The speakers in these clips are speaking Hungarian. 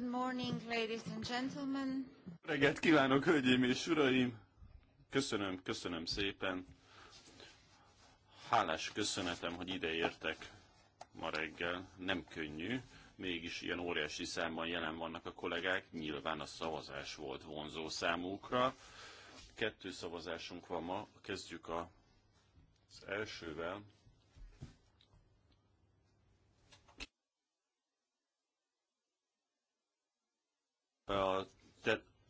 Good morning, ladies and gentlemen. Reggelt kívánok, hölgyeim és uraim! Köszönöm, köszönöm szépen. Hálás köszönetem, hogy ide értek ma reggel. Nem könnyű, mégis ilyen óriási számban jelen vannak a kollégák. Nyilván a szavazás volt vonzó számukra. Kettő szavazásunk van ma, kezdjük a, az elsővel. a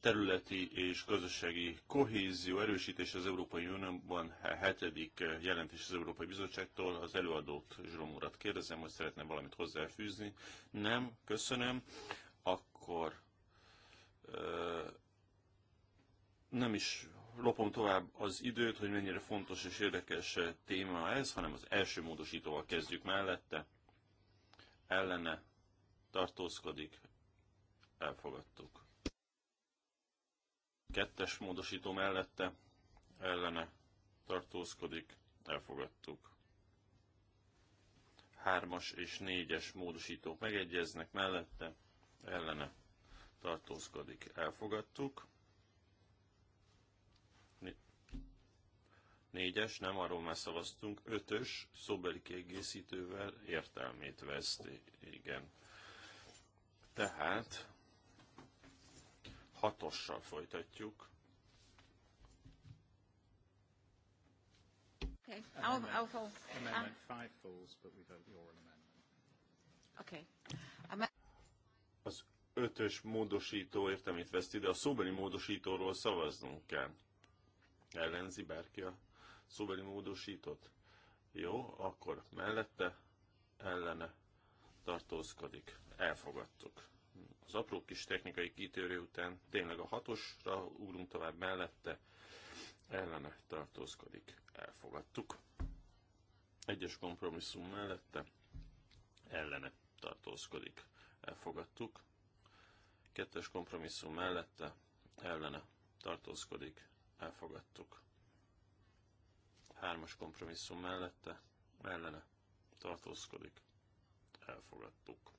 területi és gazdasági kohézió erősítés az Európai Unióban hetedik jelentés az Európai Bizottságtól. Az előadót Zsrom urat kérdezem, hogy szeretne valamit hozzáfűzni. Nem, köszönöm. Akkor ö, nem is lopom tovább az időt, hogy mennyire fontos és érdekes téma ez, hanem az első módosítóval kezdjük mellette. Ellene tartózkodik, elfogadtuk. Kettes módosító mellette ellene tartózkodik, elfogadtuk. Hármas és négyes módosítók megegyeznek mellette, ellene tartózkodik, elfogadtuk. Négyes, nem arról már szavaztunk, ötös, szóbeli kiegészítővel értelmét veszti, igen. Tehát hatossal folytatjuk. Okay. I'll, I'll fall. Amendment ah. five falls, but we vote the oral amendment. Okay. Az ötös módosító értelmét veszti, de a szóbeli módosítóról szavaznunk kell. Ellenzi bárki a szóbeli módosítót? Jó, akkor mellette ellene tartózkodik. Elfogadtuk az apró kis technikai kitérő után tényleg a hatosra ugrunk tovább mellette, ellene tartózkodik, elfogadtuk. Egyes kompromisszum mellette, ellene tartózkodik, elfogadtuk. Kettes kompromisszum mellette, ellene tartózkodik, elfogadtuk. Hármas kompromisszum mellette, ellene tartózkodik, elfogadtuk.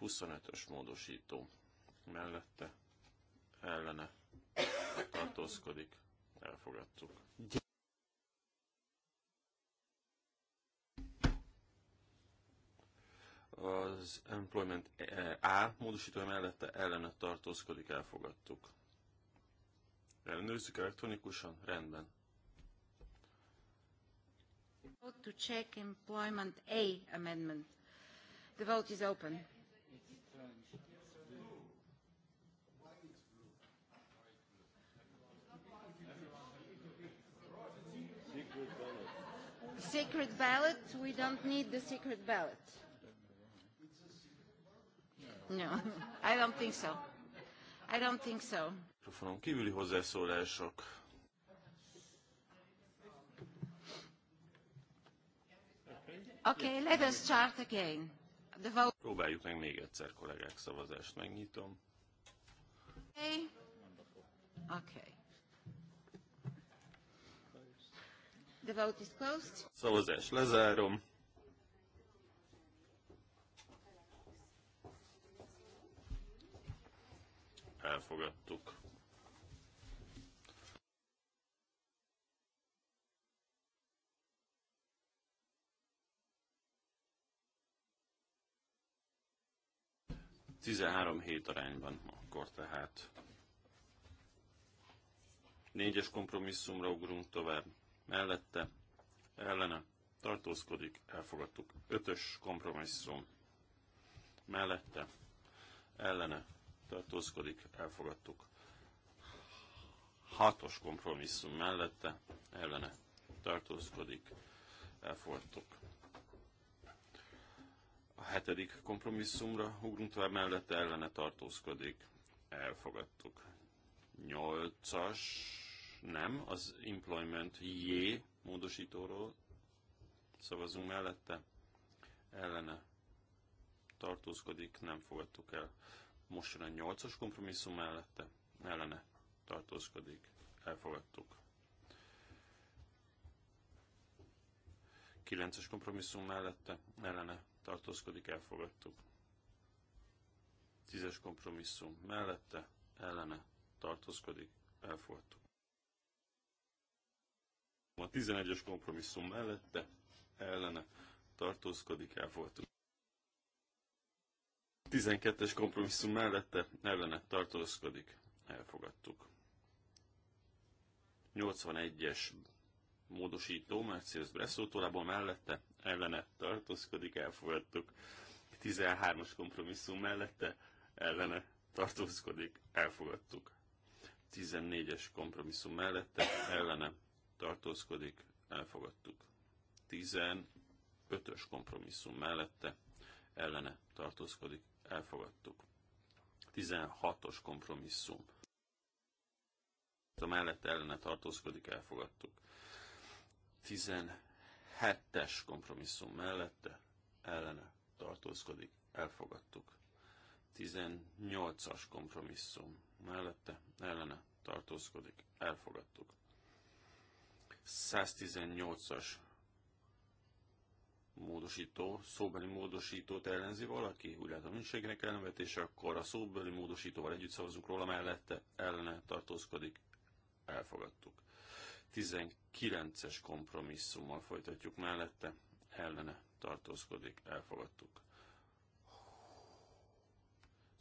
25-ös módosító mellette ellene tartózkodik, elfogadtuk. Az Employment A módosítója mellette ellene tartózkodik, elfogadtuk. Ellenőrzzük elektronikusan? Rendben. To check employment A amendment. The vote is open. secret ballot. We don't need the secret ballot. No, I don't think so. I don't think so. Mikrofonon kívüli hozzászólások. Okay, let us start again. The vote. Próbáljuk meg még egyszer, kollégák, szavazást megnyitom. Okay. Okay. The vote is closed. Szavazás lezárom. Elfogadtuk. Tizenhárom hét arányban akkor tehát. Négyes kompromisszumra ugrunk tovább mellette ellene tartózkodik, elfogadtuk. Ötös kompromisszum mellette ellene tartózkodik, elfogadtuk. Hatos kompromisszum mellette ellene tartózkodik, elfogadtuk. A hetedik kompromisszumra ugrunk tovább, mellette ellene tartózkodik, elfogadtuk. Nyolcas nem, az employment J módosítóról szavazunk mellette, ellene tartózkodik, nem fogadtuk el. Most jön a 8-as kompromisszum mellette, ellene tartózkodik, elfogadtuk. 9-es kompromisszum mellette, ellene tartózkodik, elfogadtuk. 10-es kompromisszum mellette, ellene tartózkodik, elfogadtuk. A 11-es kompromisszum mellette ellene tartózkodik, elfogadtuk. 12-es kompromisszum mellette ellene tartózkodik, elfogadtuk. 81-es módosító Mercedes Bresso tolából mellette ellene tartózkodik, elfogadtuk. 13-as kompromisszum mellette ellene tartózkodik, elfogadtuk. 14-es kompromisszum mellette ellene tartózkodik, elfogadtuk. 15-ös kompromisszum mellette ellene tartózkodik, elfogadtuk. 16-os kompromisszum. A mellette ellene tartózkodik, elfogadtuk. 17-es kompromisszum mellette ellene tartózkodik, elfogadtuk. 18-as kompromisszum mellette ellene tartózkodik, elfogadtuk. 118-as módosító, szóbeli módosítót ellenzi valaki? Úgy látom, nincs senkinek ellenvetése, akkor a szóbeli módosítóval együtt szavazunk róla, mellette ellene tartózkodik, elfogadtuk. 19-es kompromisszummal folytatjuk mellette, ellene tartózkodik, elfogadtuk.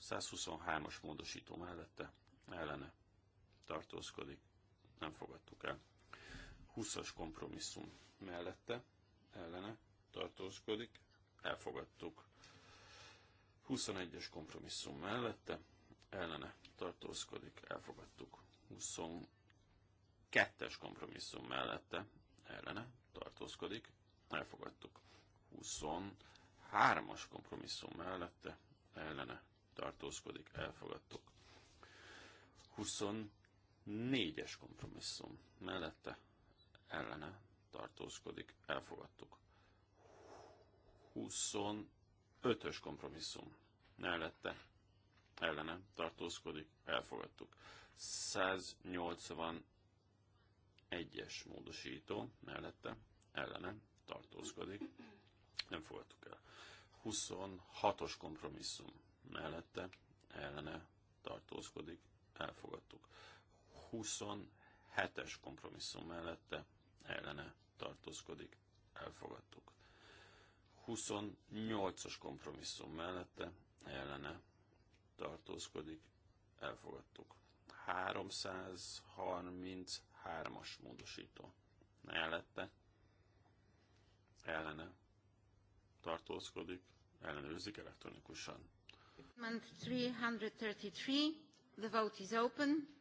123-as módosító mellette, ellene tartózkodik, nem fogadtuk el. 20-as kompromisszum mellette, ellene tartózkodik, elfogadtuk. 21-es kompromisszum mellette, ellene tartózkodik, elfogadtuk. 22-es kompromisszum mellette, ellene tartózkodik, elfogadtuk. 23-as kompromisszum mellette, ellene tartózkodik, elfogadtuk. 24-es kompromisszum mellette, ellene tartózkodik, elfogadtuk. 25-ös kompromisszum mellette ellene tartózkodik, elfogadtuk. 181-es módosító mellette ellene tartózkodik, nem fogadtuk el. 26-os kompromisszum mellette ellene tartózkodik, elfogadtuk. 27-es kompromisszum mellette ellene tartózkodik, elfogadtuk. 28-as kompromisszum mellette ellene tartózkodik, elfogadtuk. 333-as módosító mellette ellene tartózkodik, ellenőrzik elektronikusan. 333, the vote is open.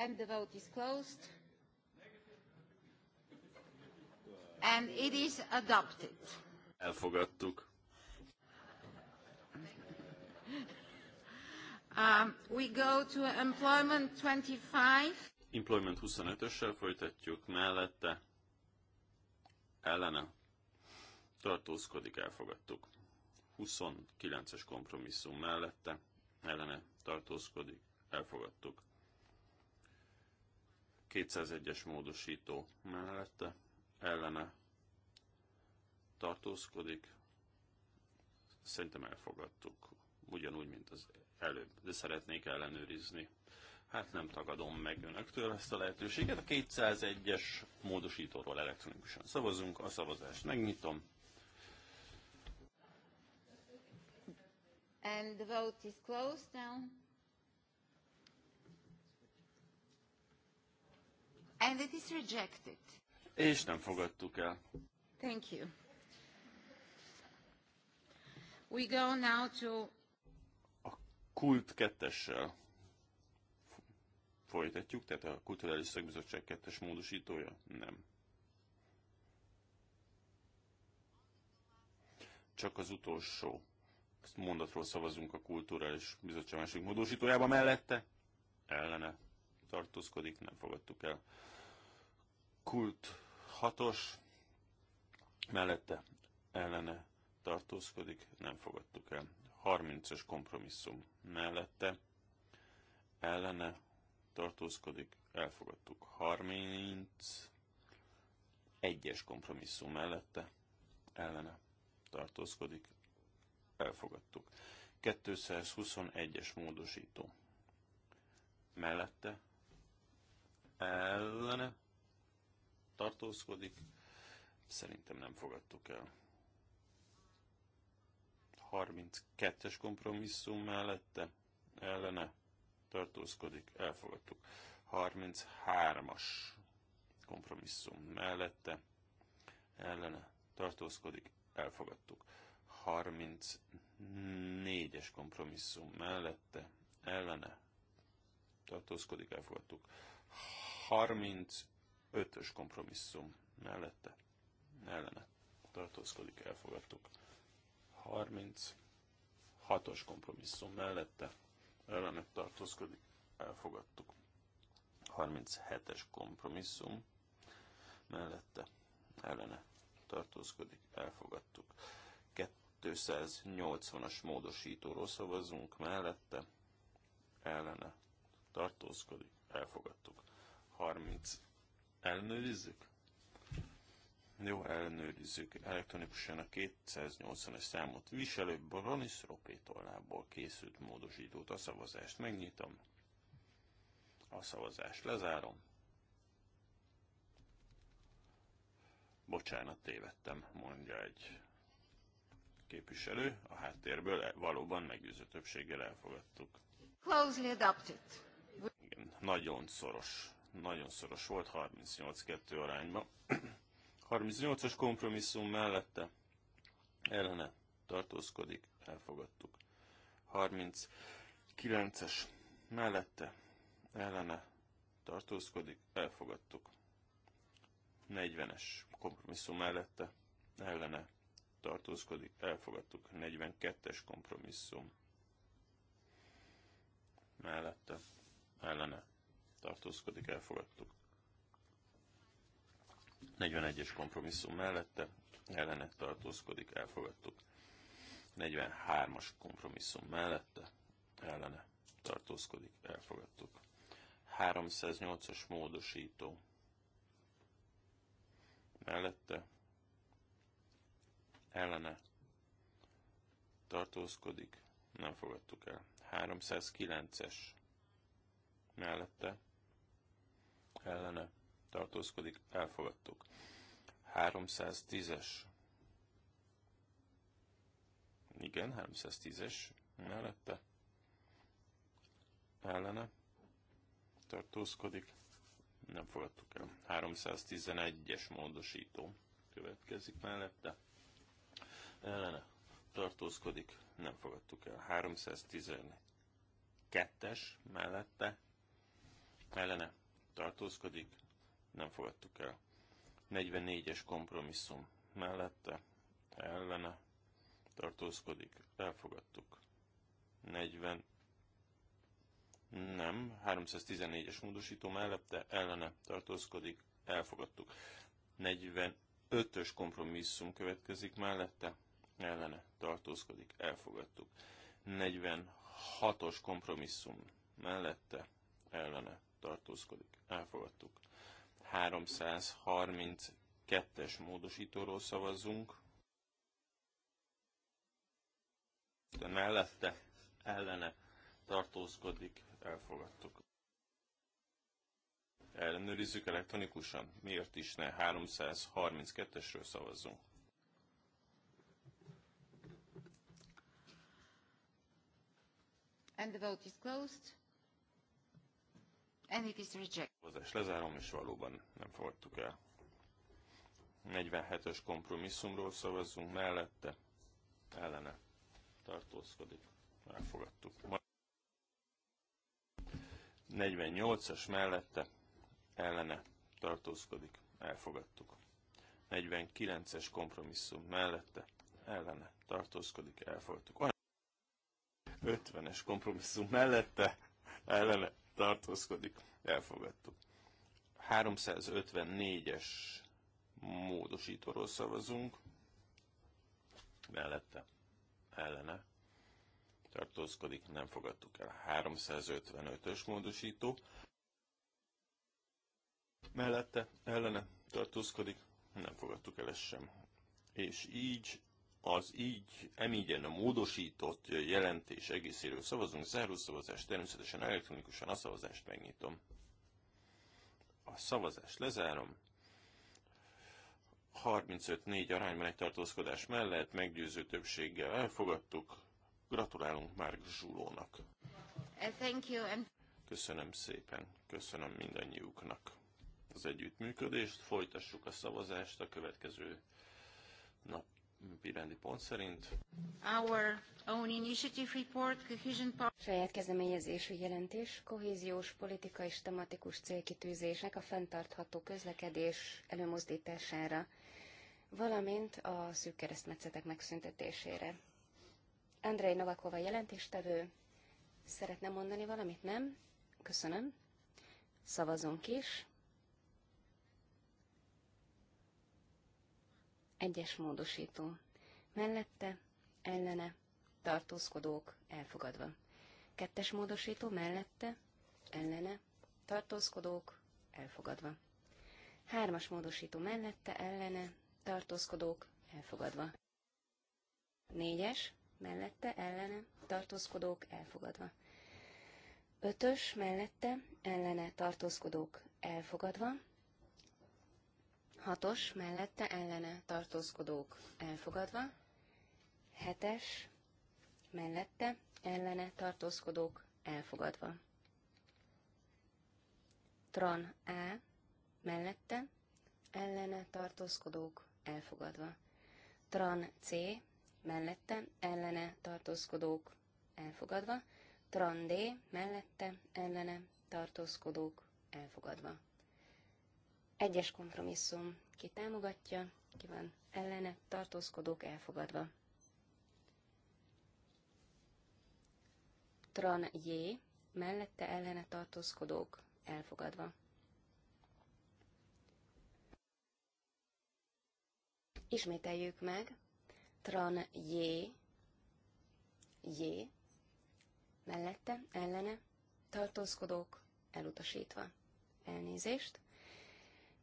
and the vote is closed and it is adopted. Elfogadtuk. Um, we go to employment 25. Employment 25-össel folytatjuk mellette. Ellene. Tartózkodik, elfogadtuk. 29-es kompromisszum mellette. Ellene tartózkodik, elfogadtuk. 201-es módosító mellette ellene tartózkodik. Szerintem elfogadtuk, ugyanúgy, mint az előbb, de szeretnék ellenőrizni. Hát nem tagadom meg önöktől ezt a lehetőséget. A 201-es módosítóról elektronikusan szavazunk, a szavazást megnyitom. And the vote is closed now. And it is rejected. És nem fogadtuk el. Thank you. We go now to a kult kettessel folytatjuk, tehát a Kulturális Szakbizottság kettes módosítója nem. Csak az utolsó mondatról szavazunk a Kulturális Bizottság másik módosítójában mellette, ellene tartózkodik, nem fogadtuk el kult hatos mellette ellene tartózkodik, nem fogadtuk el. 30 ös kompromisszum mellette ellene tartózkodik, elfogadtuk. 31-es kompromisszum mellette ellene tartózkodik, elfogadtuk. 221-es módosító mellette ellene tartózkodik. Szerintem nem fogadtuk el. 32-es kompromisszum mellette ellene tartózkodik, elfogadtuk. 33-as kompromisszum mellette ellene tartózkodik, elfogadtuk. 34-es kompromisszum mellette ellene tartózkodik, elfogadtuk. Ötös kompromisszum mellette ellene tartózkodik, elfogadtuk. 36-os kompromisszum mellette ellene tartózkodik, elfogadtuk. 37-es kompromisszum mellette ellene tartózkodik, elfogadtuk. 280-as módosítóról szavazunk, mellette ellene tartózkodik, elfogadtuk. Ellenőrizzük? Jó, ellenőrizzük elektronikusan a 280-es számot viselő Bronis Ropé tollából készült módosítót. A szavazást megnyitom. A szavazást lezárom. Bocsánat, tévedtem, mondja egy képviselő. A háttérből valóban meggyőző többséggel elfogadtuk. Closely adopted. Igen, nagyon szoros nagyon szoros volt, 38-2 arányban. 38-as kompromisszum mellette ellene tartózkodik, elfogadtuk. 39-es mellette ellene tartózkodik, elfogadtuk. 40-es kompromisszum mellette ellene tartózkodik, elfogadtuk. 42-es kompromisszum mellette ellene tartózkodik, elfogadtuk. 41-es kompromisszum mellette ellene tartózkodik, elfogadtuk. 43-as kompromisszum mellette ellene tartózkodik, elfogadtuk. 308-as módosító mellette ellene tartózkodik, nem fogadtuk el. 309-es mellette ellene tartózkodik, elfogadtuk. 310-es. Igen, 310-es mellette ellene tartózkodik, nem fogadtuk el. 311-es módosító következik mellette. Ellene tartózkodik, nem fogadtuk el. 312-es mellette ellene tartózkodik, nem fogadtuk el. 44-es kompromisszum mellette, ellene, tartózkodik, elfogadtuk. 40, nem, 314-es módosító mellette, ellene, tartózkodik, elfogadtuk. 45-ös kompromisszum következik mellette, ellene, tartózkodik, elfogadtuk. 46-os kompromisszum mellette, ellene, tartózkodik. Elfogadtuk. 332-es módosítóról szavazzunk. De mellette ellene tartózkodik. Elfogadtuk. Ellenőrizzük elektronikusan. Miért is ne 332-esről szavazzunk? And the vote is closed And is reject. Hozás lezárom, és valóban nem fogadtuk el. 47-es kompromisszumról szavazzunk mellette, ellene tartózkodik. Elfogadtuk. 48-as mellette, ellene tartózkodik. Elfogadtuk. 49-es kompromisszum mellette, ellene tartózkodik. Elfogadtuk. 50-es kompromisszum mellette, ellene tartózkodik, elfogadtuk. 354-es módosítóról szavazunk, mellette, ellene, tartózkodik, nem fogadtuk el. 355-ös módosító, mellette, ellene, tartózkodik, nem fogadtuk el ezt sem. És így az így, emígyen a módosított jelentés egészéről szavazunk, zárószavazást, természetesen elektronikusan a szavazást megnyitom. A szavazást lezárom. 35-4 arányban egy tartózkodás mellett meggyőző többséggel elfogadtuk. Gratulálunk Márk Zsulónak. Uh, thank you. Köszönöm szépen, köszönöm mindannyiuknak az együttműködést. Folytassuk a szavazást a következő nap pirendi pont szerint. Our own initiative report, cohesion Saját kezdeményezésű jelentés, kohéziós politika és tematikus célkitűzésnek a fenntartható közlekedés előmozdítására, valamint a szűk keresztmetszetek megszüntetésére. Andrei Novakova jelentéstevő, szeretne mondani valamit, nem? Köszönöm. Szavazunk is. Egyes módosító. Mellette, ellene, tartózkodók elfogadva. Kettes módosító mellette, ellene, tartózkodók elfogadva. Hármas módosító mellette, ellene, tartózkodók elfogadva. Négyes, mellette, ellene, tartózkodók elfogadva. Ötös, mellette, ellene, tartózkodók elfogadva. Hatos mellette ellene tartózkodók elfogadva. Hetes mellette ellene tartózkodók elfogadva. Tran A mellette ellene tartózkodók elfogadva. Tran C mellette ellene tartózkodók elfogadva. Tran D mellette ellene tartózkodók elfogadva. Egyes kompromisszum. Ki támogatja, ki van ellene, tartózkodók elfogadva. Tran J. Mellette ellene tartózkodók elfogadva. Ismételjük meg. Tran J. J. Mellette, ellene, tartózkodók elutasítva. Elnézést.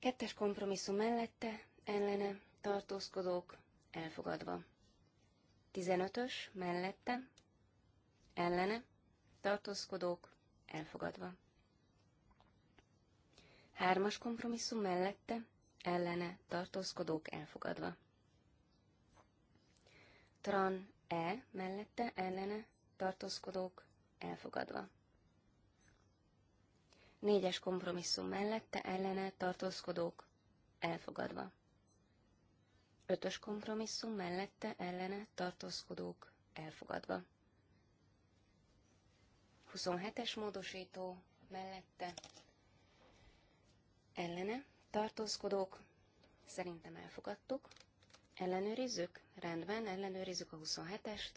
Kettes kompromisszum mellette, ellene, tartózkodók, elfogadva. Tizenötös mellette, ellene, tartózkodók, elfogadva. Hármas kompromisszum mellette, ellene, tartózkodók, elfogadva. Tran E mellette, ellene, tartózkodók, elfogadva négyes kompromisszum mellette ellene tartózkodók elfogadva. Ötös kompromisszum mellette ellene tartózkodók elfogadva. 27-es módosító mellette ellene tartózkodók szerintem elfogadtuk. Ellenőrizzük? Rendben, ellenőrizzük a 27-est.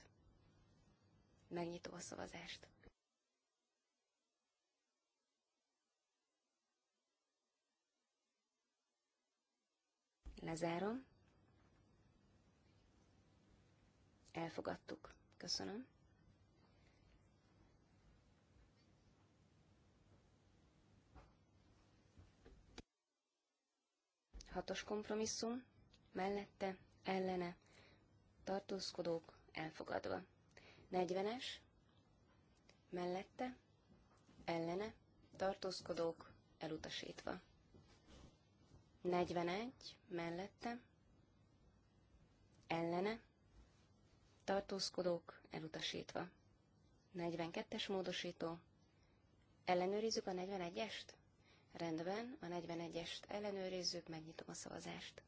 Megnyitó a szavazást. Lezárom. Elfogadtuk. Köszönöm. Hatos kompromisszum, mellette, ellene, tartózkodók, elfogadva. Negyvenes. mellette, ellene, tartózkodók, elutasítva. 41 mellette, ellene, tartózkodók elutasítva. 42-es módosító, ellenőrizzük a 41-est? Rendben, a 41-est ellenőrizzük, megnyitom a szavazást.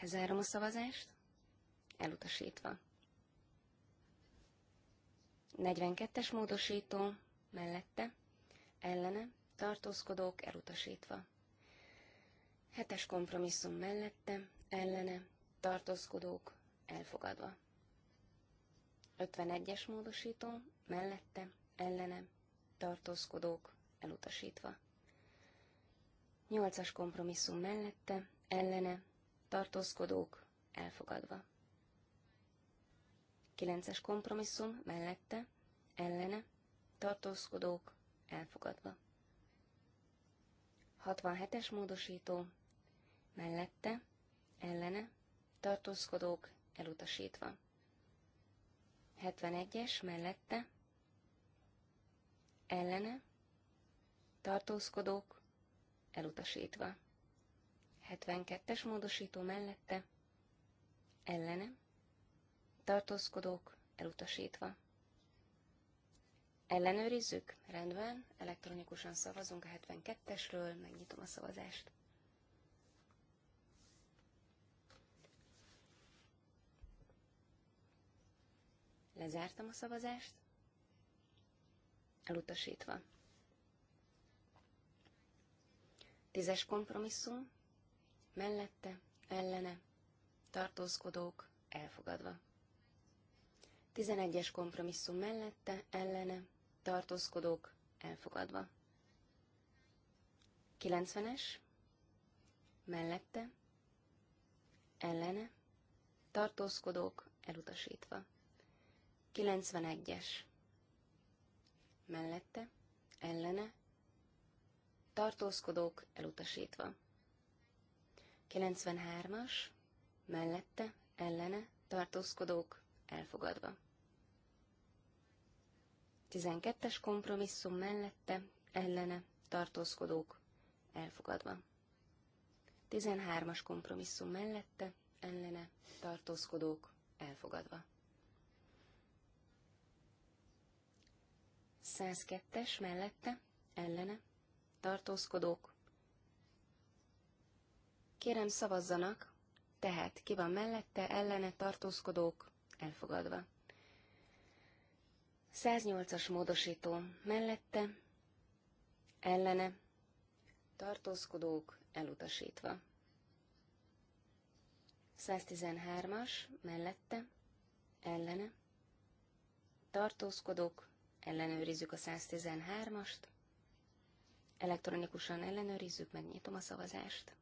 Lezárom a szavazást, elutasítva. 42-es módosító mellette, ellene, tartózkodók elutasítva. 7-es kompromisszum mellette, ellene, tartózkodók elfogadva. 51-es módosító mellette, ellene, tartózkodók elutasítva. 8-as kompromisszum mellette, ellene, tartózkodók elfogadva kilences es kompromisszum mellette, ellene, tartózkodók, elfogadva. 67-es módosító, mellette, ellene, tartózkodók, elutasítva. 71-es mellette, ellene, tartózkodók, elutasítva. 72-es módosító mellette, ellene, tartózkodók elutasítva. Ellenőrizzük? Rendben, elektronikusan szavazunk a 72-esről, megnyitom a szavazást. Lezártam a szavazást, elutasítva. Tízes kompromisszum, mellette, ellene, tartózkodók, elfogadva. 11-es kompromisszum mellette, ellene, tartózkodók, elfogadva. 90-es, mellette, ellene, tartózkodók, elutasítva. 91-es, mellette, ellene, tartózkodók, elutasítva. 93-as, mellette, ellene, tartózkodók, elfogadva. 12-es kompromisszum mellette, ellene, tartózkodók, elfogadva. 13-as kompromisszum mellette, ellene, tartózkodók, elfogadva. 102-es mellette, ellene, tartózkodók. Kérem szavazzanak, tehát ki van mellette, ellene, tartózkodók, elfogadva. 108-as módosító mellette, ellene, tartózkodók elutasítva. 113-as mellette, ellene, tartózkodók, ellenőrizzük a 113-ast, elektronikusan ellenőrizzük, megnyitom a szavazást.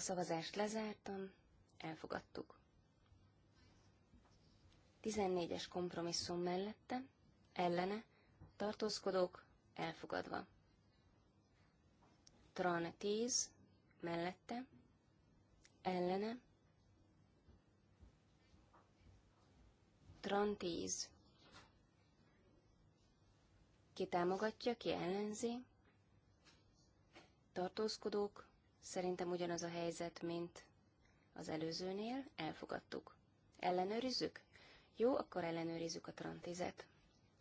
A szavazást lezártam, elfogadtuk. 14-es kompromisszum mellette, ellene, tartózkodók, elfogadva. Tran 10, mellette, ellene, Tran 10. Ki támogatja, ki ellenzi, tartózkodók, Szerintem ugyanaz a helyzet, mint az előzőnél. Elfogadtuk. Ellenőrizzük? Jó, akkor ellenőrizzük a trantizet.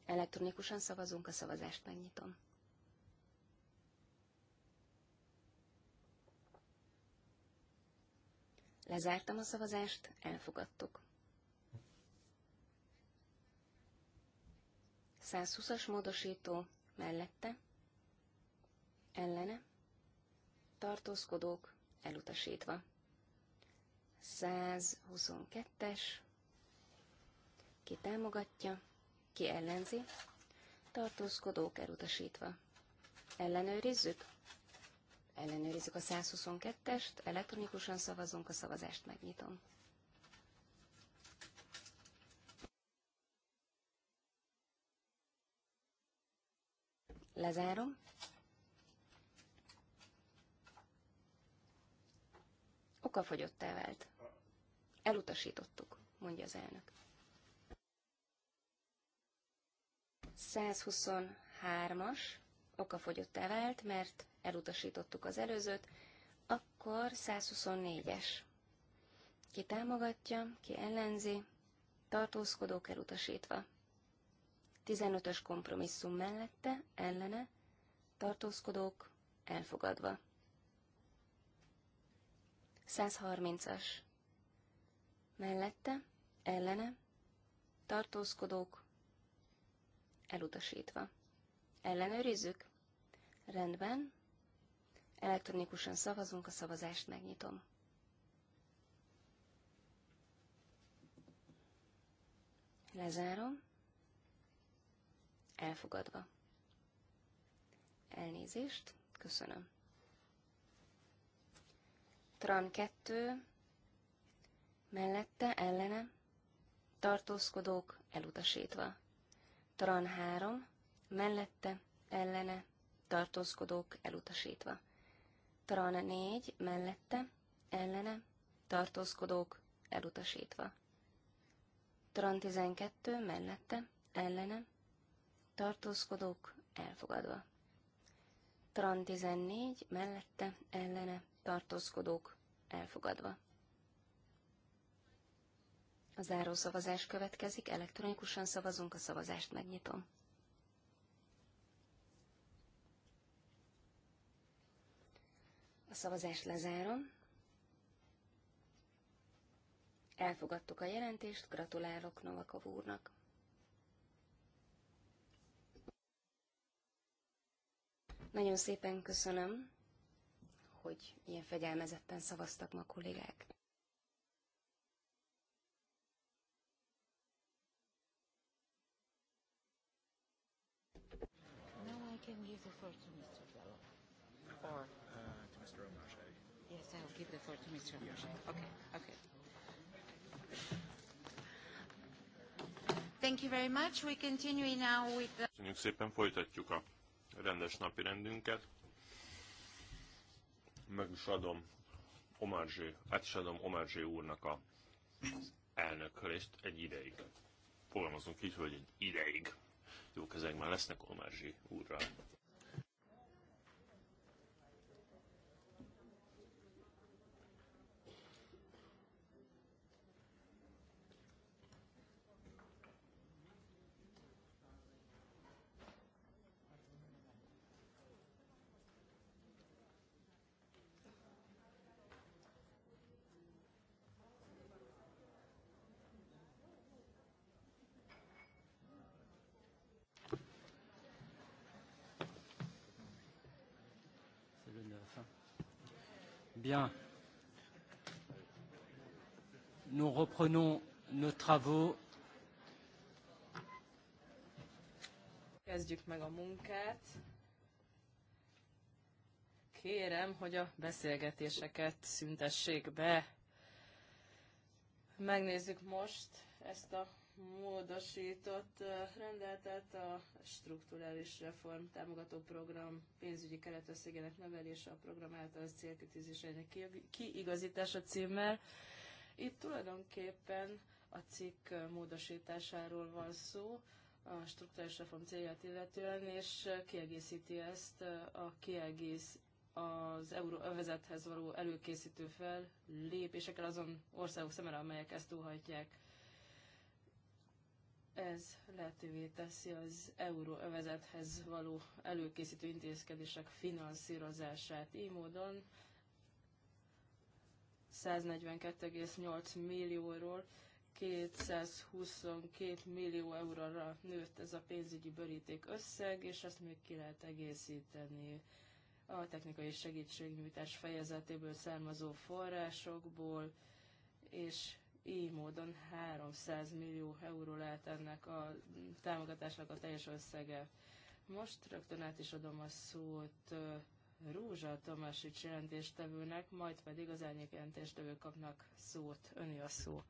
Elektronikusan szavazunk, a szavazást megnyitom. Lezártam a szavazást, elfogadtuk. 120-as módosító mellette, ellene, tartózkodók elutasítva. 122-es, ki támogatja, ki ellenzi, tartózkodók elutasítva. Ellenőrizzük? Ellenőrizzük a 122-est, elektronikusan szavazunk, a szavazást megnyitom. Lezárom. okafogyott vált. Elutasítottuk, mondja az elnök. 123-as okafogyott vált, mert elutasítottuk az előzőt, akkor 124-es. Ki támogatja, ki ellenzi, tartózkodók elutasítva. 15-ös kompromisszum mellette, ellene, tartózkodók elfogadva. 130-as. Mellette, ellene, tartózkodók, elutasítva. Ellenőrizzük? Rendben. Elektronikusan szavazunk, a szavazást megnyitom. Lezárom. Elfogadva. Elnézést. Köszönöm. Tran 2 mellette ellene tartózkodók elutasítva. Tran 3 mellette ellene tartózkodók elutasítva. Tran 4 mellette ellene tartózkodók elutasítva. Tran 12 mellette ellene tartózkodók elfogadva. Tran 14 mellette ellene tartózkodók elfogadva. A záró szavazás következik, elektronikusan szavazunk, a szavazást megnyitom. A szavazást lezárom. Elfogadtuk a jelentést, gratulálok Novakov úrnak. Nagyon szépen köszönöm hogy ilyen fegyelmezetten szavaztak ma a kollégák. Now I can give the floor to Mr. Gallo. Or uh, to Mr. Omarche. Yes, I will give the floor to Mr. Omarche. Okay, okay. Thank you very much. We continue now with the... Köszönjük szépen, folytatjuk a rendes napi rendünket meg is adom Omarzsé, át is adom Omarzsé úrnak a elnökölést egy ideig. Fogalmazunk így, hogy egy ideig. Jó kezek már lesznek Omarzsé úrral. Bien. Nous reprenons nos travaux. Kezdjük meg a munkát. Kérem, hogy a beszélgetéseket szüntessék be. Megnézzük most ezt a módosított rendeletet a strukturális reform támogató program pénzügyi keretösszegének növelése a program által az célkitűzésének kiigazítása címmel. Itt tulajdonképpen a cikk módosításáról van szó, a struktúrális reform célját illetően, és kiegészíti ezt a kiegész az euróövezethez való előkészítő fel lépésekkel azon országok szemére, amelyek ezt túlhatják. Ez lehetővé teszi az euróövezethez való előkészítő intézkedések finanszírozását. Így módon 142,8 millióról 222 millió euróra nőtt ez a pénzügyi böríték összeg, és ezt még ki lehet egészíteni a technikai segítségnyújtás fejezetéből származó forrásokból, és így módon 300 millió euró lehet ennek a támogatásnak a teljes összege. Most rögtön át is adom a szót Rúzsa Tomásics jelentéstevőnek, majd pedig az elnyék jelentéstevők kapnak szót. Öni a szó.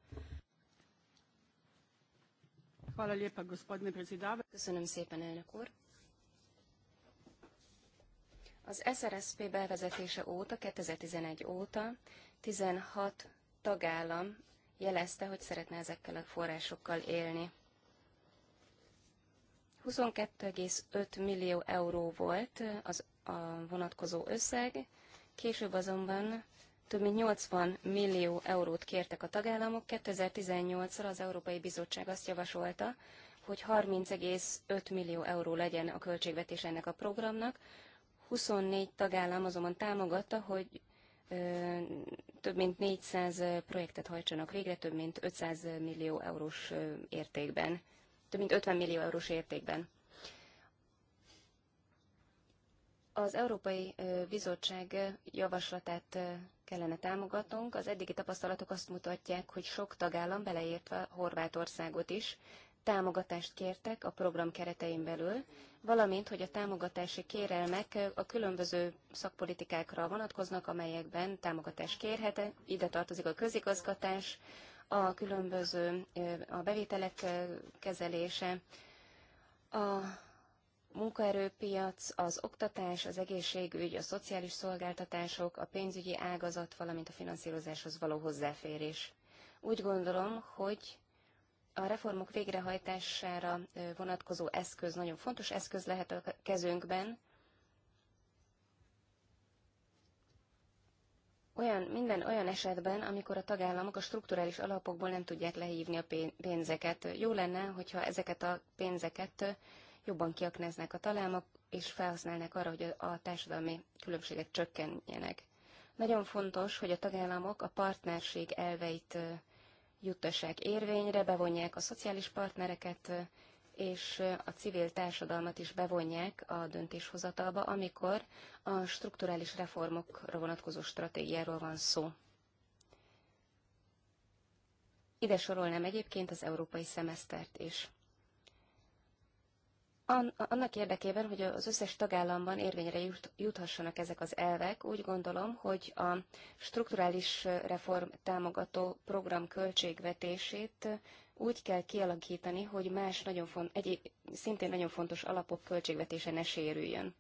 Köszönöm szépen, elnök úr. Az SRSP bevezetése óta, 2011 óta 16 tagállam jelezte, hogy szeretne ezekkel a forrásokkal élni. 22,5 millió euró volt az a vonatkozó összeg, később azonban több mint 80 millió eurót kértek a tagállamok. 2018-ra az Európai Bizottság azt javasolta, hogy 30,5 millió euró legyen a költségvetés ennek a programnak. 24 tagállam azonban támogatta, hogy több mint 400 projektet hajtsanak végre, több mint 500 millió eurós értékben, több mint 50 millió eurós értékben. Az Európai Bizottság javaslatát kellene támogatnunk. Az eddigi tapasztalatok azt mutatják, hogy sok tagállam, beleértve Horvátországot is, támogatást kértek a program keretein belül, valamint, hogy a támogatási kérelmek a különböző szakpolitikákra vonatkoznak, amelyekben támogatást kérhet. Ide tartozik a közigazgatás, a különböző a bevételek kezelése, a munkaerőpiac, az oktatás, az egészségügy, a szociális szolgáltatások, a pénzügyi ágazat, valamint a finanszírozáshoz való hozzáférés. Úgy gondolom, hogy a reformok végrehajtására vonatkozó eszköz nagyon fontos eszköz lehet a kezünkben. Olyan, minden olyan esetben, amikor a tagállamok a strukturális alapokból nem tudják lehívni a pénzeket. Jó lenne, hogyha ezeket a pénzeket jobban kiaknáznak a találmak és felhasználnák arra, hogy a társadalmi különbséget csökkenjenek. Nagyon fontos, hogy a tagállamok a partnerség elveit juttassák érvényre, bevonják a szociális partnereket, és a civil társadalmat is bevonják a döntéshozatalba, amikor a strukturális reformokra vonatkozó stratégiáról van szó. Ide sorolnám egyébként az európai szemesztert is annak érdekében, hogy az összes tagállamban érvényre juthassanak ezek az elvek, úgy gondolom, hogy a strukturális reform támogató program költségvetését úgy kell kialakítani, hogy más nagyon font, egy, szintén nagyon fontos alapok költségvetése ne sérüljön.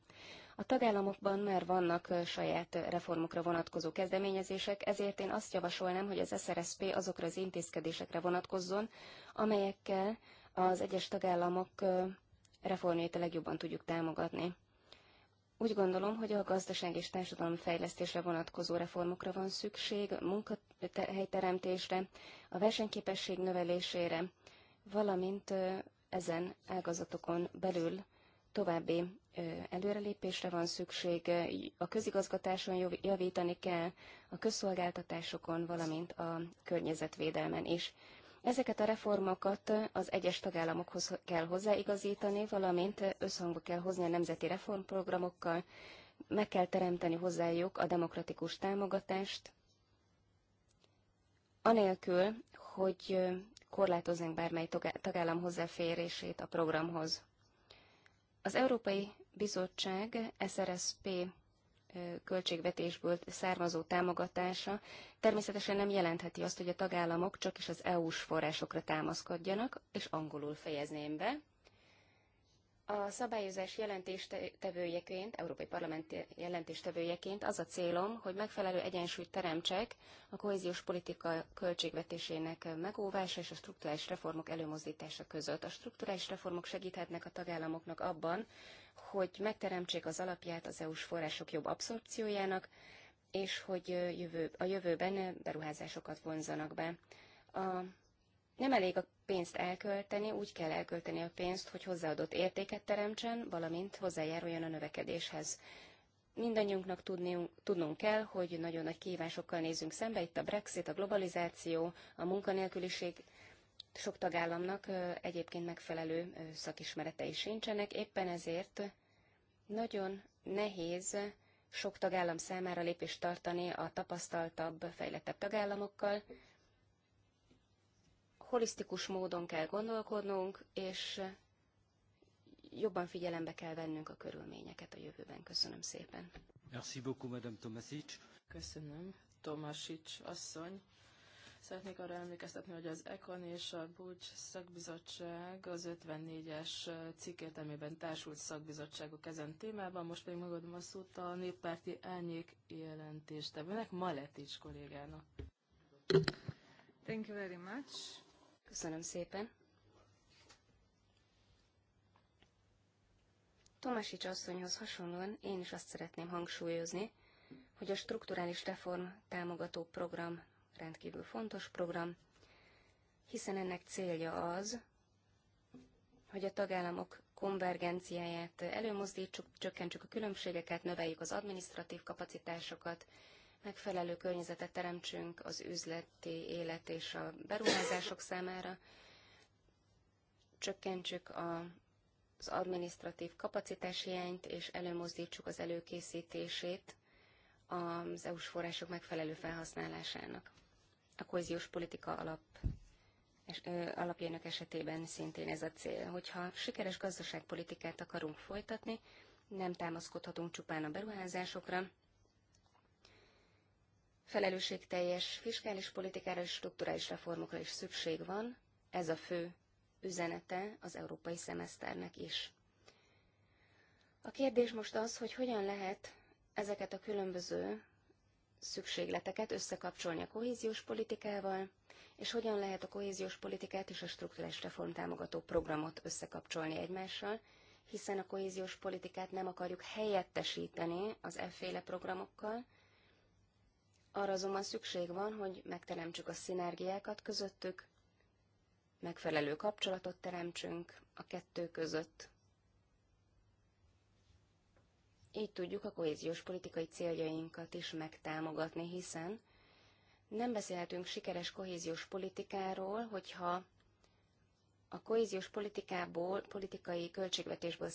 A tagállamokban már vannak saját reformokra vonatkozó kezdeményezések, ezért én azt javasolnám, hogy az SRSP azokra az intézkedésekre vonatkozzon, amelyekkel az egyes tagállamok reformjait a legjobban tudjuk támogatni. Úgy gondolom, hogy a gazdaság és társadalom fejlesztésre vonatkozó reformokra van szükség, munkahelyteremtésre, a versenyképesség növelésére, valamint ezen ágazatokon belül további előrelépésre van szükség, a közigazgatáson javítani kell, a közszolgáltatásokon, valamint a környezetvédelmen is. Ezeket a reformokat az egyes tagállamokhoz kell hozzáigazítani, valamint összhangba kell hozni a nemzeti reformprogramokkal, meg kell teremteni hozzájuk a demokratikus támogatást, anélkül, hogy korlátoznánk bármely tagállam hozzáférését a programhoz. Az Európai Bizottság SRSP költségvetésből származó támogatása természetesen nem jelentheti azt, hogy a tagállamok csak is az EU-s forrásokra támaszkodjanak, és angolul fejezném be. A szabályozás jelentéstevőjeként, Európai Parlament jelentéstevőjeként az a célom, hogy megfelelő egyensúlyt teremtsek a kohéziós politika költségvetésének megóvása és a strukturális reformok előmozdítása között. A strukturális reformok segíthetnek a tagállamoknak abban, hogy megteremtsék az alapját az EU-s források jobb abszorpciójának, és hogy jövő, a jövőben beruházásokat vonzanak be. A, nem elég a pénzt elkölteni, úgy kell elkölteni a pénzt, hogy hozzáadott értéket teremtsen, valamint hozzájáruljon a növekedéshez. Mindannyiunknak tudniunk, tudnunk kell, hogy nagyon nagy kívásokkal nézünk szembe, itt a Brexit, a globalizáció, a munkanélküliség sok tagállamnak egyébként megfelelő szakismeretei sincsenek, éppen ezért nagyon nehéz sok tagállam számára lépést tartani a tapasztaltabb, fejlettebb tagállamokkal. Holisztikus módon kell gondolkodnunk, és jobban figyelembe kell vennünk a körülményeket a jövőben. Köszönöm szépen. Merci beaucoup, Madame Tomasic. Köszönöm, Tomasic asszony. Szeretnék arra emlékeztetni, hogy az ECON és a Bulcs szakbizottság az 54-es cikkét, amiben társult szakbizottságok ezen témában, most pedig megadom a szót a néppárti elnyék jelentéstevőnek, Maletics kollégának. Thank you very much. Köszönöm szépen. Tomasics asszonyhoz hasonlóan én is azt szeretném hangsúlyozni, hogy a strukturális reform támogató program rendkívül fontos program, hiszen ennek célja az, hogy a tagállamok konvergenciáját előmozdítsuk, csökkentsük a különbségeket, növeljük az administratív kapacitásokat, megfelelő környezetet teremtsünk az üzleti élet és a beruházások számára, csökkentsük a, az administratív kapacitás hiányt, és előmozdítsuk az előkészítését az EU-s források megfelelő felhasználásának a kohéziós politika alap és, ö, alapjának esetében szintén ez a cél. Hogyha sikeres gazdaságpolitikát akarunk folytatni, nem támaszkodhatunk csupán a beruházásokra, felelősségteljes fiskális politikára és strukturális reformokra is szükség van, ez a fő üzenete az európai szemeszternek is. A kérdés most az, hogy hogyan lehet ezeket a különböző szükségleteket összekapcsolni a kohéziós politikával, és hogyan lehet a kohéziós politikát és a struktúrás reform támogató programot összekapcsolni egymással, hiszen a kohéziós politikát nem akarjuk helyettesíteni az efféle programokkal, arra azonban szükség van, hogy megteremtsük a szinergiákat közöttük, megfelelő kapcsolatot teremtsünk a kettő között, így tudjuk a kohéziós politikai céljainkat is megtámogatni, hiszen nem beszélhetünk sikeres kohéziós politikáról, hogyha a kohéziós politikából, politikai költségvetésből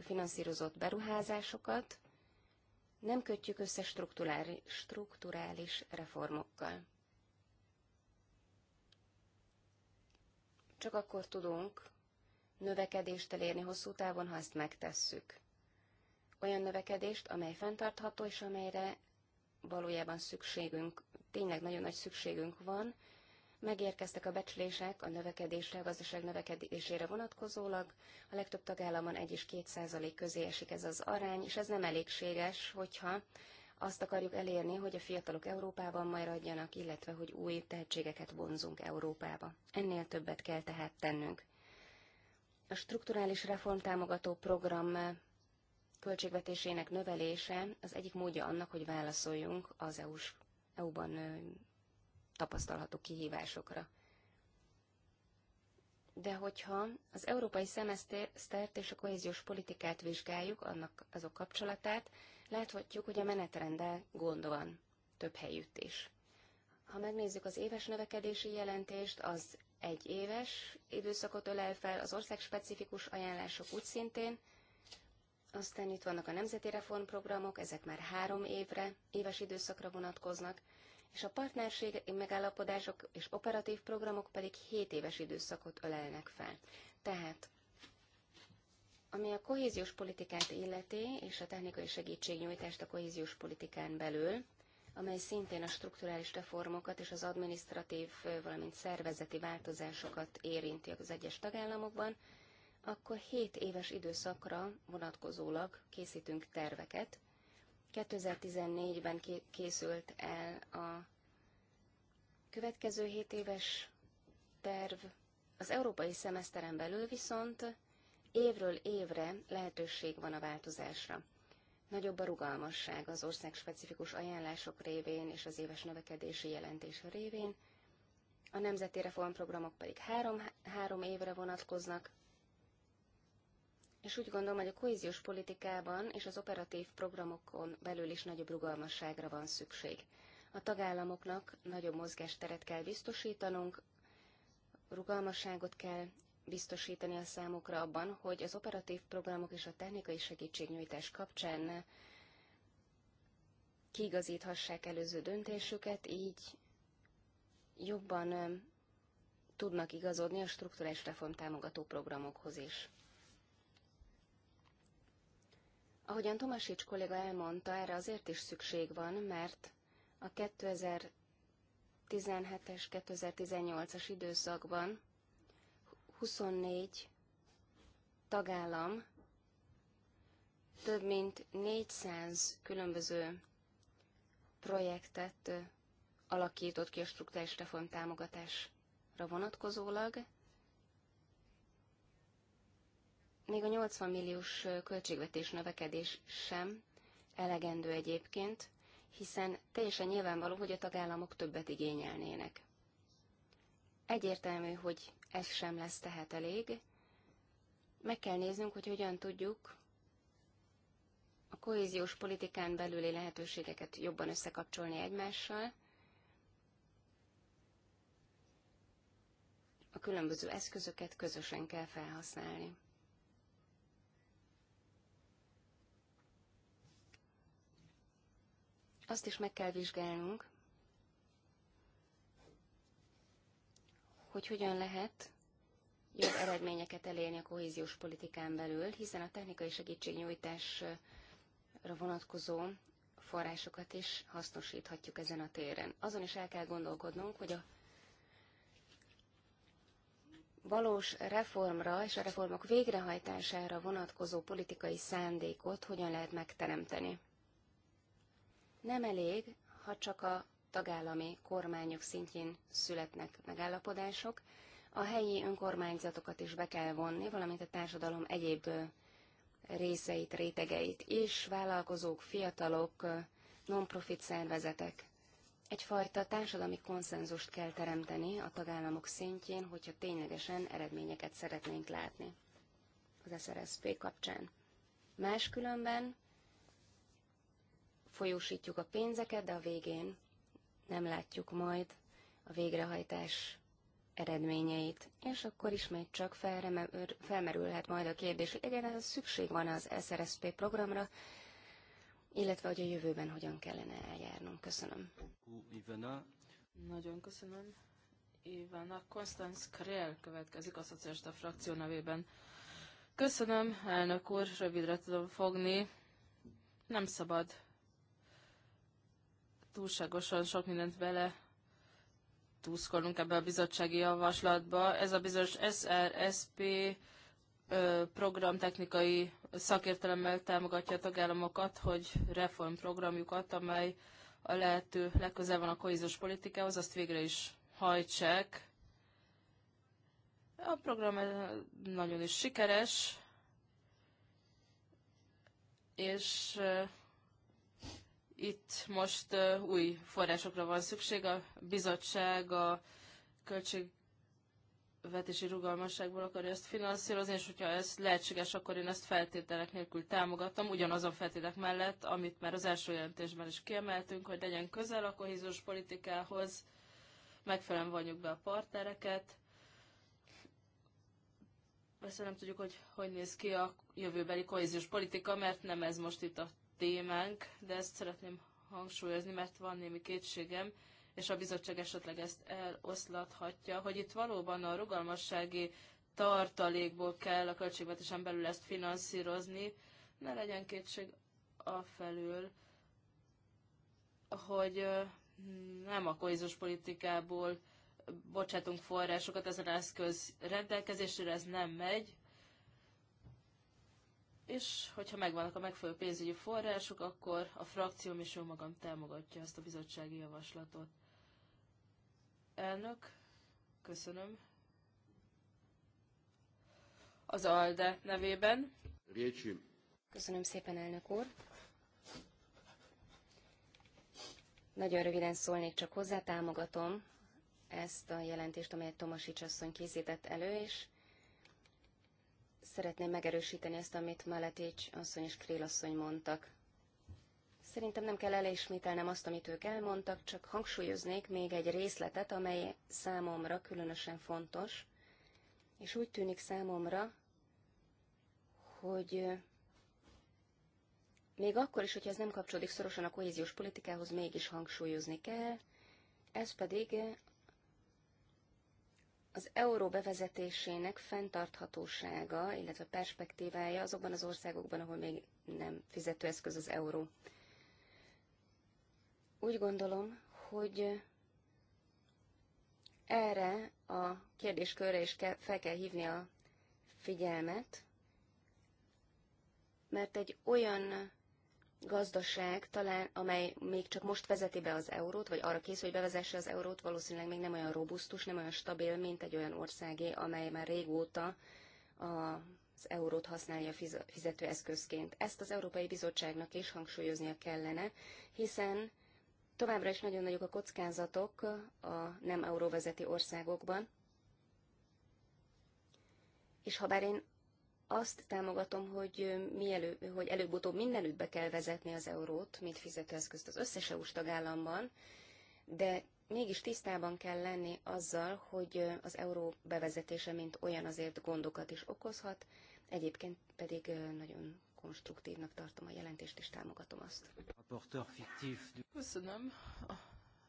finanszírozott beruházásokat nem kötjük össze strukturális reformokkal. Csak akkor tudunk növekedést elérni hosszú távon, ha ezt megtesszük olyan növekedést, amely fenntartható, és amelyre valójában szükségünk, tényleg nagyon nagy szükségünk van. Megérkeztek a becslések a növekedésre, a gazdaság növekedésére vonatkozólag. A legtöbb tagállamon 1 és 2 százalék közé esik ez az arány, és ez nem elégséges, hogyha azt akarjuk elérni, hogy a fiatalok Európában adjanak, illetve hogy új tehetségeket vonzunk Európába. Ennél többet kell tehát tennünk. A strukturális reformtámogató program költségvetésének növelése az egyik módja annak, hogy válaszoljunk az EU-s, EU-ban tapasztalható kihívásokra. De hogyha az európai szemesztert és a kohéziós politikát vizsgáljuk, annak azok kapcsolatát, láthatjuk, hogy a menetrendel gond van több helyütt is. Ha megnézzük az éves növekedési jelentést, az egy éves időszakot ölel fel, az ország specifikus ajánlások úgy szintén, aztán itt vannak a nemzeti reformprogramok, ezek már három évre, éves időszakra vonatkoznak, és a partnerség megállapodások és operatív programok pedig hét éves időszakot ölelnek fel. Tehát, ami a kohéziós politikát illeti, és a technikai segítségnyújtást a kohéziós politikán belül, amely szintén a strukturális reformokat és az administratív, valamint szervezeti változásokat érinti az egyes tagállamokban, akkor 7 éves időszakra vonatkozólag készítünk terveket. 2014-ben készült el a következő 7 éves terv. Az európai szemeszteren belül viszont évről évre lehetőség van a változásra. Nagyobb a rugalmasság az ország specifikus ajánlások révén és az éves növekedési jelentés révén, a nemzeti reformprogramok pedig három, három évre vonatkoznak, és úgy gondolom, hogy a kohéziós politikában és az operatív programokon belül is nagyobb rugalmasságra van szükség. A tagállamoknak nagyobb mozgásteret kell biztosítanunk, rugalmasságot kell biztosítani a számukra abban, hogy az operatív programok és a technikai segítségnyújtás kapcsán kiigazíthassák előző döntésüket, így jobban eh, tudnak igazodni a strukturális reform támogató programokhoz is. Ahogyan Tomasics kolléga elmondta, erre azért is szükség van, mert a 2017-es, 2018-as időszakban 24 tagállam több mint 400 különböző projektet alakított ki a struktúrális reform támogatásra vonatkozólag, Még a 80 milliós költségvetés növekedés sem elegendő egyébként, hiszen teljesen nyilvánvaló, hogy a tagállamok többet igényelnének. Egyértelmű, hogy ez sem lesz tehát elég. Meg kell néznünk, hogy hogyan tudjuk a kohéziós politikán belüli lehetőségeket jobban összekapcsolni egymással, a különböző eszközöket közösen kell felhasználni. azt is meg kell vizsgálnunk, hogy hogyan lehet jobb eredményeket elérni a kohéziós politikán belül, hiszen a technikai segítségnyújtásra vonatkozó forrásokat is hasznosíthatjuk ezen a téren. Azon is el kell gondolkodnunk, hogy a valós reformra és a reformok végrehajtására vonatkozó politikai szándékot hogyan lehet megteremteni. Nem elég, ha csak a tagállami kormányok szintjén születnek megállapodások, a helyi önkormányzatokat is be kell vonni, valamint a társadalom egyéb részeit, rétegeit is, vállalkozók, fiatalok, non-profit szervezetek. Egyfajta társadalmi konszenzust kell teremteni a tagállamok szintjén, hogyha ténylegesen eredményeket szeretnénk látni az SRSP kapcsán. Máskülönben folyósítjuk a pénzeket, de a végén nem látjuk majd a végrehajtás eredményeit. És akkor ismét csak felmerülhet majd a kérdés, hogy egyáltalán szükség van az SRSP programra, illetve hogy a jövőben hogyan kellene eljárnunk. Köszönöm. Nagyon köszönöm. Ivana Konstanz Krell következik a szocialista frakció nevében. Köszönöm, elnök úr, rövidre tudom fogni. Nem szabad túlságosan sok mindent bele túszkolunk ebbe a bizottsági javaslatba. Ez a bizonyos SRSP programtechnikai szakértelemmel támogatja a tagállamokat, hogy reformprogramjukat, amely a lehető legközel van a kohéziós politikához, azt végre is hajtsák. A program nagyon is sikeres, és itt most új forrásokra van szükség. A bizottság a költségvetési rugalmasságból akarja ezt finanszírozni, és hogyha ez lehetséges, akkor én ezt feltételek nélkül támogatom, ugyanazon feltételek mellett, amit már az első jelentésben is kiemeltünk, hogy legyen közel a kohéziós politikához, megfelelően vonjuk be a partnereket, persze nem tudjuk, hogy hogy néz ki a jövőbeli kohéziós politika, mert nem ez most itt a témánk, de ezt szeretném hangsúlyozni, mert van némi kétségem, és a bizottság esetleg ezt eloszlathatja, hogy itt valóban a rugalmassági tartalékból kell a költségvetésen belül ezt finanszírozni, ne legyen kétség felül, hogy nem a kohézus politikából bocsátunk forrásokat ezen eszköz rendelkezésére, ez nem megy, és hogyha megvannak a megfelelő pénzügyi források, akkor a frakcióm és ő magam támogatja ezt a bizottsági javaslatot. Elnök, köszönöm. Az ALDE nevében. Récsi. Köszönöm szépen, elnök úr. Nagyon röviden szólnék csak hozzá, támogatom ezt a jelentést, amelyet Tomasics asszony készített elő, és Szeretném megerősíteni ezt, amit Maletics asszony és Krél asszony mondtak. Szerintem nem kell elismételnem azt, amit ők elmondtak, csak hangsúlyoznék még egy részletet, amely számomra különösen fontos, és úgy tűnik számomra, hogy még akkor is, hogyha ez nem kapcsolódik szorosan a kohéziós politikához, mégis hangsúlyozni kell, ez pedig az euró bevezetésének fenntarthatósága, illetve perspektívája azokban az országokban, ahol még nem fizetőeszköz az euró. Úgy gondolom, hogy erre a kérdéskörre is fel kell hívni a figyelmet, mert egy olyan gazdaság, talán, amely még csak most vezeti be az eurót, vagy arra kész, hogy bevezesse az eurót, valószínűleg még nem olyan robusztus, nem olyan stabil, mint egy olyan országé, amely már régóta az eurót használja fizetőeszközként. Ezt az Európai Bizottságnak is hangsúlyoznia kellene, hiszen továbbra is nagyon nagyok a kockázatok a nem euróvezeti országokban, és ha bár én azt támogatom, hogy, mielőbb, hogy előbb-utóbb mindenütt be kell vezetni az eurót, mint fizetőeszközt az összes EU-s tagállamban, de mégis tisztában kell lenni azzal, hogy az euró bevezetése, mint olyan azért gondokat is okozhat, egyébként pedig nagyon konstruktívnak tartom a jelentést, és támogatom azt. Köszönöm a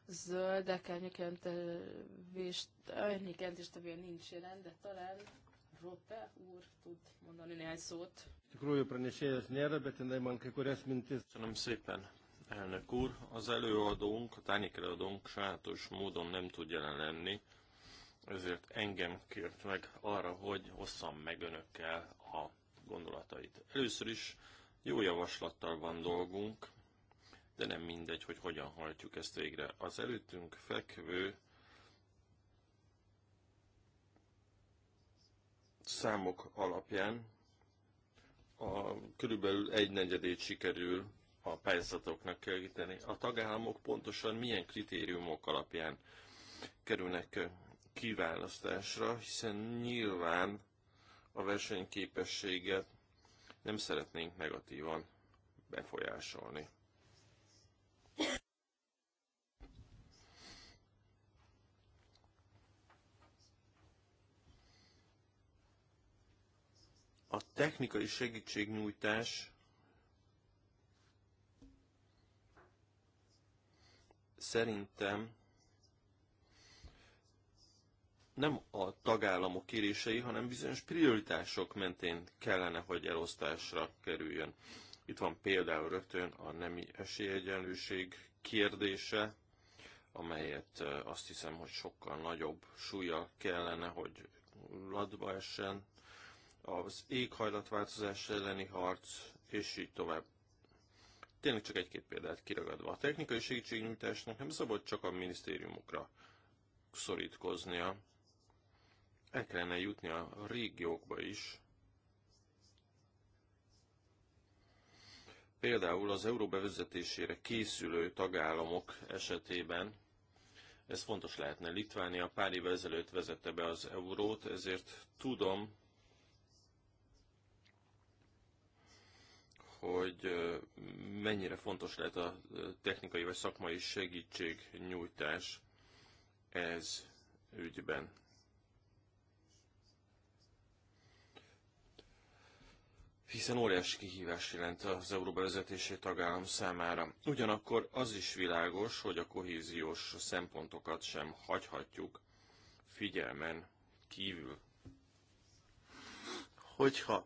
zöldek elnyékjelentést, elnyékjelentést, nincs jelen, de talán Rope úr tud mondani néhány szót. Köszönöm szépen, elnök úr. Az előadónk, a tárnyékelőadónk sajátos módon nem tud jelen lenni, ezért engem kért meg arra, hogy hosszam meg önökkel a gondolatait. Először is jó javaslattal van dolgunk, de nem mindegy, hogy hogyan hajtjuk ezt végre. Az előttünk fekvő számok alapján a körülbelül egy negyedét sikerül a pályázatoknak keríteni. A tagállamok pontosan milyen kritériumok alapján kerülnek kiválasztásra, hiszen nyilván a versenyképességet nem szeretnénk negatívan befolyásolni. A technikai segítségnyújtás szerintem nem a tagállamok kérései, hanem bizonyos prioritások mentén kellene, hogy elosztásra kerüljön. Itt van például rögtön a nemi esélyegyenlőség kérdése, amelyet eh, azt hiszem, hogy sokkal nagyobb súlya kellene, hogy ladba essen az éghajlatváltozás elleni harc, és így tovább. Tényleg csak egy-két példát kiragadva. A technikai segítségnyújtásnak nem szabad csak a minisztériumokra szorítkoznia, el kellene jutni a régiókba is. Például az euró bevezetésére készülő tagállamok esetében ez fontos lehetne. Litvánia pár évvel ezelőtt vezette be az eurót, ezért tudom, hogy mennyire fontos lehet a technikai vagy szakmai segítségnyújtás ez ügyben. hiszen óriási kihívás jelent az vezetési tagállam számára. Ugyanakkor az is világos, hogy a kohéziós szempontokat sem hagyhatjuk figyelmen kívül. Hogyha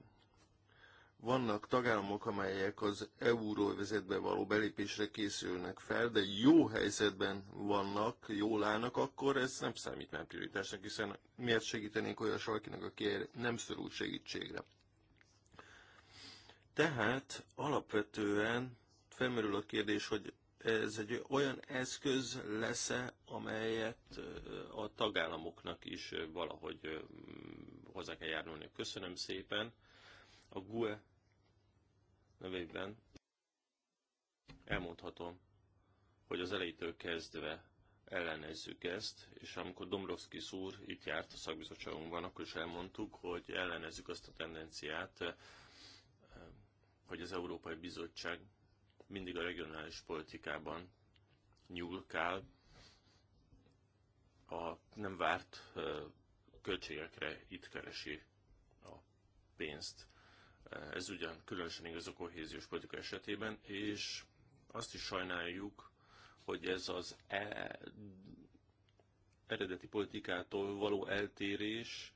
vannak tagállamok, amelyek az euróvezetbe való belépésre készülnek fel, de jó helyzetben vannak, jól állnak, akkor ez nem számít már prioritásnak, hiszen miért segítenénk olyan sarkinak, aki nem szorul segítségre. Tehát alapvetően felmerül a kérdés, hogy ez egy olyan eszköz lesz-e, amelyet a tagállamoknak is valahogy hozzá kell járulni. Köszönöm szépen. A GUE nevében elmondhatom, hogy az elejétől kezdve ellenezzük ezt, és amikor Dombrovszki szúr itt járt a szakbizottságunkban, akkor is elmondtuk, hogy ellenezzük azt a tendenciát, eh, hogy az Európai Bizottság mindig a regionális politikában nyúlkál a nem várt eh, költségekre itt keresi a pénzt. Ez ugyan különösen igaz a kohéziós politika esetében, és azt is sajnáljuk, hogy ez az e eredeti politikától való eltérés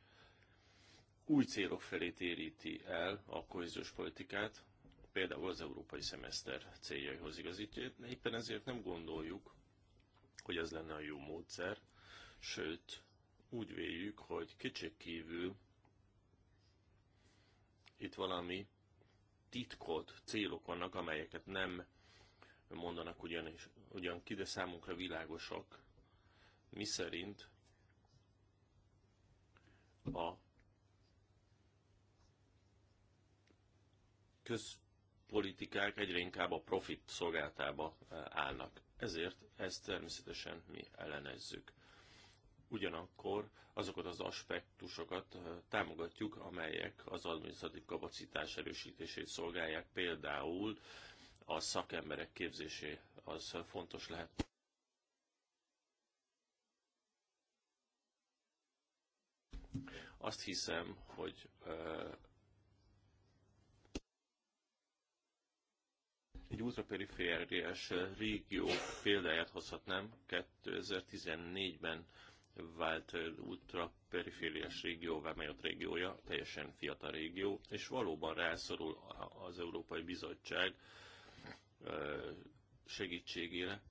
új célok felé téríti el a kohéziós politikát, például az európai szemeszter céljaihoz igazítja. Éppen ezért nem gondoljuk, hogy ez lenne a jó módszer, sőt, úgy véljük, hogy kétségkívül itt valami titkolt célok vannak, amelyeket nem mondanak ugyanis, ugyan ki, de számunkra világosak, mi szerint a közpolitikák egyre inkább a profit szolgáltába eh, állnak. Ezért ezt természetesen mi ellenezzük ugyanakkor azokat az aspektusokat támogatjuk, amelyek az adminisztratív kapacitás erősítését szolgálják, például a szakemberek képzésé az fontos lehet. Azt hiszem, hogy egy ultraperifériás régió példáját hozhatnám. 2014-ben vált ultra perifériás régióvá, mely ott régiója, teljesen fiatal régió, és valóban rászorul az Európai Bizottság segítségére.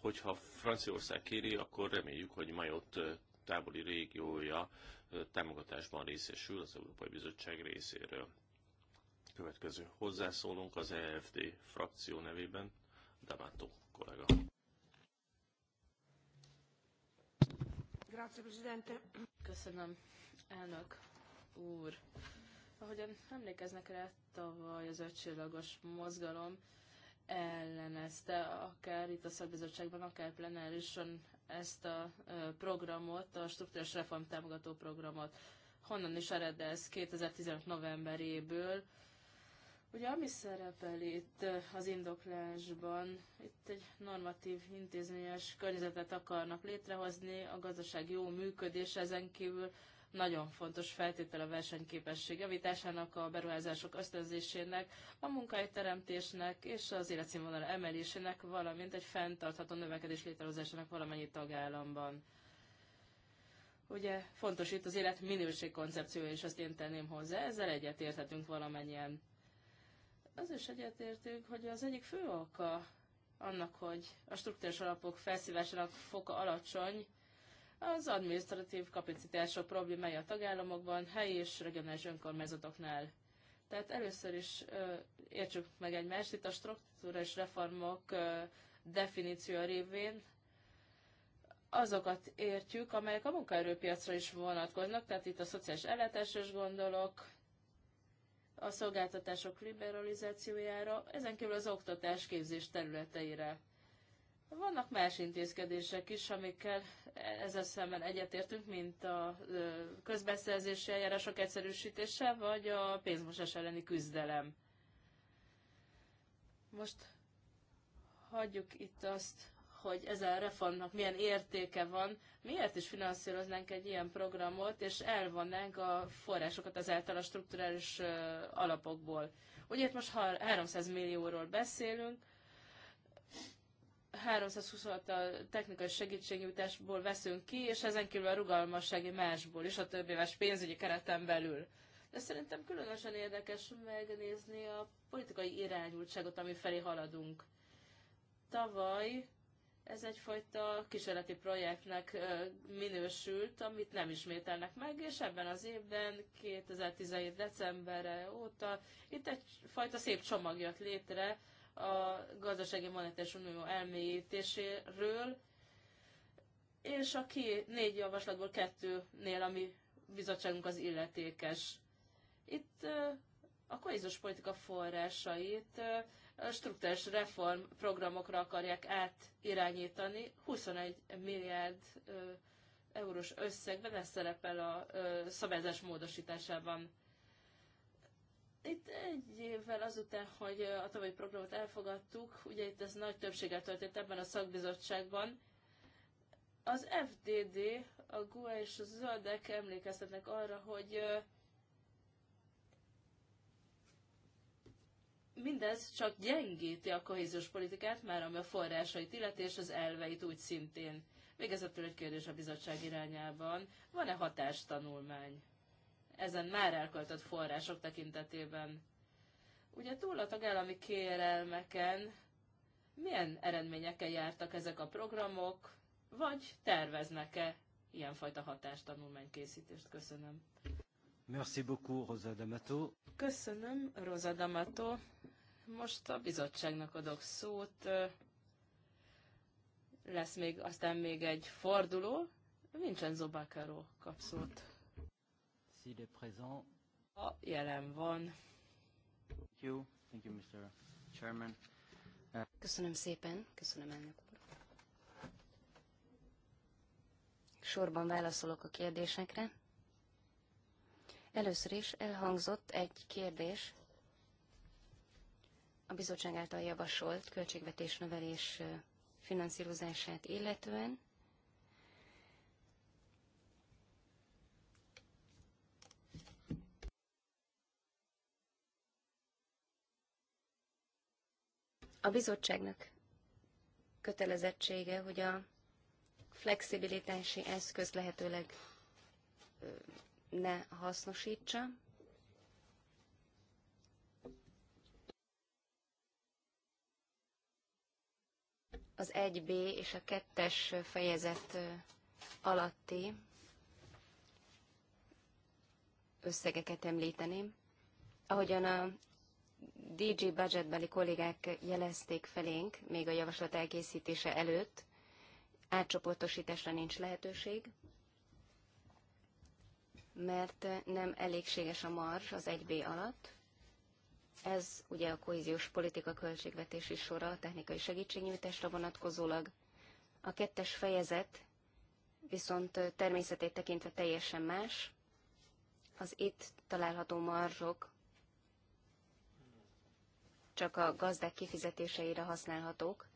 Hogyha Franciaország kéri, akkor reméljük, hogy Majott távoli régiója támogatásban részesül az Európai Bizottság részéről. Következő hozzászólunk az EFD frakció nevében, Damato kollega. Grazie, Presidente. Köszönöm, elnök úr. Ahogyan emlékeznek rá, tavaly az ötcsillagos mozgalom ellenezte, akár itt a szakbizottságban, akár plenárison ezt a programot, a struktúrás reform támogató programot. Honnan is ered ez 2015 novemberéből, Ugye ami szerepel itt eh, az indoklásban, itt egy normatív intézményes környezetet akarnak létrehozni, a gazdaság jó működése ezen kívül nagyon fontos feltétel a versenyképesség javításának, a beruházások ösztönzésének, a munkahelyteremtésnek és az életszínvonal emelésének, valamint egy fenntartható növekedés létrehozásának valamennyi tagállamban. Ugye fontos itt az élet minőség koncepciója, és azt én tenném hozzá, ezzel egyetérthetünk valamennyien. Az is egyetértünk, hogy az egyik fő oka annak, hogy a struktúrás alapok felszívásának foka alacsony, az administratív kapacitások problémája a tagállamokban, helyi és regionális önkormányzatoknál. Tehát először is ö, értsük meg egymást, itt a struktúrás reformok ö, definíció révén azokat értjük, amelyek a munkaerőpiacra is vonatkoznak, tehát itt a szociális ellátásos gondolok, a szolgáltatások liberalizációjára, ezen kívül az oktatás képzés területeire. Vannak más intézkedések is, amikkel ezzel szemben egyetértünk, mint a közbeszerzési eljárások egyszerűsítése, vagy a pénzmosás elleni küzdelem. Most hagyjuk itt azt, hogy ezen reformnak milyen értéke van, miért is finanszíroznánk egy ilyen programot, és elvonnánk a forrásokat ezáltal a strukturális alapokból. Ugye itt most 300 millióról beszélünk, 326 a technikai segítségnyújtásból veszünk ki, és ezen kívül a rugalmassági másból is a több éves pénzügyi kereten belül. De szerintem különösen érdekes megnézni a politikai irányultságot, ami felé haladunk. Tavaly ez egyfajta kísérleti projektnek minősült, amit nem ismételnek meg, és ebben az évben, 2017. decemberre óta itt egyfajta szép csomag jött létre a Gazdasági Monetáris Unió elmélyítéséről, és a ki négy javaslatból kettőnél, ami bizottságunk az illetékes. Itt a kohézus politika forrásait struktúrás reformprogramokra akarják átirányítani. 21 milliárd eurós összegben ez szerepel a szabályzás módosításában. Itt egy évvel azután, hogy a tavalyi programot elfogadtuk, ugye itt ez nagy többséggel történt ebben a szakbizottságban, az FDD, a GUA e és a zöldek emlékeztetnek arra, hogy mindez csak gyengíti a kohéziós politikát, már ami a forrásait illeti, és az elveit úgy szintén. Végezetül egy kérdés a bizottság irányában. Van-e hatástanulmány ezen már elköltött források tekintetében? Ugye túl a tagállami kérelmeken milyen eredményekkel jártak ezek a programok, vagy terveznek-e ilyenfajta hatástanulmánykészítést? Köszönöm. Merci beaucoup, Rosa D'Amato. Köszönöm, Rosa D'Amato. Most a bizottságnak adok szót. Lesz még, aztán még egy forduló. Vincenzo Baccaro kap szót. présent. Ha jelen van. Thank you. Thank you, Mr. Chairman. Köszönöm szépen, köszönöm elnök úr. Sorban válaszolok a kérdésekre. Először is elhangzott egy kérdés a bizottság által javasolt költségvetés növelés finanszírozását illetően. A bizottságnak kötelezettsége, hogy a flexibilitási eszköz lehetőleg ne hasznosítsa. Az 1B és a 2-es fejezet alatti összegeket említeném. Ahogyan a DG budgetbeli kollégák jelezték felénk, még a javaslat elkészítése előtt, átcsoportosításra nincs lehetőség mert nem elégséges a marzs az 1B alatt. Ez ugye a kohéziós politika költségvetési sora a technikai segítségnyújtásra vonatkozólag. A kettes fejezet viszont természetét tekintve teljesen más. Az itt található marzsok csak a gazdák kifizetéseire használhatók.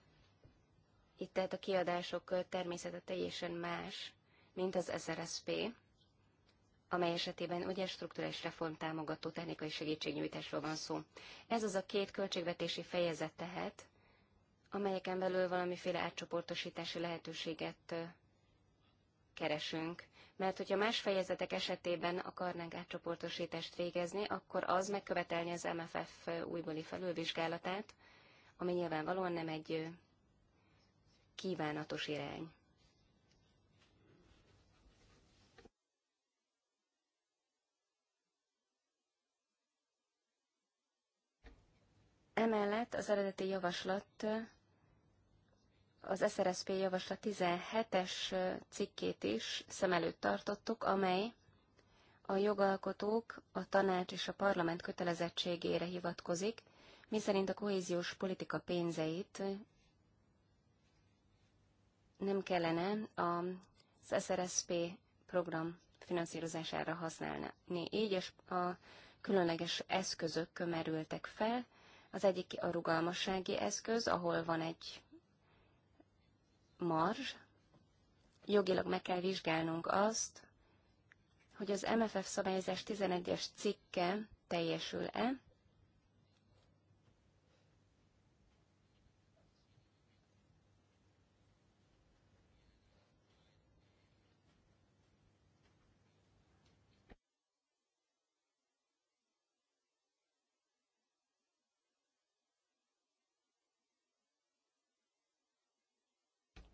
Itt tehát a kiadások természete teljesen más, mint az SRSP amely esetében ugye strukturális reform támogató technikai segítségnyújtásról van szó. Ez az a két költségvetési fejezet tehát, amelyeken belül valamiféle átcsoportosítási lehetőséget keresünk. Mert hogyha más fejezetek esetében akarnánk átcsoportosítást végezni, akkor az megkövetelni az MFF újbóli felülvizsgálatát, ami nyilvánvalóan nem egy kívánatos irány. Emellett az eredeti javaslat, az SRSP javaslat 17-es cikkét is szem előtt tartottuk, amely a jogalkotók, a tanács és a parlament kötelezettségére hivatkozik, miszerint a kohéziós politika pénzeit nem kellene az SRSP program finanszírozására használni. Így a különleges eszközök merültek fel, az egyik a rugalmassági eszköz, ahol van egy marzs. Jogilag meg kell vizsgálnunk azt, hogy az MFF szabályozás 11-es cikke teljesül-e,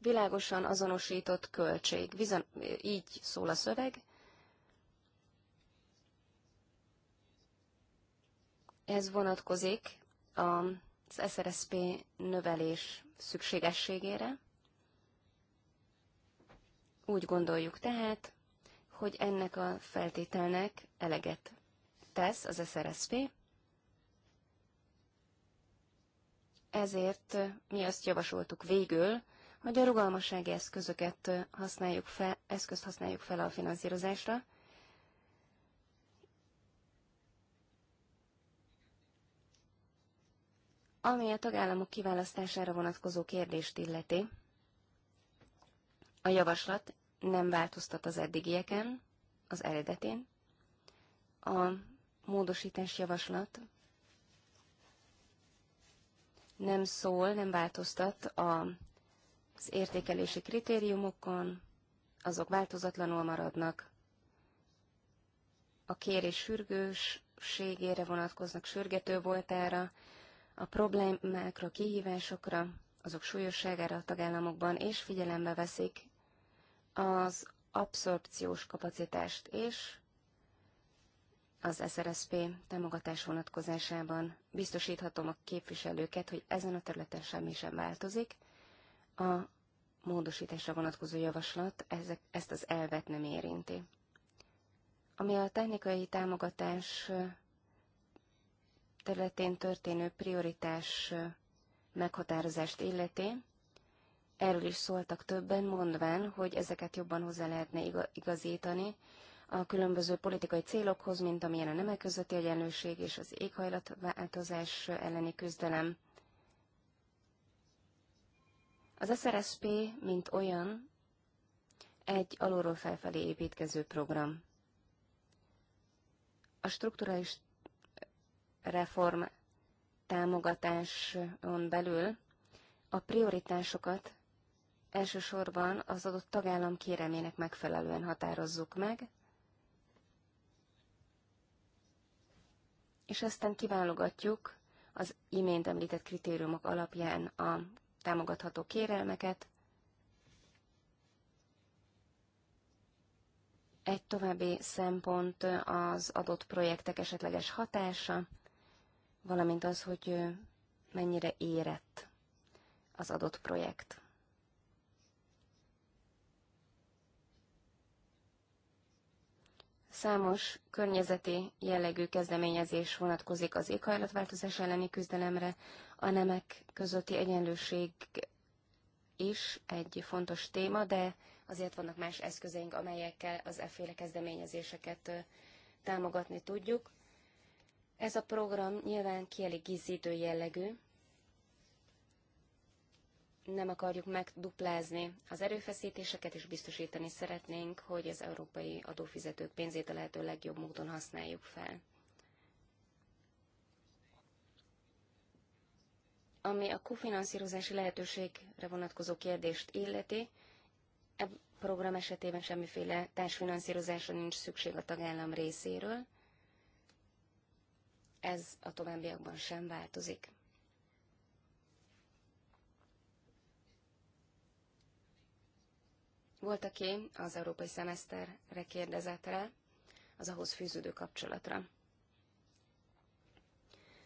világosan azonosított költség. Bizon, így szól a szöveg. Ez vonatkozik az SRSP növelés szükségességére. Úgy gondoljuk tehát, hogy ennek a feltételnek eleget tesz az SRSP, ezért mi azt javasoltuk végül, hogy a rugalmassági eszközöket használjuk fel, eszközt használjuk fel a finanszírozásra. Ami a tagállamok kiválasztására vonatkozó kérdést illeti, a javaslat nem változtat az eddigieken, az eredetén. A módosítás javaslat nem szól, nem változtat a az értékelési kritériumokon azok változatlanul maradnak. A kérés sürgősségére vonatkoznak, sürgető voltára, a problémákra, kihívásokra, azok súlyosságára a tagállamokban, és figyelembe veszik az abszorpciós kapacitást és az SRSP támogatás vonatkozásában biztosíthatom a képviselőket, hogy ezen a területen semmi sem változik, a módosításra vonatkozó javaslat ezek, ezt az elvet nem érinti. Ami a technikai támogatás területén történő prioritás meghatározást illeti, erről is szóltak többen, mondván, hogy ezeket jobban hozzá lehetne igazítani a különböző politikai célokhoz, mint amilyen a nemek közötti egyenlőség és az éghajlatváltozás elleni küzdelem, az SRSP, mint olyan, egy alulról felfelé építkező program. A strukturális reform támogatáson belül a prioritásokat elsősorban az adott tagállam kéremének megfelelően határozzuk meg, és aztán kiválogatjuk az imént említett kritériumok alapján a támogatható kérelmeket. Egy további szempont az adott projektek esetleges hatása, valamint az, hogy mennyire érett az adott projekt. Számos környezeti jellegű kezdeményezés vonatkozik az éghajlatváltozás elleni küzdelemre, a nemek közötti egyenlőség is egy fontos téma, de azért vannak más eszközeink, amelyekkel az efféle kezdeményezéseket támogatni tudjuk. Ez a program nyilván kielégítő jellegű, nem akarjuk megduplázni az erőfeszítéseket, és biztosítani szeretnénk, hogy az európai adófizetők pénzét a lehető legjobb módon használjuk fel. Ami a kofinanszírozási lehetőségre vonatkozó kérdést illeti, e program esetében semmiféle társfinanszírozásra nincs szükség a tagállam részéről. Ez a továbbiakban sem változik. Volt, aki az európai szemeszterre kérdezett rá, az ahhoz fűződő kapcsolatra.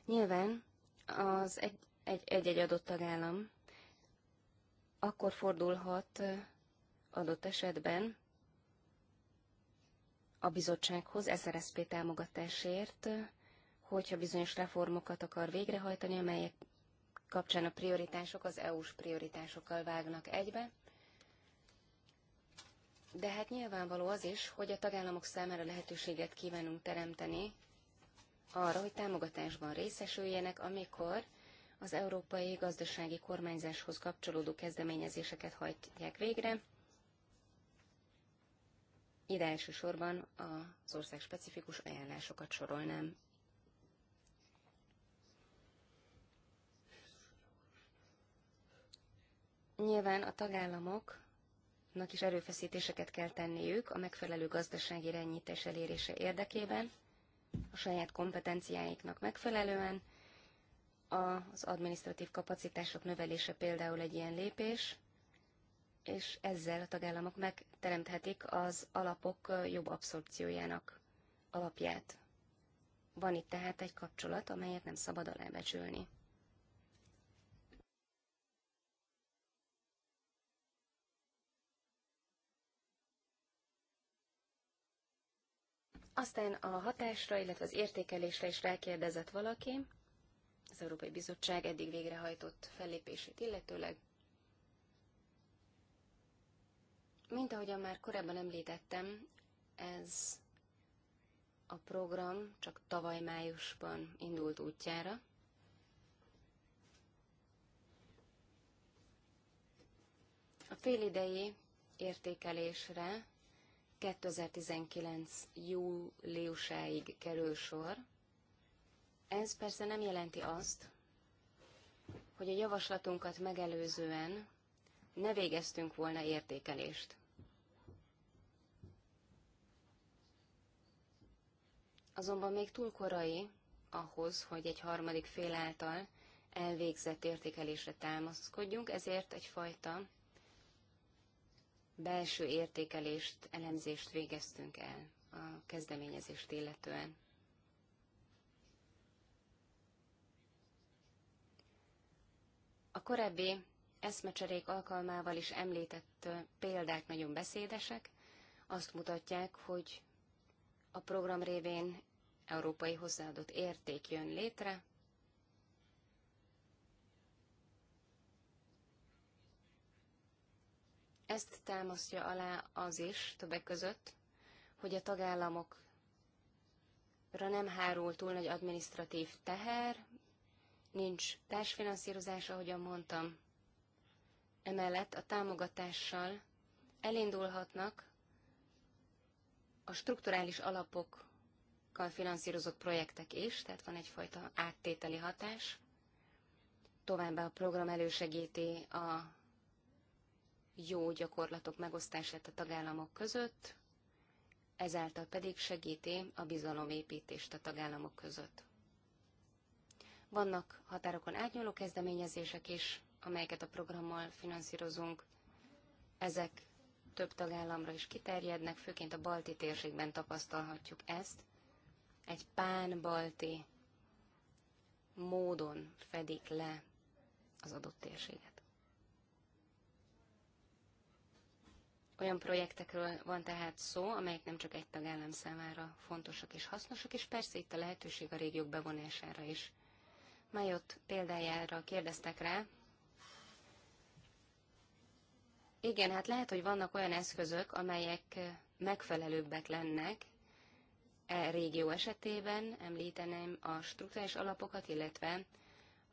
Nyilván az egy-egy adott tagállam akkor fordulhat adott esetben a bizottsághoz SRSP támogatásért, hogyha bizonyos reformokat akar végrehajtani, amelyek kapcsán a prioritások az EU-s prioritásokkal vágnak egybe, de hát nyilvánvaló az is, hogy a tagállamok számára lehetőséget kívánunk teremteni arra, hogy támogatásban részesüljenek, amikor az európai gazdasági kormányzáshoz kapcsolódó kezdeményezéseket hajtják végre. Ide elsősorban az ország specifikus ajánlásokat sorolnám. Nyilván a tagállamok nak is erőfeszítéseket kell tenniük a megfelelő gazdasági irányítás elérése érdekében, a saját kompetenciáiknak megfelelően. Az administratív kapacitások növelése például egy ilyen lépés, és ezzel a tagállamok megteremthetik az alapok jobb abszorpciójának alapját. Van itt tehát egy kapcsolat, amelyet nem szabad alábecsülni. Aztán a hatásra, illetve az értékelésre is rákérdezett valaki, az Európai Bizottság eddig végrehajtott fellépését illetőleg. Mint ahogyan már korábban említettem, ez a program csak tavaly májusban indult útjára. A félidei értékelésre 2019. júliusáig kerül sor. Ez persze nem jelenti azt, hogy a javaslatunkat megelőzően ne végeztünk volna értékelést. Azonban még túl korai ahhoz, hogy egy harmadik fél által elvégzett értékelésre támaszkodjunk, ezért egyfajta belső értékelést, elemzést végeztünk el a kezdeményezést illetően. A korábbi eszmecserék alkalmával is említett példák nagyon beszédesek, azt mutatják, hogy a program révén európai hozzáadott érték jön létre, Ezt támasztja alá az is, többek között, hogy a tagállamokra nem hárul túl nagy administratív teher, nincs társfinanszírozás, ahogyan mondtam. Emellett a támogatással elindulhatnak a strukturális alapokkal finanszírozott projektek is, tehát van egyfajta áttételi hatás. Továbbá a program elősegíti a jó gyakorlatok megosztását a tagállamok között, ezáltal pedig segíti a bizalomépítést a tagállamok között. Vannak határokon átnyúló kezdeményezések is, amelyeket a programmal finanszírozunk. Ezek több tagállamra is kiterjednek, főként a balti térségben tapasztalhatjuk ezt. Egy pán-balti módon fedik le az adott térséget. Olyan projektekről van tehát szó, amelyek nem csak egy tagállam számára fontosak és hasznosak, és persze itt a lehetőség a régiók bevonására is. Májott példájára kérdeztek rá. Igen, hát lehet, hogy vannak olyan eszközök, amelyek megfelelőbbek lennek e régió esetében, említeném a struktúrás alapokat, illetve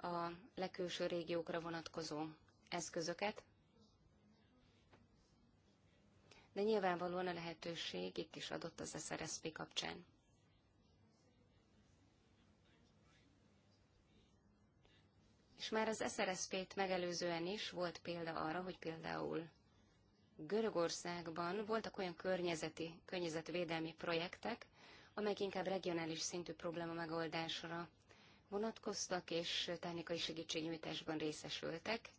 a legkülső régiókra vonatkozó eszközöket, de nyilvánvalóan a lehetőség itt is adott az SRSP kapcsán. És már az SRSP-t megelőzően is volt példa arra, hogy például Görögországban voltak olyan környezeti, környezetvédelmi projektek, amelyek inkább regionális szintű probléma megoldásra vonatkoztak, és technikai segítségnyújtásban részesültek,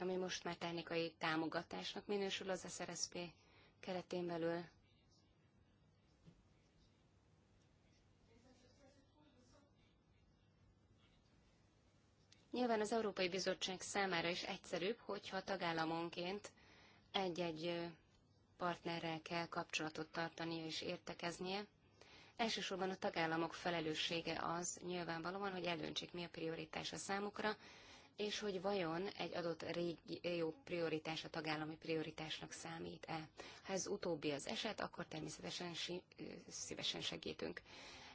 ami most már technikai támogatásnak minősül az SRSP keretén belül. Nyilván az Európai Bizottság számára is egyszerűbb, hogyha tagállamonként egy-egy partnerrel kell kapcsolatot tartania és értekeznie. Elsősorban a tagállamok felelőssége az nyilvánvalóan, hogy eldöntsék, mi a prioritás a számukra, és hogy vajon egy adott régió prioritás a tagállami prioritásnak számít-e. Ha ez utóbbi az eset, akkor természetesen si- szívesen segítünk.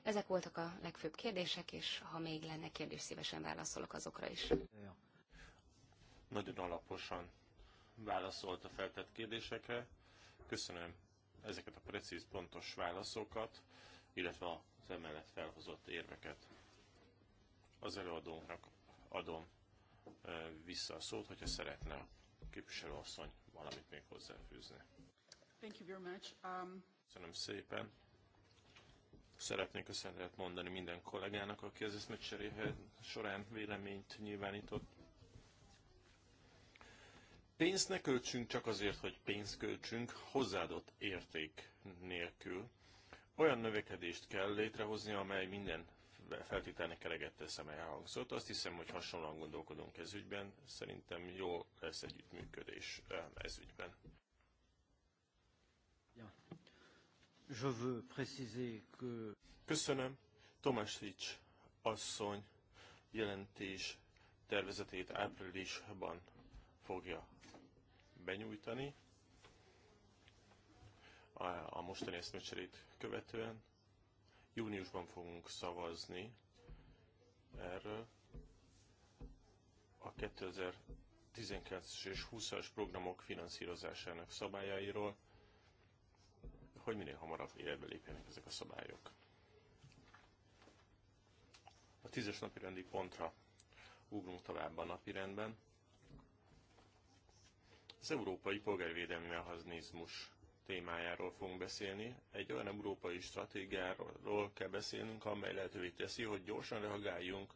Ezek voltak a legfőbb kérdések, és ha még lenne kérdés, szívesen válaszolok azokra is. Nagyon alaposan válaszolt a feltett kérdésekre. Köszönöm ezeket a precíz, pontos válaszokat, illetve az emellett felhozott érveket. Az előadónak adom vissza a szót, hogyha szeretne képviselőasszony valamit még hozzáfűzni. Thank you very much. Um... Köszönöm szépen. Szeretnék köszönetet mondani minden kollégának, aki az eszmecseré során véleményt nyilvánított. Pénzt ne költsünk csak azért, hogy pénzt költsünk, hozzáadott érték nélkül. Olyan növekedést kell létrehozni, amely minden feltételnek eleget teszem, el elhangzott. Azt hiszem, hogy hasonlóan gondolkodunk ez ügyben. Szerintem jó lesz együttműködés ez ügyben. Je veux préciser que... Köszönöm. asszony jelentés tervezetét áprilisban fogja benyújtani a, a mostani eszmecserét követően Júniusban fogunk szavazni erről. A 2019-es és 20-as programok finanszírozásának szabályairól, hogy minél hamarabb életbe lépjenek ezek a szabályok. A tízes napi rendi pontra ugrunk tovább a napi rendben. Az európai polgárvédelmi mechanizmus témájáról fogunk beszélni. Egy olyan európai stratégiáról kell beszélnünk, amely lehetővé teszi, hogy gyorsan reagáljunk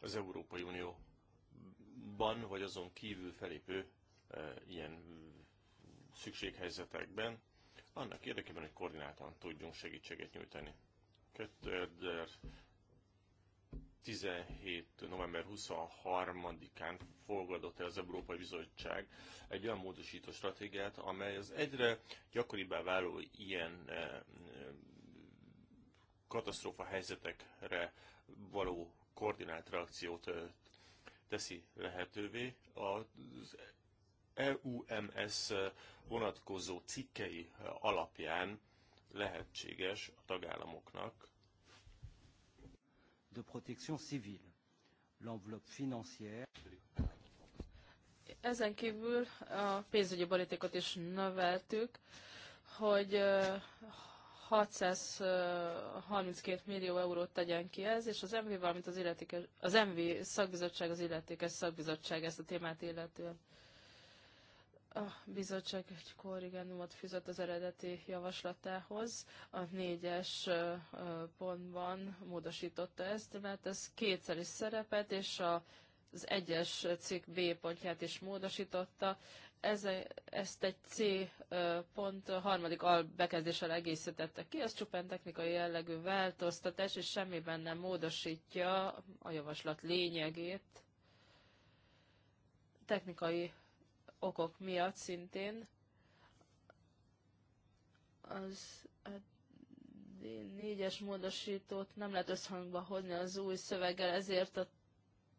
az Európai Unióban vagy azon kívül felépő e, ilyen szükséghelyzetekben, annak érdekében, hogy koordináltan tudjunk segítséget nyújtani. 2017. november 23-án fogadott el az Európai Bizottság egy olyan módosító stratégiát, amely az egyre gyakoribbá váló ilyen eh, eh, katasztrófa helyzetekre való koordinált reakciót eh, teszi lehetővé. Az EUMS vonatkozó cikkei alapján lehetséges a tagállamoknak de protection civile. L'enveloppe financière. Ezen kívül a pénzügyi politikot is növeltük, hogy 632 millió eurót tegyen ki ez, és az MV, valamint az, illetékes, az MV szakbizottság, az illetékes szakbizottság ezt a témát illetően. A bizottság egy korrigendumot fizet az eredeti javaslatához. A négyes pontban módosította ezt, mert ez kétszer is szerepet, és a, az egyes cikk B pontját is módosította. Ez, ezt egy C pont harmadik bekezdéssel egészítette ki, ez csupán technikai jellegű változtatás, és semmiben nem módosítja a javaslat lényegét technikai okok miatt szintén az négyes módosítót nem lehet összhangba hozni az új szöveggel, ezért a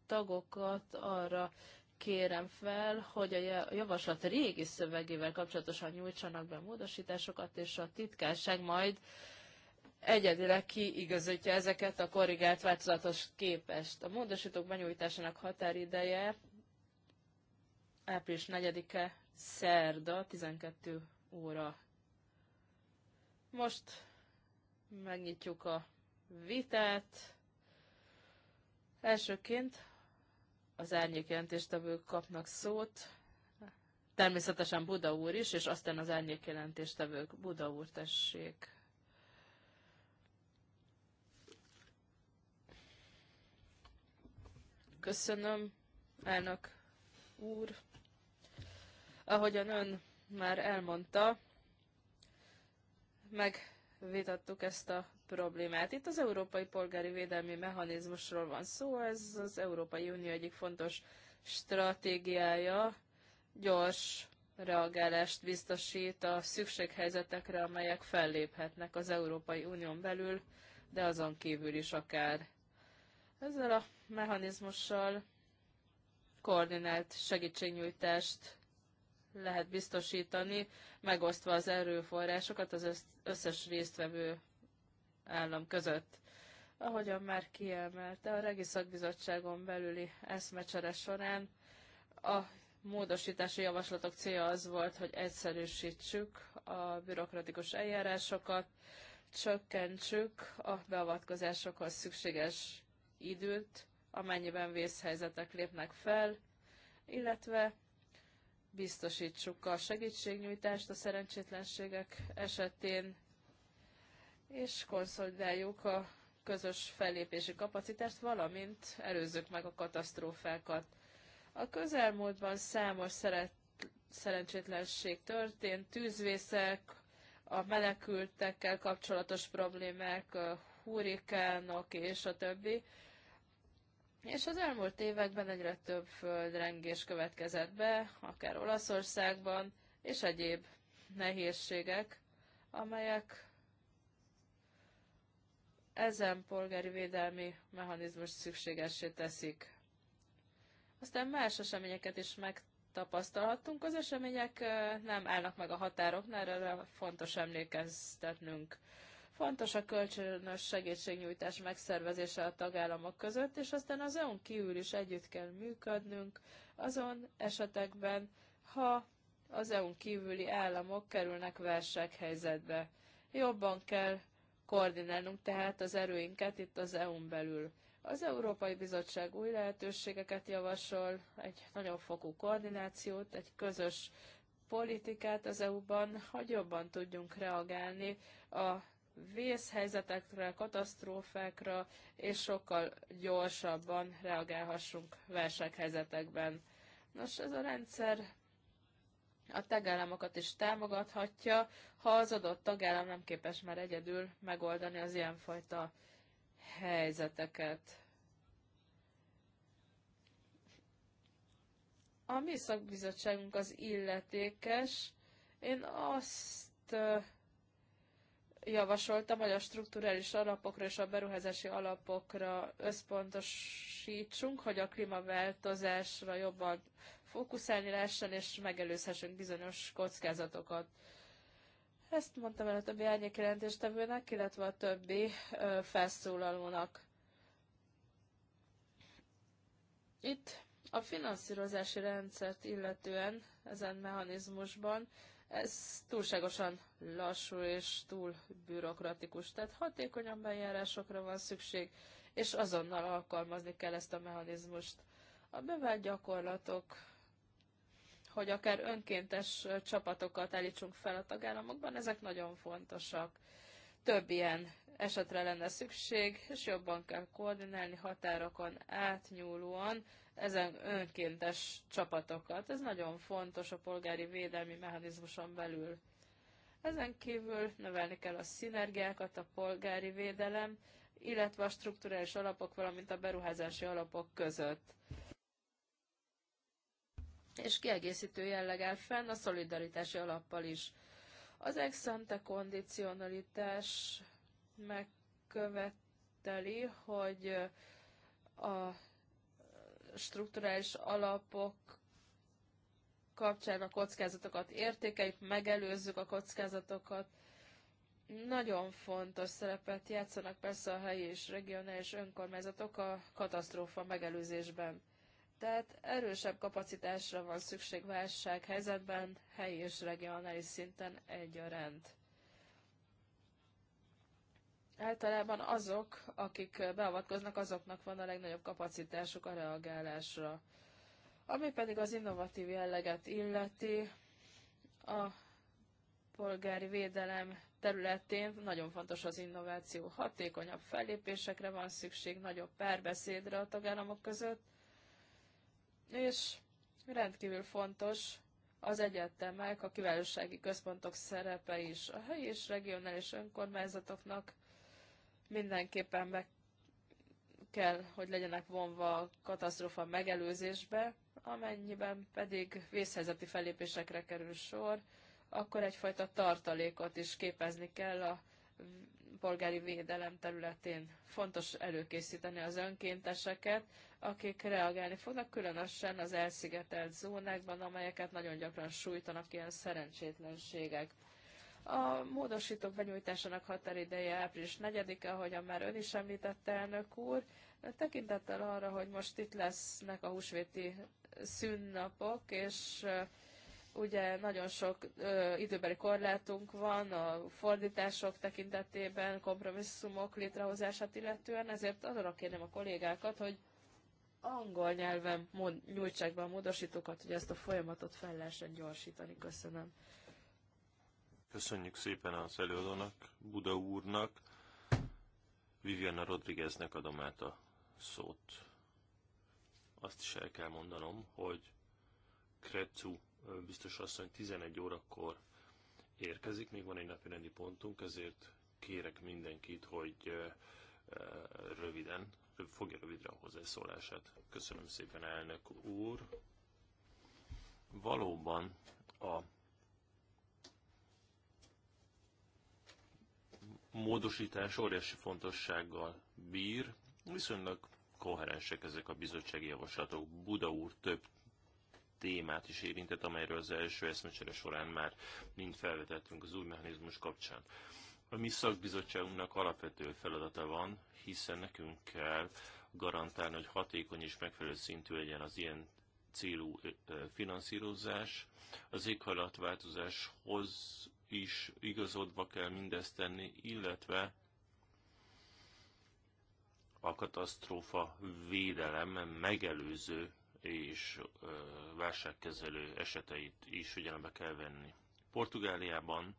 tagokat arra kérem fel, hogy a javaslat régi szövegével kapcsolatosan nyújtsanak be módosításokat, és a titkárság majd egyedileg kiigazítja ezeket a korrigált változatos képest. A módosítók benyújtásának határideje április 4-e, szerda, 12 óra. Most megnyitjuk a vitát. Elsőként az árnyékjelentéstevők kapnak szót. Természetesen Buda úr is, és aztán az árnyékjelentéstevők. Buda úr, tessék. Köszönöm, elnök úr. Ahogyan ön már elmondta, megvitattuk ezt a problémát. Itt az Európai Polgári Védelmi Mechanizmusról van szó, ez az Európai Unió egyik fontos stratégiája, gyors reagálást biztosít a szükséghelyzetekre, amelyek felléphetnek az Európai Unión belül, de azon kívül is akár. Ezzel a mechanizmussal koordinált segítségnyújtást lehet biztosítani, megosztva az erőforrásokat az összes résztvevő állam között. Ahogyan már kiemelte, a Regi Szakbizottságon belüli eszmecsere során a módosítási javaslatok célja az volt, hogy egyszerűsítsük a bürokratikus eljárásokat, csökkentsük a beavatkozásokhoz szükséges időt, amennyiben vészhelyzetek lépnek fel, illetve biztosítsuk a segítségnyújtást a szerencsétlenségek esetén, és konszolidáljuk a közös fellépési kapacitást, valamint előzzük meg a katasztrófákat. A közelmúltban számos szeret, szerencsétlenség történt, tűzvészek, a menekültekkel kapcsolatos problémák, hurikánok és a többi. És az elmúlt években egyre több földrengés következett be, akár Olaszországban, és egyéb nehézségek, amelyek ezen polgári védelmi mechanizmus szükségessé teszik. Aztán más eseményeket is megtapasztalhattunk. Az események eh, nem állnak meg a határoknál, erre fontos emlékeztetnünk. Fontos a kölcsönös segítségnyújtás megszervezése a tagállamok között, és aztán az EU-n kívül is együtt kell működnünk azon esetekben, ha az EU-n kívüli államok kerülnek versekhelyzetbe. Jobban kell koordinálnunk tehát az erőinket itt az EU-n belül. Az Európai Bizottság új lehetőségeket javasol, egy nagyobb fokú koordinációt, egy közös politikát az EU-ban, hogy jobban tudjunk reagálni a vészhelyzetekre, katasztrófákra, és sokkal gyorsabban reagálhassunk válsághelyzetekben. Nos, ez a rendszer a tagállamokat is támogathatja, ha az adott tagállam nem képes már egyedül megoldani az ilyenfajta helyzeteket. A mi szakbizottságunk az illetékes. Én azt javasoltam, hogy a strukturális alapokra és a beruházási alapokra összpontosítsunk, hogy a klímaváltozásra jobban fókuszálni lehessen, és megelőzhessünk bizonyos kockázatokat. Ezt mondtam el a többi árnyék jelentéstevőnek, illetve a többi ö, felszólalónak. Itt a finanszírozási rendszert illetően ezen mechanizmusban ez túlságosan lassú és túl bürokratikus, tehát hatékonyabb eljárásokra van szükség, és azonnal alkalmazni kell ezt a mechanizmust. A bevált gyakorlatok, hogy akár önkéntes csapatokat állítsunk fel a tagállamokban, ezek nagyon fontosak. Több ilyen esetre lenne szükség, és jobban kell koordinálni határokon átnyúlóan, ezen önkéntes csapatokat. Ez nagyon fontos a polgári védelmi mechanizmuson belül. Ezen kívül növelni kell a szinergiákat a polgári védelem, illetve a strukturális alapok, valamint a beruházási alapok között. És kiegészítő jelleg áll fenn a szolidaritási alappal is. Az ex ante kondicionalitás megköveteli, hogy a strukturális alapok kapcsán a kockázatokat értékeljük, megelőzzük a kockázatokat. Nagyon fontos szerepet játszanak persze a helyi és regionális önkormányzatok a katasztrófa megelőzésben. Tehát erősebb kapacitásra van szükség helyzetben, helyi és regionális szinten egyaránt. Általában azok, akik beavatkoznak, azoknak van a legnagyobb kapacitásuk a reagálásra. Ami pedig az innovatív jelleget illeti, a polgári védelem területén nagyon fontos az innováció. Hatékonyabb fellépésekre van szükség, nagyobb párbeszédre a tagállamok között, és rendkívül fontos az egyetemek, a kiválósági központok szerepe is. A helyi és regionális önkormányzatoknak mindenképpen meg kell, hogy legyenek vonva a katasztrófa megelőzésbe, amennyiben pedig vészhelyzeti felépésekre kerül sor, akkor egyfajta tartalékot is képezni kell a polgári védelem területén. Fontos előkészíteni az önkénteseket, akik reagálni fognak, különösen az elszigetelt zónákban, amelyeket nagyon gyakran sújtanak ilyen szerencsétlenségek. A módosítók benyújtásának határideje április 4-e, ahogyan már ön is említette, elnök úr. Tekintettel arra, hogy most itt lesznek a húsvéti szünnapok, és ugye nagyon sok ö, időbeli korlátunk van a fordítások tekintetében, kompromisszumok létrehozását illetően, ezért arra kérném a kollégákat, hogy angol nyelven mond, nyújtsák be a módosítókat, hogy ezt a folyamatot fel lehessen gyorsítani. Köszönöm. Köszönjük szépen az előadónak, Buda úrnak, Viviana Rodrigueznek adom át a szót. Azt is el kell mondanom, hogy Krecu biztos asszony 11 órakor érkezik, még van egy napi rendi pontunk, ezért kérek mindenkit, hogy röviden, fogja rövidre a hozzászólását. Köszönöm szépen, elnök úr. Valóban a módosítás óriási fontossággal bír, viszonylag koherensek ezek a bizottsági javaslatok. Buda úr több témát is érintett, amelyről az első eszmecsere során már mind felvetettünk az új mechanizmus kapcsán. A mi szakbizottságunknak alapvető feladata van, hiszen nekünk kell garantálni, hogy hatékony és megfelelő szintű legyen az ilyen célú finanszírozás. Az éghajlatváltozáshoz is igazodva kell mindezt tenni, illetve a katasztrófa védelem megelőző és válságkezelő eseteit is figyelembe kell venni. Portugáliában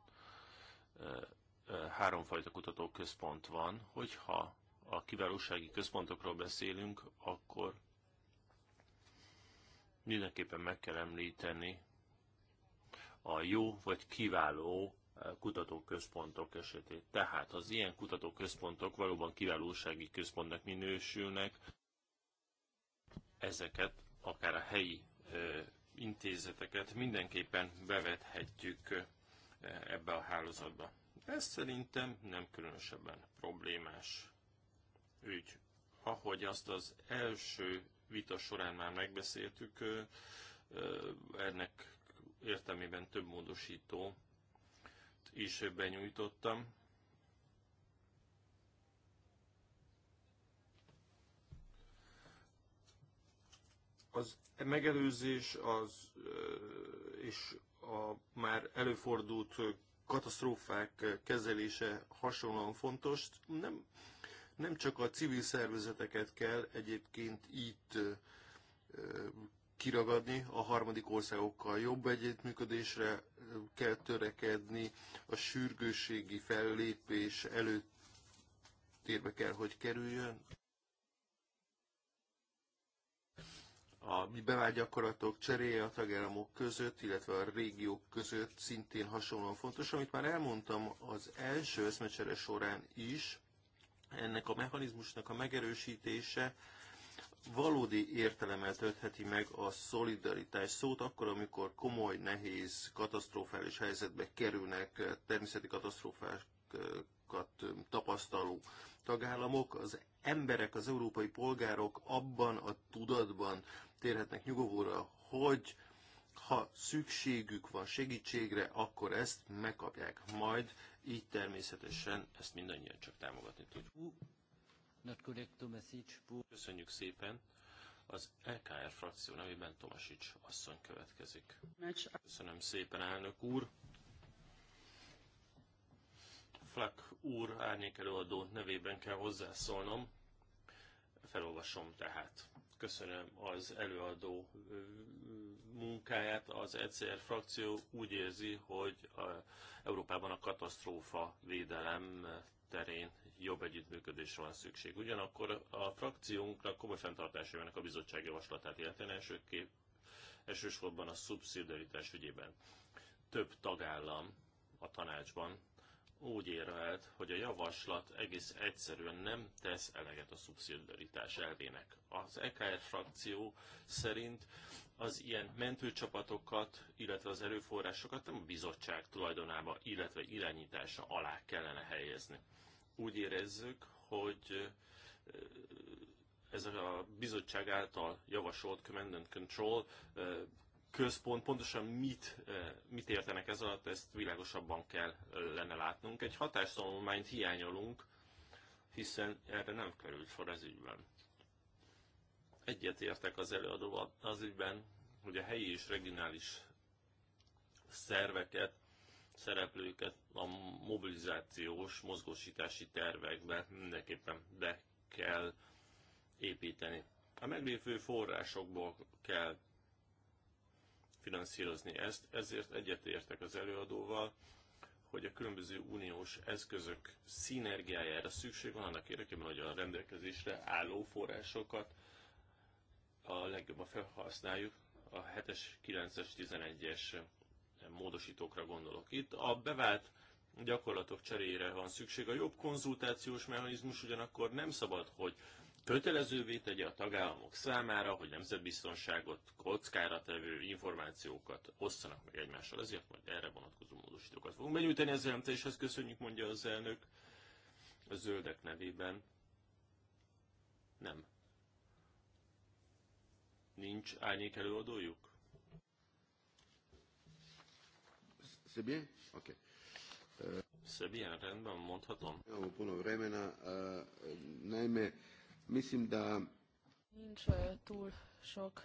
háromfajta kutatóközpont van, hogyha a kiválósági központokról beszélünk, akkor mindenképpen meg kell említeni a jó vagy kiváló eh, kutatóközpontok esetét. Tehát az ilyen kutatóközpontok valóban kiválósági központnak minősülnek, ezeket akár a helyi ö, eh, intézeteket mindenképpen bevethetjük eh, ebbe a hálózatba. Ez szerintem nem különösebben problémás ügy. Ahogy azt az első vita során már megbeszéltük, ennek értelmében több módosító is benyújtottam. Az megelőzés az, és a már előfordult katasztrófák kezelése hasonlóan fontos. Nem, nem csak a civil szervezeteket kell egyébként itt kiragadni, a harmadik országokkal jobb együttműködésre kell törekedni, a sürgősségi fellépés előtt térbe kell, hogy kerüljön. A bevált gyakorlatok cseréje a tagállamok között, illetve a régiók között szintén hasonlóan fontos, amit már elmondtam az első eszmecsere során is, ennek a mechanizmusnak a megerősítése valódi értelemmel töltheti meg a szolidaritás szót, akkor, amikor komoly, nehéz, katasztrofális helyzetbe kerülnek eh, természeti katasztrófákat eh, tapasztaló tagállamok, az emberek, az európai polgárok abban a tudatban térhetnek nyugovóra, hogy ha szükségük van segítségre, akkor ezt megkapják majd, így természetesen ezt mindannyian csak támogatni tudjuk. Köszönjük szépen. Az LKR frakció nevében Tomasics asszony következik. Köszönöm szépen, elnök úr. Flak úr árnyékelőadó nevében kell hozzászólnom. Felolvasom tehát. Köszönöm az előadó munkáját. Az ECR frakció úgy érzi, hogy a Európában a katasztrófa védelem terén jobb együttműködésre van szükség. Ugyanakkor a frakciónknak komoly fenntartásai a bizottság javaslatát illetően elsőképp, elsősorban a szubszidiaritás ügyében. Több tagállam a tanácsban úgy érvelt, hogy a javaslat egész egyszerűen nem tesz eleget a szubszidiaritás elvének. Az EKR frakció szerint az ilyen mentőcsapatokat, illetve az erőforrásokat nem a bizottság tulajdonába, illetve irányítása alá kellene helyezni úgy érezzük, hogy ez a bizottság által javasolt Command and Control központ pontosan mit, mit értenek ez alatt, ezt világosabban kell lenne látnunk. Egy hatástanulmányt hiányolunk, hiszen erre nem került sor ez ügyben. értek az előadóval az ügyben, hogy a helyi és regionális szerveket szereplőket a mobilizációs, mozgósítási tervekbe mindenképpen be kell építeni. A meglévő forrásokból kell finanszírozni ezt, ezért egyetértek az előadóval, hogy a különböző uniós eszközök szinergiájára szükség van annak érdekében, hogy a rendelkezésre álló forrásokat a legjobban felhasználjuk. A 7-es, 9-es, 11-es módosítókra gondolok itt. A bevált gyakorlatok cseréjére van szükség. A jobb konzultációs mechanizmus ugyanakkor nem szabad, hogy kötelezővé tegye a tagállamok számára, hogy nemzetbiztonságot kockára tevő információkat osszanak meg egymással. Ezért majd erre vonatkozó módosítókat fogunk benyújtani az jelentéshez. Köszönjük, mondja az elnök a zöldek nevében. Nem. Nincs árnyék előadójuk? C'est bien? Ok. C'est bien, rendben, mondhatom. Imamo puno vremena, naime, mislim da... Nincs túl sok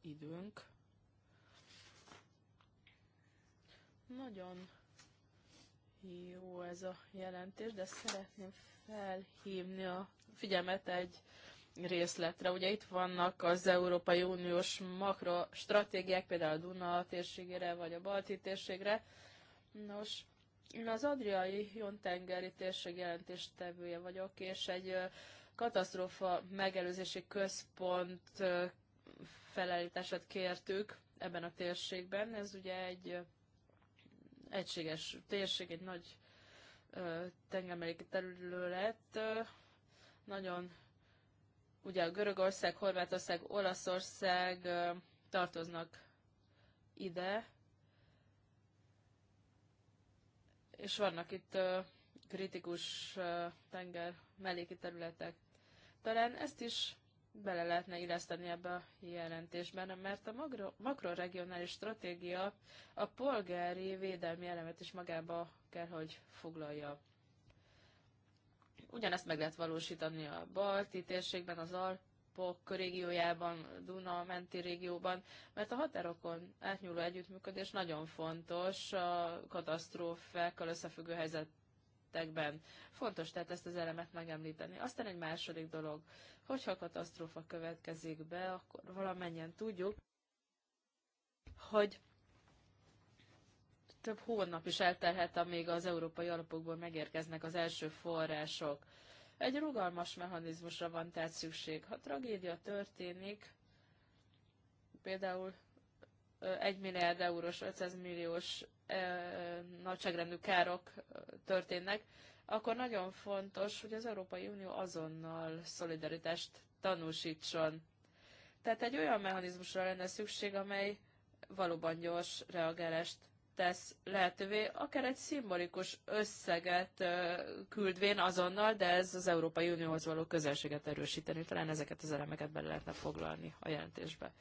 időnk. Nagyon jó ez a jelentés, de szeretném felhívni a figyelmet egy részletre. Ugye itt vannak az Európai Uniós stratégiák, például a Duna térségére vagy a Balti térségre. Nos, én az Adriai Jontengeri térség jelentéstevője vagyok, és egy katasztrófa megelőzési központ felállítását kértük ebben a térségben. Ez ugye egy egységes térség, egy nagy tengermelléki terület. Nagyon Ugye a Görögország, Horvátország, Olaszország tartoznak ide, és vannak itt kritikus tenger melléki területek. Talán ezt is bele lehetne illeszteni ebbe a jelentésben, mert a magro, makroregionális stratégia a polgári védelmi elemet is magába kell, hogy foglalja. Ugyanezt meg lehet valósítani a balti térségben, az Alpok régiójában, Duna menti régióban, mert a határokon átnyúló együttműködés nagyon fontos a katasztrófákkal összefüggő helyzetekben. Fontos tehát ezt az elemet megemlíteni. Aztán egy második dolog, hogyha katasztrófa következik be, akkor valamennyien tudjuk, hogy több hónap is eltelhet, amíg az európai alapokból megérkeznek az első források. Egy rugalmas mechanizmusra van tehát szükség. Ha tragédia történik, például 1 milliárd eurós, 500 milliós nagyságrendű károk történnek, akkor nagyon fontos, hogy az Európai Unió azonnal szolidaritást tanúsítson. Tehát egy olyan mechanizmusra lenne szükség, amely valóban gyors reagálást tesz lehetővé, akár egy szimbolikus összeget küldvén azonnal, de ez az Európai Unióhoz való közelséget erősíteni. Talán ezeket az elemeket bele lehetne foglalni a jelentésbe.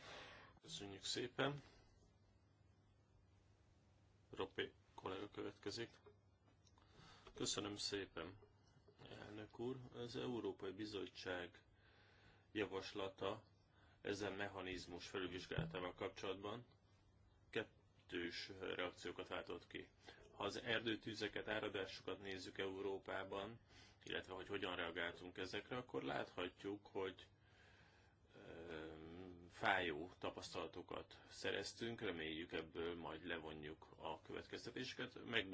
Köszönjük szépen. Ropi kollega következik. Köszönöm szépen, elnök úr. Az Európai Bizottság javaslata ezen mechanizmus felülvizsgálatával kapcsolatban kettős reakciókat váltott ki. Ha az erdőtűzeket, áradásokat nézzük Európában, illetve hogy hogyan reagáltunk ezekre, akkor láthatjuk, hogy fájó tapasztalatokat szereztünk, reméljük ebből majd levonjuk a következtetéseket. Meg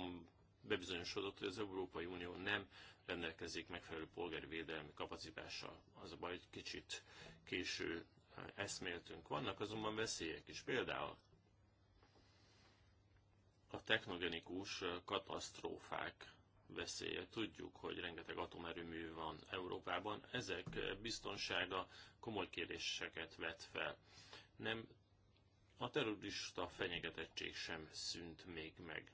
bebizonyosodott, hogy az Európai Unió nem rendelkezik megfelelő polgárvédelmi kapacitással. Az a baj, hogy kicsit késő eh, eszméltünk. Vannak azonban veszélyek is. Például a technogenikus katasztrófák veszélye. Tudjuk, hogy rengeteg atomerőmű van Európában. Ezek biztonsága komoly kérdéseket vet fel. Nem a terrorista fenyegetettség sem szűnt még meg.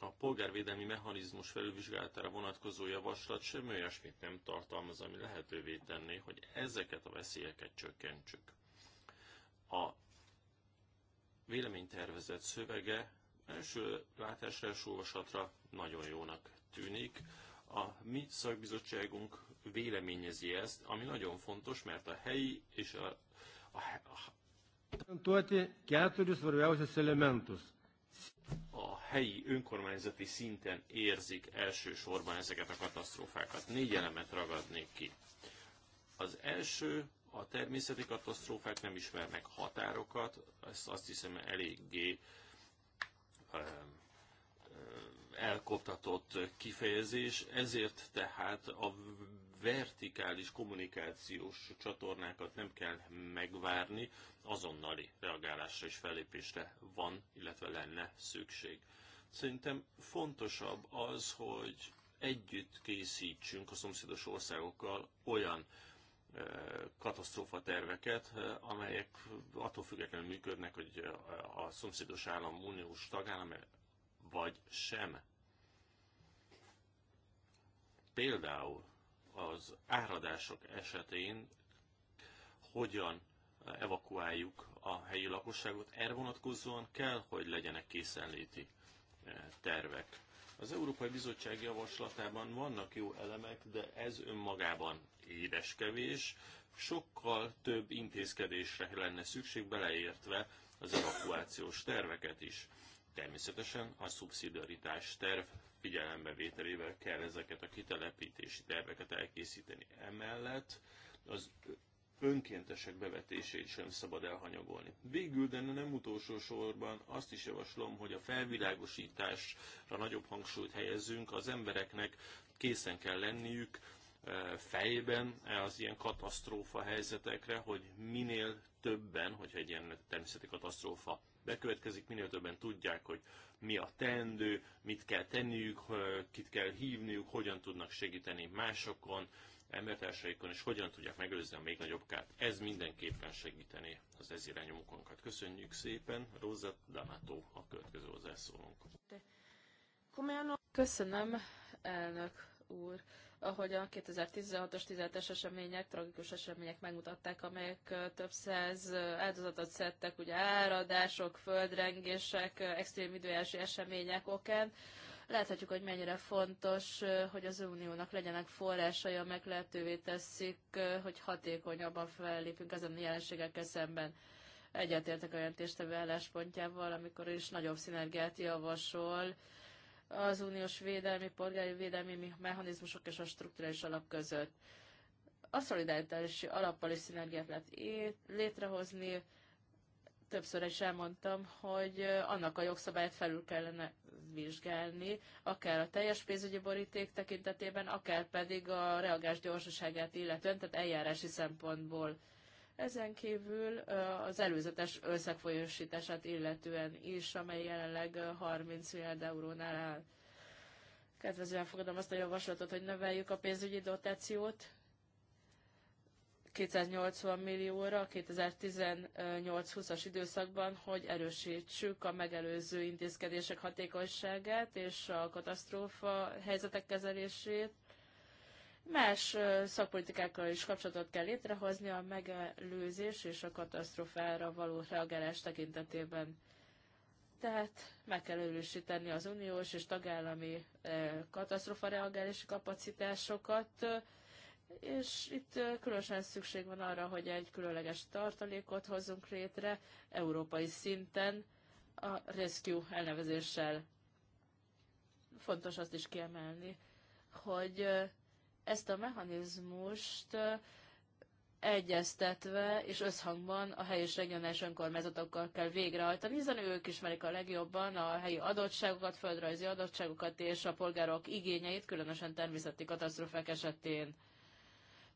A polgárvédelmi mechanizmus felülvizsgálatára vonatkozó javaslat semmi olyasmit nem tartalmaz, ami lehetővé tenné, hogy ezeket a veszélyeket csökkentsük. A véleménytervezet szövege első látásra, első olvasatra nagyon jónak tűnik. A mi szakbizottságunk véleményezi ezt, ami nagyon fontos, mert a helyi és a, a, a, a helyi önkormányzati szinten érzik elsősorban ezeket a katasztrófákat. Négy elemet ragadnék ki. Az első a természeti katasztrófák nem ismernek határokat, ezt azt hiszem eléggé elkoptatott kifejezés, ezért tehát a vertikális kommunikációs csatornákat nem kell megvárni, azonnali reagálásra és fellépésre van, illetve lenne szükség. Szerintem fontosabb az, hogy együtt készítsünk a szomszédos országokkal olyan katasztrófa terveket, amelyek attól függetlenül működnek, hogy a szomszédos állam uniós tagállam vagy sem. Például az áradások esetén hogyan evakuáljuk a helyi lakosságot, erre vonatkozóan kell, hogy legyenek készenléti tervek. Az Európai Bizottság javaslatában vannak jó elemek, de ez önmagában édeskevés. Sokkal több intézkedésre lenne szükség, beleértve az evakuációs terveket is. Természetesen a szubszidiaritás terv figyelembevételével kell ezeket a kitelepítési terveket elkészíteni. Emellett az önkéntesek bevetését sem szabad elhanyagolni. Végül, de nem utolsó sorban azt is javaslom, hogy a felvilágosításra nagyobb hangsúlyt helyezzünk, az embereknek készen kell lenniük eh, fejben eh, az ilyen katasztrófa helyzetekre, hogy minél többen, hogyha egy ilyen természeti katasztrófa bekövetkezik, minél többen tudják, hogy mi a teendő, mit kell tenniük, eh, kit kell hívniuk, hogyan tudnak segíteni másokon, embertársaikon, és hogyan tudják megelőzni a még nagyobb kárt. Ez mindenképpen segíteni az ez irányú munkánkat. Köszönjük szépen, Róza D'Amato a következő hozzászólónk. Köszönöm, elnök úr a 2016-os, 17-es események, tragikus események megmutatták, amelyek több száz áldozatot szedtek, ugye áradások, földrengések, extrém időjárási események okán. Láthatjuk, hogy mennyire fontos, hogy az uniónak legyenek forrásai, amelyek lehetővé teszik, hogy hatékonyabban fellépünk ezen jelenségekkel szemben. Egyetértek a jelentéstevő álláspontjával, amikor is nagyobb szinergiát javasol az uniós védelmi, polgári védelmi mechanizmusok és a struktúrális alap között. A szolidaritási alappal is szinergiát lehet létrehozni, többször is elmondtam, hogy annak a jogszabályt felül kellene vizsgálni, akár a teljes pénzügyi boríték tekintetében, akár pedig a reagás gyorsaságát illetően, tehát eljárási szempontból. Ezen kívül az előzetes összefolyósítását illetően is, amely jelenleg 30 milliárd eurónál áll. Kedvezően fogadom azt a javaslatot, hogy növeljük a pénzügyi dotációt, 280 millióra 2018-20-as időszakban, hogy erősítsük a megelőző intézkedések hatékonyságát és a katasztrófa helyzetek kezelését. Más szakpolitikákkal is kapcsolatot kell létrehozni a megelőzés és a katasztrófára való reagálás tekintetében. Tehát meg kell erősíteni az uniós és tagállami katasztrófa reagálási kapacitásokat, és itt különösen szükség van arra, hogy egy különleges tartalékot hozzunk létre európai szinten a Rescue elnevezéssel. Fontos azt is kiemelni, hogy ezt a mechanizmust egyeztetve és összhangban a helyi és regionális önkormányzatokkal kell végrehajtani, hiszen ők ismerik a legjobban a helyi adottságokat, földrajzi adottságokat és a polgárok igényeit, különösen természeti katasztrófák esetén.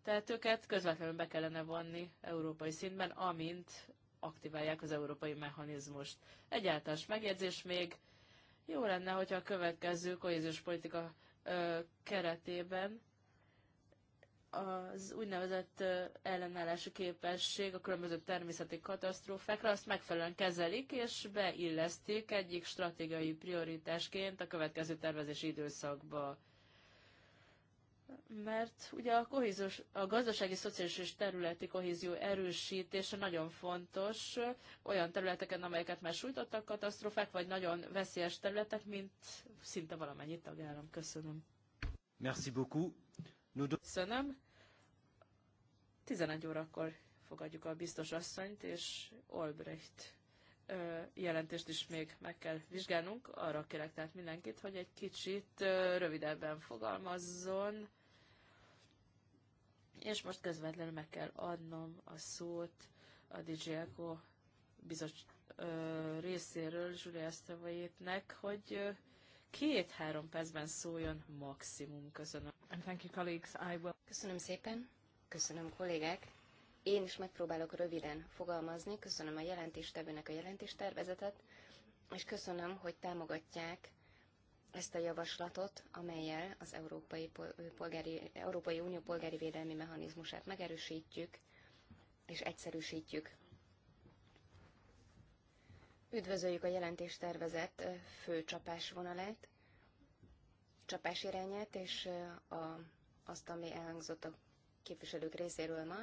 Tehát őket közvetlenül be kellene vonni európai szintben, amint aktiválják az európai mechanizmust. Egyáltalán megjegyzés még, jó lenne, hogyha a következő kohéziós politika ö, keretében az úgynevezett ellenállási képesség a különböző természeti katasztrófákra azt megfelelően kezelik és beillesztik egyik stratégiai prioritásként a következő tervezési időszakba mert ugye a, kohéziós, a gazdasági, szociális és területi kohézió erősítése nagyon fontos olyan területeken, amelyeket már sújtottak katasztrófák, vagy nagyon veszélyes területek, mint szinte valamennyi tagállam. Köszönöm. Merci beaucoup. Köszönöm. 11 órakor fogadjuk a biztos asszonyt, és Olbrecht jelentést is még meg kell vizsgálnunk. Arra kérek tehát mindenkit, hogy egy kicsit rövidebben fogalmazzon és most közvetlenül meg kell adnom a szót a DJ Eco bizot, részéről Zsuli Esztevaiétnek, hogy két-három percben szóljon maximum. Köszönöm. And thank you, colleagues. I will... Köszönöm szépen. Köszönöm, kollégák. Én is megpróbálok röviden fogalmazni. Köszönöm a jelentéstevőnek a jelentéstervezetet, és köszönöm, hogy támogatják ezt a javaslatot, amelyel az Európai, polgári, Európai Unió polgári védelmi mechanizmusát megerősítjük és egyszerűsítjük. Üdvözöljük a jelentés tervezett fő csapásvonalát, csapásirányát, és a, azt, ami elhangzott a képviselők részéről ma,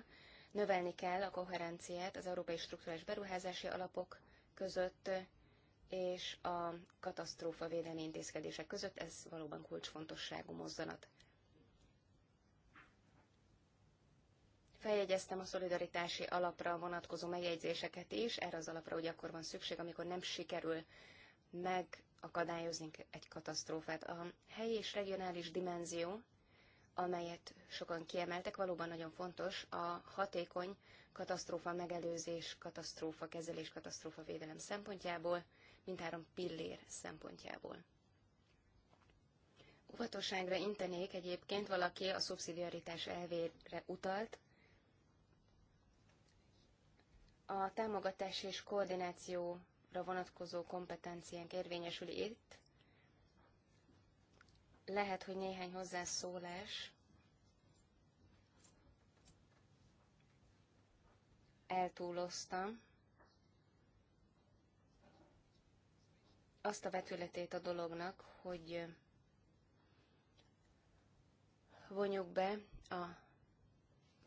növelni kell a koherenciát az európai strukturális beruházási alapok között, és a katasztrófa védelmi intézkedések között ez valóban kulcsfontosságú mozzanat. Feljegyeztem a szolidaritási alapra vonatkozó megjegyzéseket is, erre az alapra ugye akkor van szükség, amikor nem sikerül megakadályozni egy katasztrófát. A helyi és regionális dimenzió, amelyet sokan kiemeltek, valóban nagyon fontos a hatékony katasztrófa megelőzés, katasztrófa kezelés, katasztrófa védelem szempontjából mindhárom pillér szempontjából. Óvatosságra intenék egyébként valaki a szubszidiaritás elvére utalt. A támogatás és koordinációra vonatkozó kompetenciánk érvényesül itt. Lehet, hogy néhány hozzászólás eltúloztam, azt a vetületét a dolognak, hogy vonjuk be a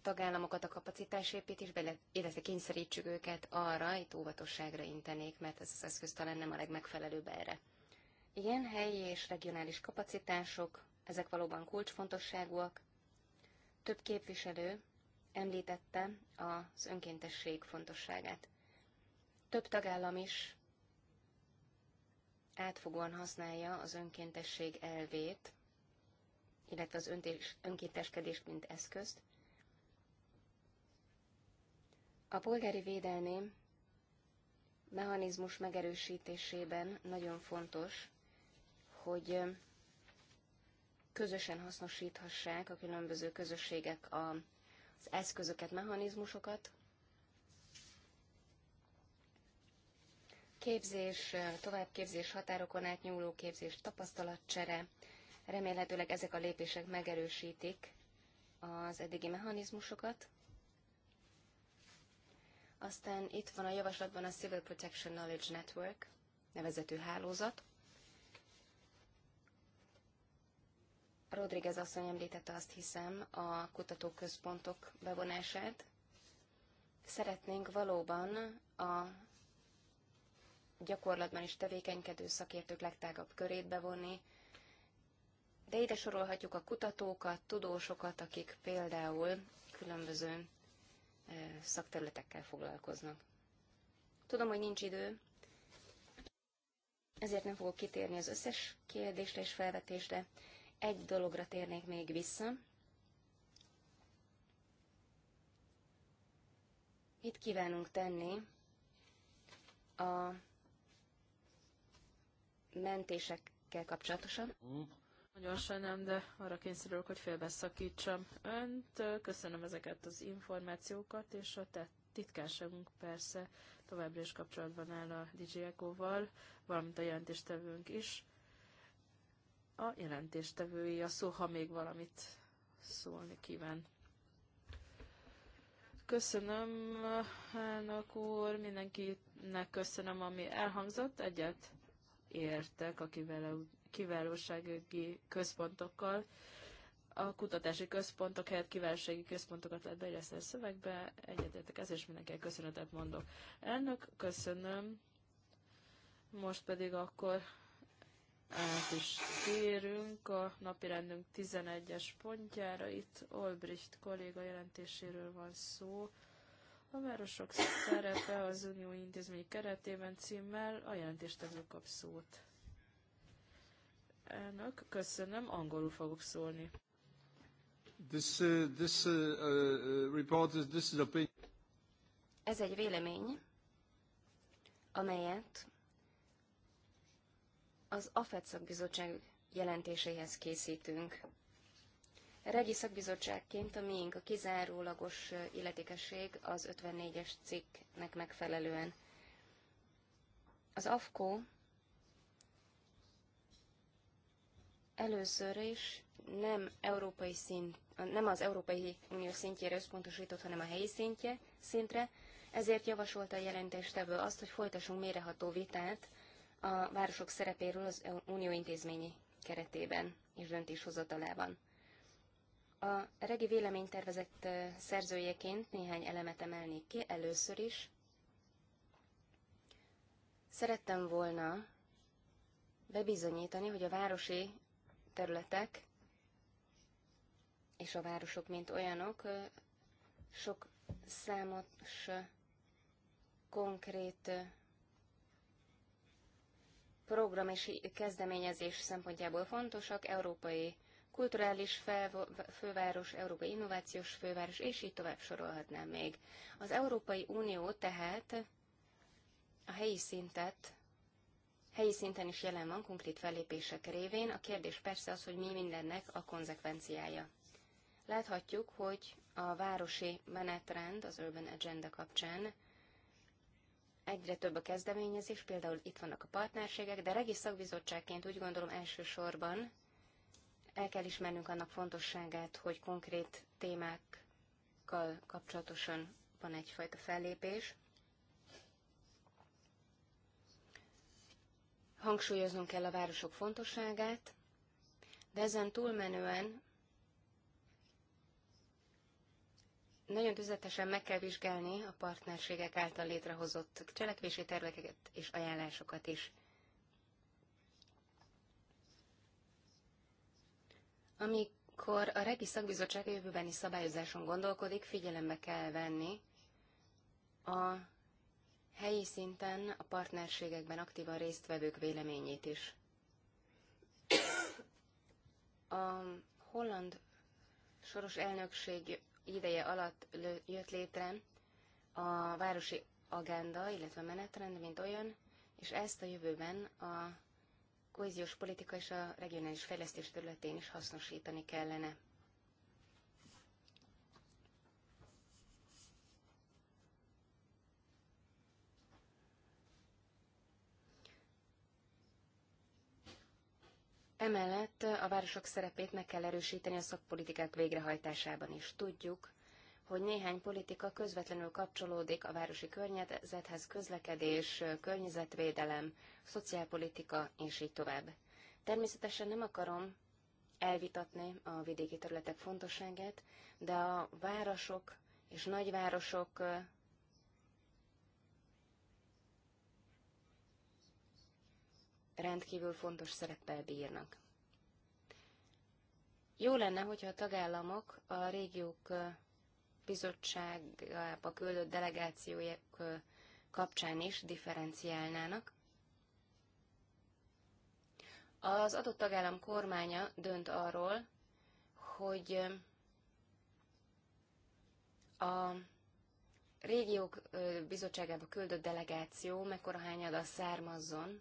tagállamokat a kapacitásépítésbe, illetve kényszerítsük őket arra, itt óvatosságra intenék, mert ez az eszköz talán nem a legmegfelelőbb erre. Igen, helyi és regionális kapacitások, ezek valóban kulcsfontosságúak. Több képviselő említette az önkéntesség fontosságát. Több tagállam is átfogóan használja az önkéntesség elvét, illetve az önkénteskedést, mint eszközt. A polgári védelmi mechanizmus megerősítésében nagyon fontos, hogy közösen hasznosíthassák a különböző közösségek az eszközöket, mechanizmusokat, képzés, továbbképzés, határokon átnyúló képzés, tapasztalatcsere. Remélhetőleg ezek a lépések megerősítik az eddigi mechanizmusokat. Aztán itt van a javaslatban a Civil Protection Knowledge Network nevezetű hálózat. Rodriguez asszony említette azt hiszem a kutatóközpontok bevonását. Szeretnénk valóban a gyakorlatban is tevékenykedő szakértők legtágabb körét bevonni, de ide sorolhatjuk a kutatókat, tudósokat, akik például különböző szakterületekkel foglalkoznak. Tudom, hogy nincs idő, ezért nem fogok kitérni az összes kérdésre és felvetésre. Egy dologra térnék még vissza. Mit kívánunk tenni a mentésekkel kapcsolatosan. Nagyon sajnálom, de arra kényszerülök, hogy félbeszakítsam önt. Köszönöm ezeket az információkat, és a tett titkárságunk persze továbbra is kapcsolatban áll a DJ Echo-val, valamint a jelentéstevőnk is. A jelentéstevői a szó, ha még valamit szólni kíván. Köszönöm, elnök úr, mindenkinek köszönöm, ami elhangzott. Egyet értek a kiválósági központokkal. A kutatási központok helyett kiválósági központokat lehet beilleszteni a szövegbe. Egyetértek ez, és mindenkinek köszönetet mondok. Elnök, köszönöm. Most pedig akkor át is térünk a rendünk 11-es pontjára. Itt Olbricht kolléga jelentéséről van szó. A városok szerepe az unió intézmény keretében címmel a jelentéstevő kap szót. Elnök, köszönöm, angolul fogok szólni. This, uh, this, uh, uh, report is, this is opinion. Ez egy vélemény, amelyet az AFET szakbizottság jelentéséhez készítünk. Regi szakbizottságként a miénk a kizárólagos illetékesség az 54-es cikknek megfelelően. Az AFKO először is nem, európai szint, nem az Európai Unió szintjére összpontosított, hanem a helyi szintje, szintre, ezért javasolta a jelentéstevő azt, hogy folytassunk méreható vitát a városok szerepéről az e-, Unió intézményi keretében és döntéshozatalában. A regi véleménytervezet szerzőjeként néhány elemet emelnék ki először is. Szerettem volna bebizonyítani, hogy a városi területek és a városok, mint olyanok, sok számos konkrét program és kezdeményezés szempontjából fontosak, európai kulturális főváros, európai innovációs főváros, és így tovább sorolhatnám még. Az Európai Unió tehát a helyi szintet, helyi szinten is jelen van konkrét fellépések révén. A kérdés persze az, hogy mi mindennek a konzekvenciája. Láthatjuk, hogy a városi menetrend az Urban Agenda kapcsán egyre több a kezdeményezés, például itt vannak a partnerségek, de regis szakbizottságként úgy gondolom elsősorban el kell ismernünk annak fontosságát, hogy konkrét témákkal kapcsolatosan van egyfajta fellépés. Hangsúlyoznunk kell a városok fontosságát, de ezen túlmenően nagyon tüzetesen meg kell vizsgálni a partnerségek által létrehozott cselekvési terveket és ajánlásokat is. Amikor a Regi Szakbizottság jövőbeni szabályozáson gondolkodik, figyelembe kell venni a helyi szinten a partnerségekben aktívan résztvevők véleményét is. A holland soros elnökség ideje alatt jött létre a városi agenda, illetve menetrend, mint olyan, és ezt a jövőben a kohéziós politika és a regionális fejlesztés területén is hasznosítani kellene. Emellett a városok szerepét meg kell erősíteni a szakpolitikák végrehajtásában is. Tudjuk, hogy néhány politika közvetlenül kapcsolódik a városi környezethez, közlekedés, környezetvédelem, szociálpolitika, és így tovább. Természetesen nem akarom elvitatni a vidéki területek fontosságát, de a városok és nagyvárosok rendkívül fontos szereppel bírnak. Jó lenne, hogyha a tagállamok a régiók bizottságába küldött delegációk kapcsán is differenciálnának. Az adott tagállam kormánya dönt arról, hogy a régiók bizottságába küldött delegáció mekkora hányada származzon,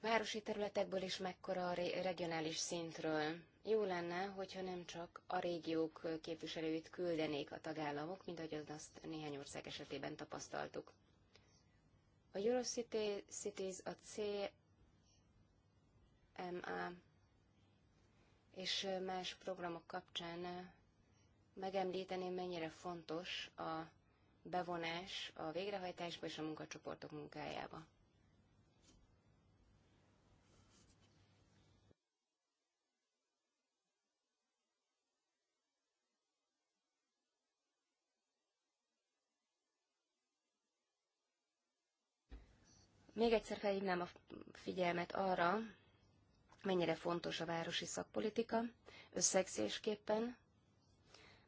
városi területekből is mekkora a regionális szintről. Jó lenne, hogyha nem csak a régiók képviselőit küldenék a tagállamok, mint ahogy azt néhány ország esetében tapasztaltuk. A Cities a CMA és más programok kapcsán megemlíteném, mennyire fontos a bevonás a végrehajtásba és a munkacsoportok munkájába. Még egyszer felhívnám a figyelmet arra, mennyire fontos a városi szakpolitika összegzésképpen.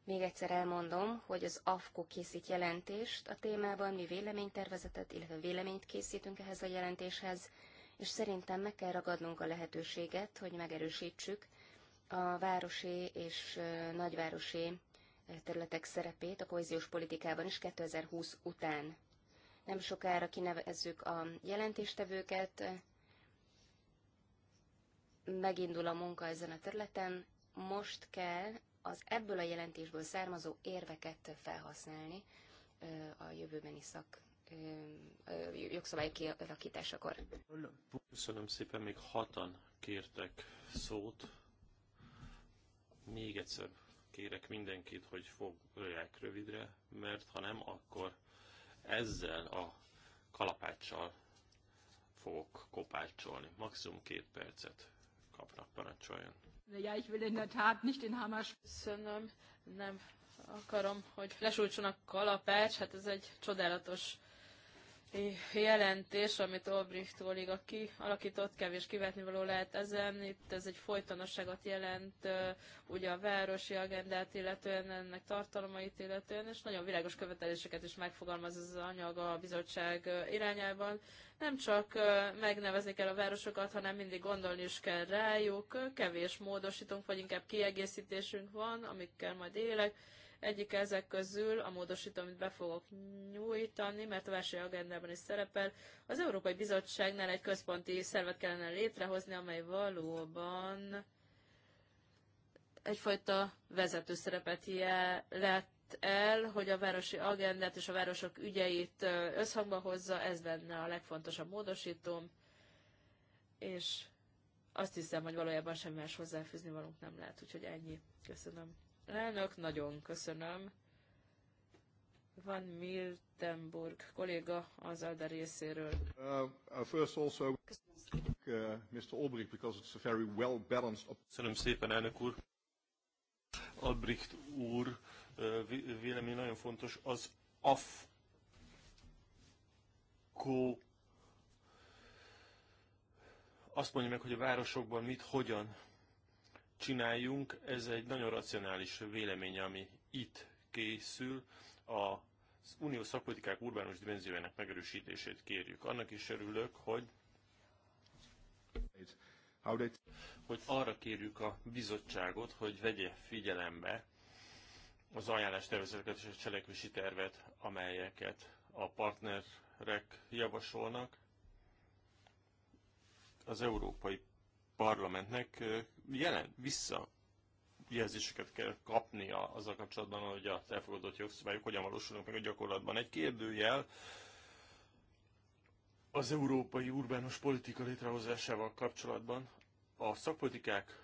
Még egyszer elmondom, hogy az AFKO készít jelentést a témában, mi véleménytervezetet, illetve véleményt készítünk ehhez a jelentéshez, és szerintem meg kell ragadnunk a lehetőséget, hogy megerősítsük a városi és nagyvárosi területek szerepét a kohéziós politikában is 2020 után nem sokára kinevezzük a jelentéstevőket, megindul a munka ezen a területen, most kell az ebből a jelentésből származó érveket felhasználni a jövőbeni szak jogszabály kialakításakor. Köszönöm szépen, még hatan kértek szót. Még egyszer kérek mindenkit, hogy fogják rövidre, mert ha nem, akkor ezzel a kalapáccsal fogok kopácsolni. Maximum két percet kapnak, parancsoljon. Ja, ich will in der Tat nicht den Hammer Köszönöm, nem akarom, hogy lesújtson a kalapács, hát ez egy csodálatos jelentés, amit Olbricht kolléga kialakított, kevés való lehet ezen. Itt ez egy folytonosságot jelent, ugye a városi agendát illetően, ennek tartalmait illetően, és nagyon világos követeléseket is megfogalmaz ez az anyag a bizottság irányában. Nem csak megnevezni kell a városokat, hanem mindig gondolni is kell rájuk. Kevés módosítunk, vagy inkább kiegészítésünk van, amikkel majd élek egyik ezek közül a módosító, amit be fogok nyújtani, mert a agendában is szerepel, az Európai Bizottságnál egy központi szervet kellene létrehozni, amely valóban egyfajta vezető szerepet lett el, hogy a városi agendát és a városok ügyeit összhangba hozza, ez lenne a legfontosabb módosítom, és azt hiszem, hogy valójában semmi más hozzáfűzni valunk nem lehet, úgyhogy ennyi. Köszönöm. Elnök, nagyon köszönöm. Van Miltenburg kolléga az Alda részéről. Uh, uh, first also, uh, Mr. Albrecht, because it's a very well balanced... Köszönöm szépen, elnök úr. Albrecht úr uh, vélemény nagyon fontos, az AFKO azt mondja meg, hogy a városokban mit, hogyan csináljunk. Ez egy nagyon racionális vélemény, ami itt készül. A az unió szakpolitikák urbánus dimenziójának megerősítését kérjük. Annak is örülök, hogy hogy arra kérjük a bizottságot, hogy vegye figyelembe az ajánlás tervezeteket és a cselekvési tervet, amelyeket a partnerek javasolnak. Az Európai parlamentnek jelen, vissza jelzéseket kell az a kapcsolatban, hogy az elfogadott jogszabályok hogyan valósulnak meg a gyakorlatban. Egy kérdőjel az európai urbános politika létrehozásával kapcsolatban a szakpolitikák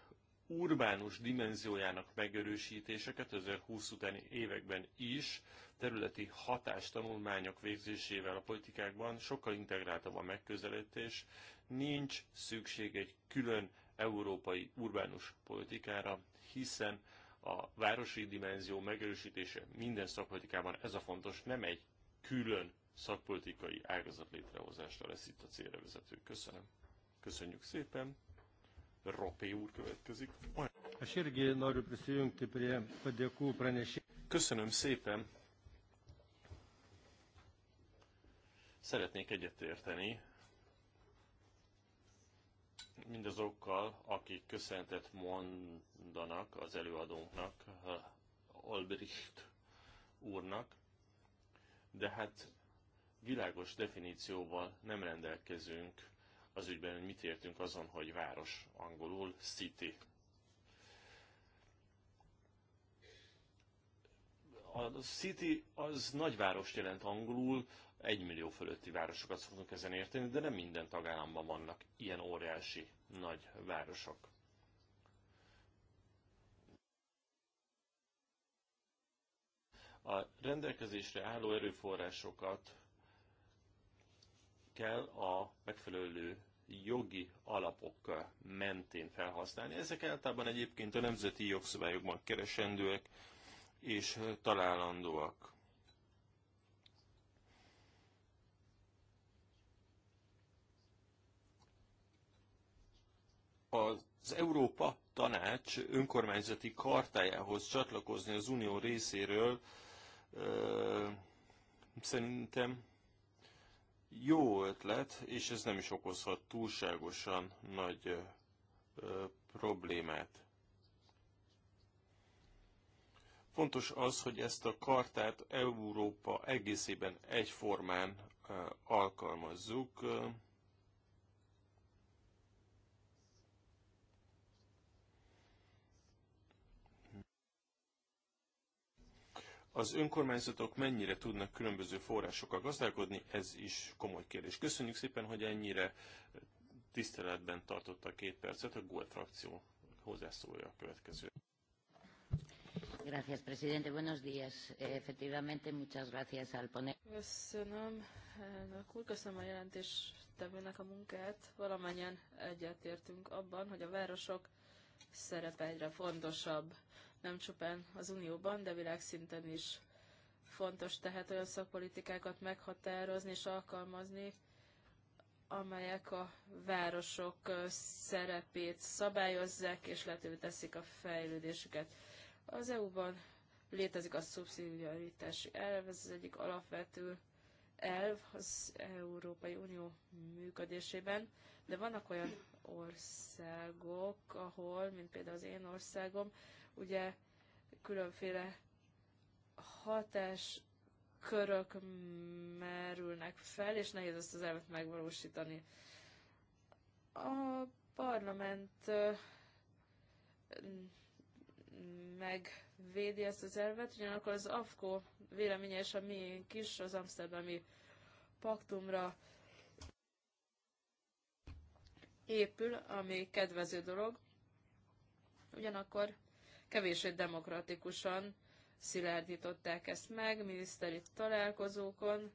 urbánus dimenziójának megerősítése 2020 utáni években is területi hatástanulmányok végzésével a politikákban sokkal integráltabb a megközelítés, nincs szükség egy külön európai urbánus politikára, hiszen a városi dimenzió megerősítése minden szakpolitikában ez a fontos, nem egy külön szakpolitikai ágazat létrehozásra lesz itt a célra vezető. Köszönöm. Köszönjük szépen. Ropé úr következik. Köszönöm szépen. Szeretnék egyetérteni mindazokkal, akik köszöntet mondanak az előadónknak, Albrecht úrnak, de hát világos definícióval nem rendelkezünk az ügyben, hogy mit értünk azon, hogy város angolul city. A city az nagyvárost jelent angolul, egy millió fölötti városokat szoktunk ezen érteni, de nem minden tagállamban vannak ilyen óriási nagy városok. A rendelkezésre álló erőforrásokat kell a megfelelő jogi alapok mentén felhasználni. Ezek általában egyébként a nemzeti jogszabályokban keresendőek és találandóak. Az Európa Tanács önkormányzati kartájához csatlakozni az Unió részéről ö, szerintem jó ötlet, és ez nem is okozhat túlságosan nagy ö, problémát. Fontos az, hogy ezt a kartát Európa egészében egyformán ö, alkalmazzuk. Ö, Az önkormányzatok mennyire tudnak különböző forrásokkal gazdálkodni, ez is komoly kérdés. Köszönjük szépen, hogy ennyire tiszteletben tartotta a két percet. A GUE frakció hozzászólja a következő. Gracias, presidente. Buenos días. Efectivamente, muchas gracias al poner. Köszönöm, elnök úr, köszönöm a jelentéstevőnek a munkát. Valamennyien egyetértünk abban, hogy a városok szerepe egyre fontosabb nem csupán az Unióban, de világszinten is fontos tehát olyan szakpolitikákat meghatározni és alkalmazni, amelyek a városok szerepét szabályozzák és lehetővé teszik a fejlődésüket. Az EU-ban létezik a szubszidiaritási elv, ez az egyik alapvető elv az Európai Unió működésében, de vannak olyan országok, ahol, mint például az én országom, Ugye különféle hatás körök merülnek fel, és nehéz ezt az elvet megvalósítani. A parlament megvédi ezt az elvet, ugyanakkor az AFKO véleménye és a miénk is az Amsterdami paktumra épül, ami kedvező dolog. Ugyanakkor kevésbé demokratikusan szilárdították ezt meg miniszteri találkozókon,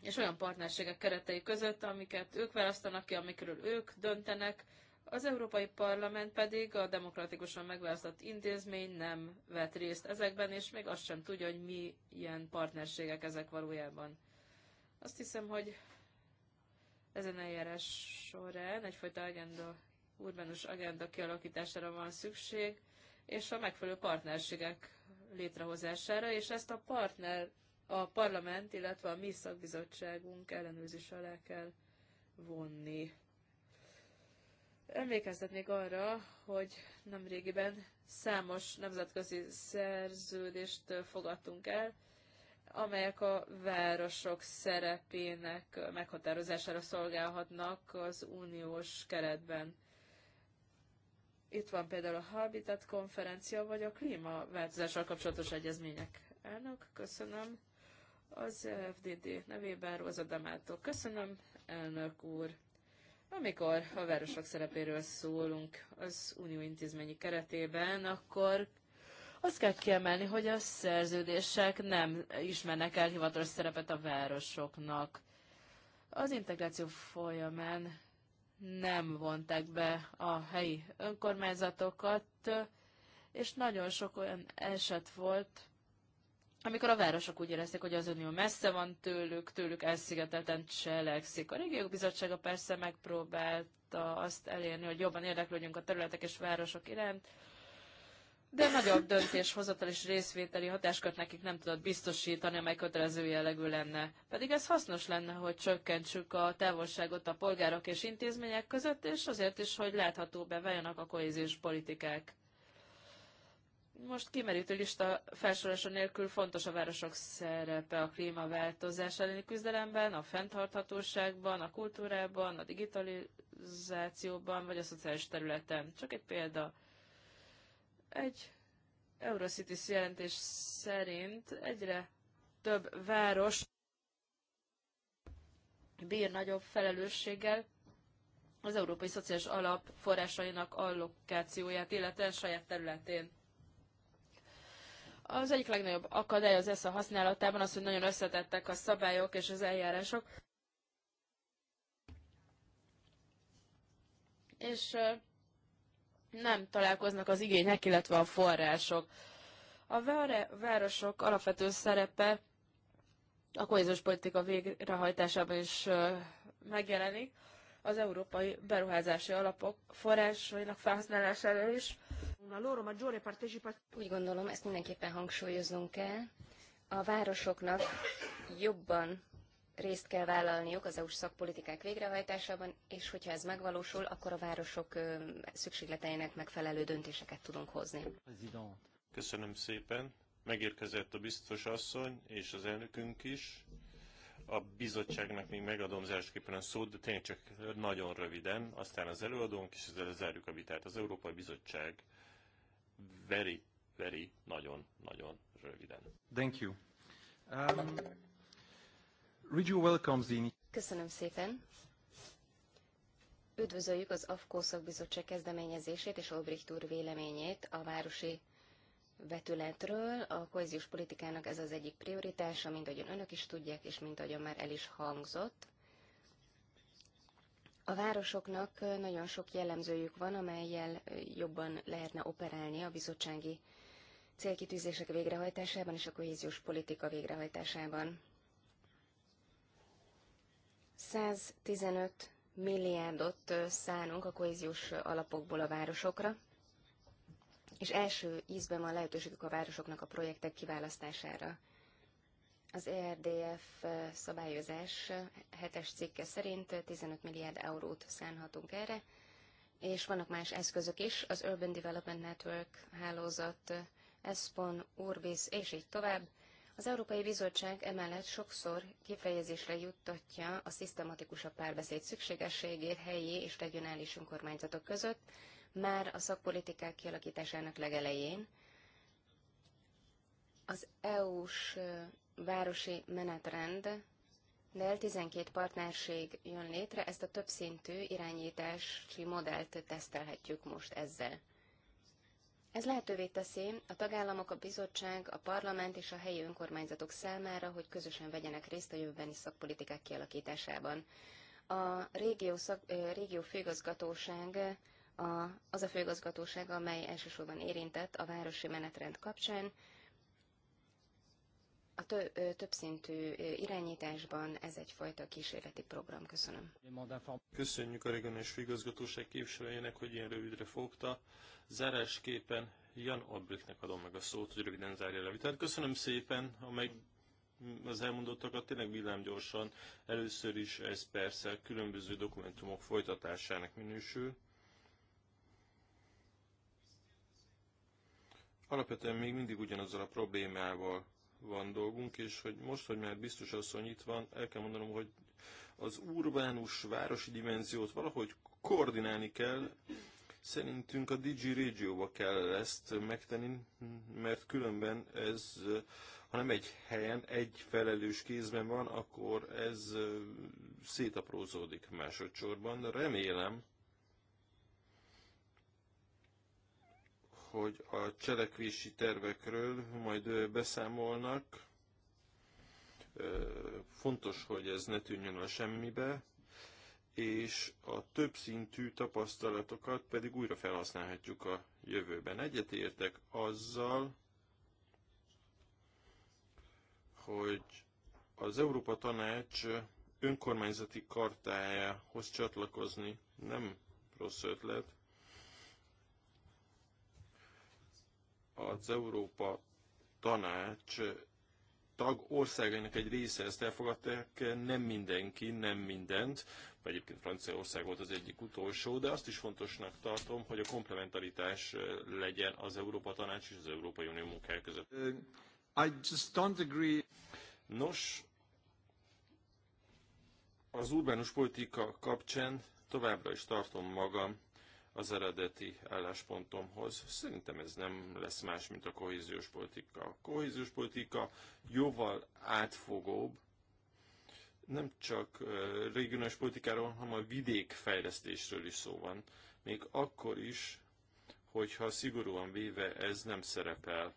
és olyan partnerségek keretei között, amiket ők választanak ki, amikről ők döntenek, az Európai Parlament pedig a demokratikusan megválasztott intézmény nem vett részt ezekben, és még azt sem tudja, hogy milyen partnerségek ezek valójában. Azt hiszem, hogy ezen eljárás során egyfajta agenda urbanus agenda kialakítására van szükség, és a megfelelő partnerségek létrehozására, és ezt a partner, a parlament, illetve a mi szakbizottságunk ellenőrzés alá kell vonni. Emlékeztetnék arra, hogy nemrégiben számos nemzetközi szerződést fogadtunk el, amelyek a városok szerepének meghatározására szolgálhatnak az uniós keretben. Itt van például a Habitat konferencia, vagy a klímaváltozással kapcsolatos egyezmények. Elnök, köszönöm. Az FDD nevében Róza Damától. Köszönöm, elnök úr. Amikor a városok szerepéről szólunk az unió intézményi keretében, akkor azt kell kiemelni, hogy a szerződések nem ismernek el hivatalos szerepet a városoknak. Az integráció folyamán nem vonták be a helyi önkormányzatokat, és nagyon sok olyan eset volt, amikor a városok úgy érezték, hogy az unió messze van tőlük, tőlük elszigetelten cselekszik. A régiók bizottsága persze megpróbálta azt elérni, hogy jobban érdeklődjünk a területek és városok iránt, de nagyobb döntéshozatal és részvételi hatáskört nekik nem tudott biztosítani, amely kötelező jellegű lenne. Pedig ez hasznos lenne, hogy csökkentsük a távolságot a polgárok és intézmények között, és azért is, hogy látható váljanak a kohéziós politikák. Most kimerítő lista felsorolása nélkül fontos a városok szerepe a klímaváltozás elleni küzdelemben, a fenntarthatóságban, a kultúrában, a digitalizációban vagy a szociális területen. Csak egy példa. Egy Eurocities jelentés szerint egyre több város bír nagyobb felelősséggel az Európai Szociális Alap forrásainak allokációját, illetve saját területén. Az egyik legnagyobb akadály az ESZA használatában az, hogy nagyon összetettek a szabályok és az eljárások. És nem találkoznak az igények, illetve a források. A városok alapvető szerepe a kohéziós politika végrehajtásában is megjelenik, az európai beruházási alapok forrásainak felhasználására is. Úgy gondolom, ezt mindenképpen hangsúlyoznunk kell. A városoknak jobban részt kell vállalniuk az EU-s szakpolitikák végrehajtásában, és hogyha ez megvalósul, akkor a városok szükségleteinek megfelelő döntéseket tudunk hozni. Köszönöm szépen. Megérkezett a biztos asszony és az elnökünk is. A bizottságnak még megadom zárásképpen a szót, de tényleg csak nagyon röviden. Aztán az előadónk, és ezzel zárjuk a vitát. Az Európai Bizottság very very nagyon-nagyon röviden. Thank you. Um... Köszönöm szépen. Üdvözöljük az AFKO szakbizottság kezdeményezését és Olbricht úr véleményét a városi vetületről. A kohéziós politikának ez az egyik prioritása, mint ahogyan önök is tudják, és mint ahogyan már el is hangzott. A városoknak nagyon sok jellemzőjük van, amelyel jobban lehetne operálni a bizottsági célkitűzések végrehajtásában és a kohéziós politika végrehajtásában. 115 milliárdot szánunk a kohéziós alapokból a városokra, és első ízben van lehetőségük a városoknak a projektek kiválasztására. Az ERDF szabályozás hetes cikke szerint 15 milliárd eurót szánhatunk erre, és vannak más eszközök is, az Urban Development Network hálózat, ESPON, Urbis, és így tovább. Az Európai Bizottság emellett sokszor kifejezésre juttatja a szisztematikusabb párbeszéd szükségességét helyi és regionális önkormányzatok között, már a szakpolitikák kialakításának legelején. Az EU-s városi menetrend de 12 partnerség jön létre, ezt a többszintű irányítási modellt tesztelhetjük most ezzel. Ez lehetővé teszi a tagállamok, a bizottság, a parlament és a helyi önkormányzatok számára, hogy közösen vegyenek részt a jövőbeni szakpolitikák kialakításában. A régió, szak, régió főigazgatóság a, az a főigazgatóság, amely elsősorban érintett a városi menetrend kapcsán, a több, többszintű irányításban ez egyfajta kísérleti program. Köszönöm. Köszönjük a regionális igazgatóság képviselőjének, hogy ilyen rövidre fogta. Zárásképpen Jan Albrechtnek adom meg a szót, hogy röviden zárja le Tehát Köszönöm szépen, amely az elmondottakat tényleg villámgyorsan. Először is ez persze különböző dokumentumok folytatásának minősül. Alapvetően még mindig ugyanazzal a problémával van dolgunk, és hogy most, hogy már biztos asszony itt van, el kell mondanom, hogy az urbánus városi dimenziót valahogy koordinálni kell, Szerintünk a Digi Régióba kell ezt megtenni, mert különben ez, ha nem egy helyen, egy felelős kézben van, akkor ez szétaprózódik másodszorban. Remélem, hogy a cselekvési tervekről majd beszámolnak. Fontos, hogy ez ne tűnjön a semmibe, és a többszintű tapasztalatokat pedig újra felhasználhatjuk a jövőben. Egyetértek azzal, hogy az Európa Tanács önkormányzati kartájához csatlakozni nem rossz ötlet, az Európa Tanács tag országainak egy része ezt elfogadták, nem mindenki, nem mindent, vagy egyébként Franciaország volt az egyik utolsó, de azt is fontosnak tartom, hogy a komplementaritás legyen az Európa Tanács és az Európai Unió munkája között. Uh, I just don't agree. Nos, az urbánus politika kapcsán továbbra is tartom magam az eredeti álláspontomhoz. Szerintem ez nem lesz más, mint a kohéziós politika. A kohéziós politika jóval átfogóbb, nem csak regionális politikáról, hanem a vidékfejlesztésről is szó van. Még akkor is, hogyha szigorúan véve ez nem szerepel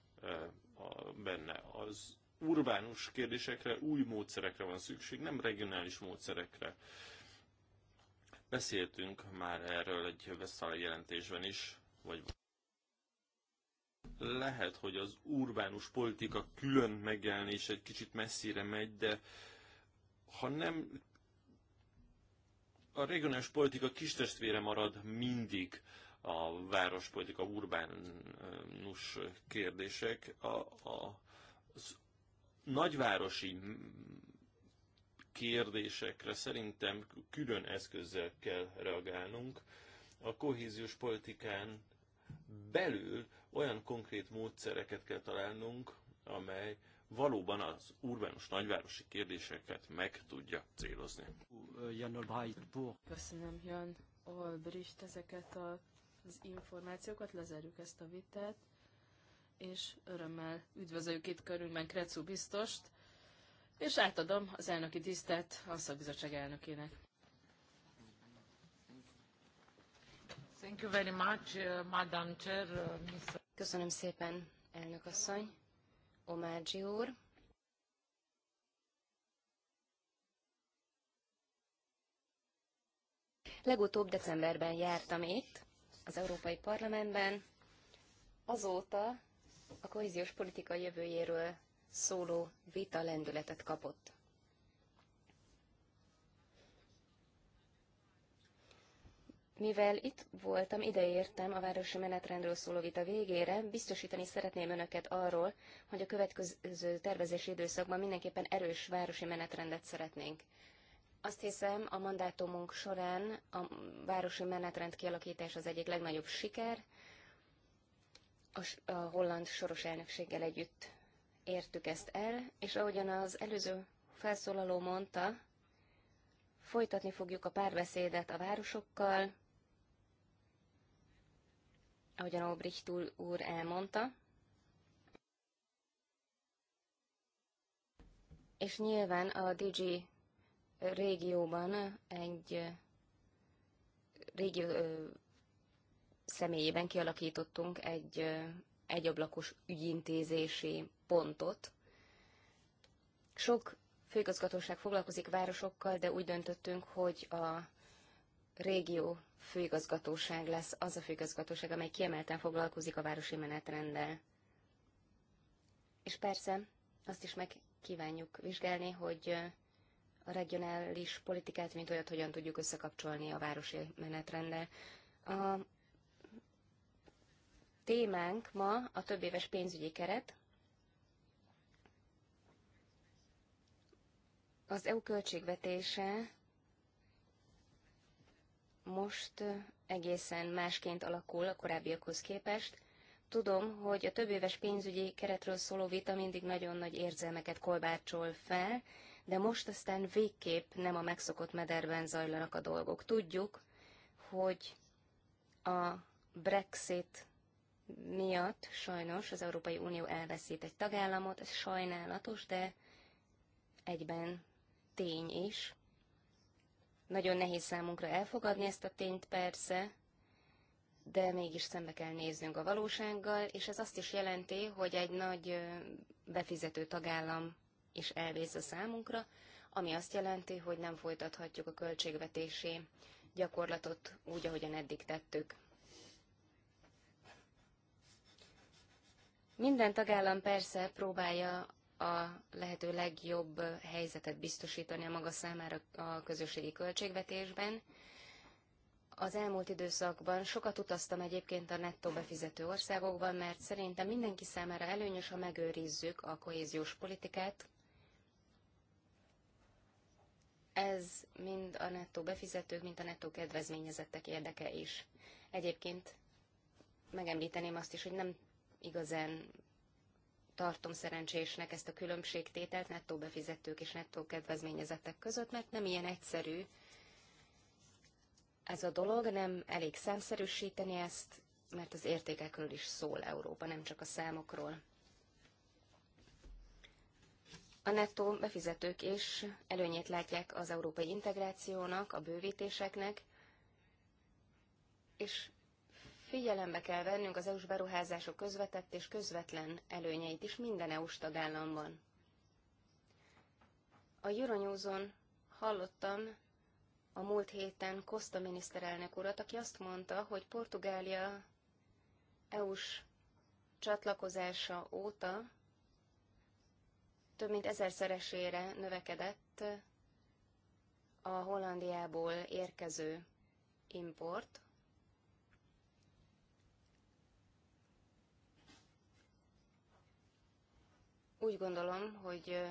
benne. Az urbánus kérdésekre új módszerekre van szükség, nem regionális módszerekre. Beszéltünk már erről egy Vesztál jelentésben is, vagy lehet, hogy az urbánus politika külön megjelenés egy kicsit messzire megy, de ha nem a regionális politika kis testvére marad mindig a várospolitika, urbánus kérdések. A, a, az nagyvárosi kérdésekre szerintem külön eszközzel kell reagálnunk. A kohéziós politikán belül olyan konkrét módszereket kell találnunk, amely valóban az urbanus nagyvárosi kérdéseket meg tudja célozni. Köszönöm, Jan Olbrist, ezeket a, az információkat, lezárjuk ezt a vitát, és örömmel üdvözöljük itt körünkben Krecu biztost és átadom az elnöki tisztet a szakbizottság elnökének. Uh, uh, Köszönöm szépen, elnök asszony, Omárgyi úr. Legutóbb decemberben jártam itt, az Európai Parlamentben. Azóta a kohéziós politika jövőjéről szóló vita lendületet kapott. Mivel itt voltam, ideértem a városi menetrendről szóló vita végére, biztosítani szeretném önöket arról, hogy a következő tervezési időszakban mindenképpen erős városi menetrendet szeretnénk. Azt hiszem, a mandátumunk során a városi menetrend kialakítás az egyik legnagyobb siker, a, holland soros elnökséggel együtt értük ezt el, és ahogyan az előző felszólaló mondta, folytatni fogjuk a párbeszédet a városokkal, ahogyan Obricht úr elmondta, és nyilván a DG régióban egy régió személyében kialakítottunk egy egyablakos ügyintézési pontot. Sok főigazgatóság foglalkozik városokkal, de úgy döntöttünk, hogy a régió főigazgatóság lesz az a főigazgatóság, amely kiemelten foglalkozik a városi menetrenddel. És persze azt is meg kívánjuk vizsgálni, hogy a regionális politikát, mint olyat hogyan tudjuk összekapcsolni a városi menetrenddel. A témánk ma a több éves pénzügyi keret. Az EU költségvetése most egészen másként alakul a korábbiakhoz képest. Tudom, hogy a több éves pénzügyi keretről szóló vita mindig nagyon nagy érzelmeket kolbácsol fel, de most aztán végképp nem a megszokott mederben zajlanak a dolgok. Tudjuk, hogy a Brexit miatt sajnos az Európai Unió elveszít egy tagállamot, ez sajnálatos, de egyben tény is. Nagyon nehéz számunkra elfogadni ezt a tényt persze, de mégis szembe kell néznünk a valósággal, és ez azt is jelenti, hogy egy nagy befizető tagállam is elvész a számunkra, ami azt jelenti, hogy nem folytathatjuk a költségvetési gyakorlatot úgy, ahogyan eddig tettük. Minden tagállam persze próbálja a lehető legjobb helyzetet biztosítani a maga számára a közösségi költségvetésben. Az elmúlt időszakban sokat utaztam egyébként a nettó befizető országokban, mert szerintem mindenki számára előnyös, ha megőrizzük a kohéziós politikát. Ez mind a nettó befizetők, mind a nettó kedvezményezettek érdeke is. Egyébként megemlíteném azt is, hogy nem igazán tartom szerencsésnek ezt a különbségtételt nettó befizetők és nettó kedvezményezettek között, mert nem ilyen egyszerű ez a dolog, nem elég számszerűsíteni ezt, mert az értékekről is szól Európa, nem csak a számokról. A nettó befizetők is előnyét látják az európai integrációnak, a bővítéseknek, és figyelembe kell vennünk az EU-s beruházások közvetett és közvetlen előnyeit is minden EU-s tagállamban. A Euronews-on hallottam a múlt héten Costa miniszterelnök urat, aki azt mondta, hogy Portugália EU-s csatlakozása óta több mint ezerszeresére növekedett a Hollandiából érkező import, Úgy gondolom, hogy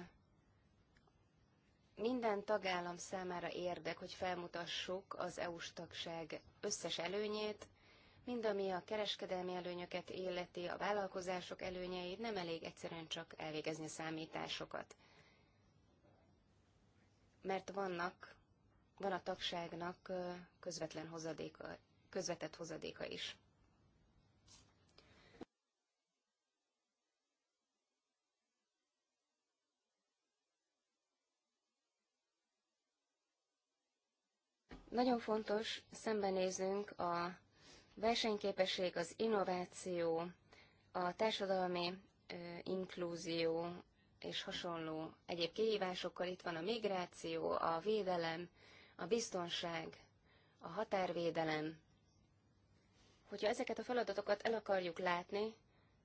minden tagállam számára érdek, hogy felmutassuk az EU-s tagság összes előnyét, mind ami a kereskedelmi előnyöket illeti, a vállalkozások előnyeit, nem elég egyszerűen csak elvégezni a számításokat. Mert vannak, van a tagságnak közvetlen hozadéka, közvetett hozadéka is. Nagyon fontos, szembenézünk a versenyképesség, az innováció, a társadalmi inklúzió és hasonló egyéb kihívásokkal. Itt van a migráció, a védelem, a biztonság, a határvédelem. Hogyha ezeket a feladatokat el akarjuk látni,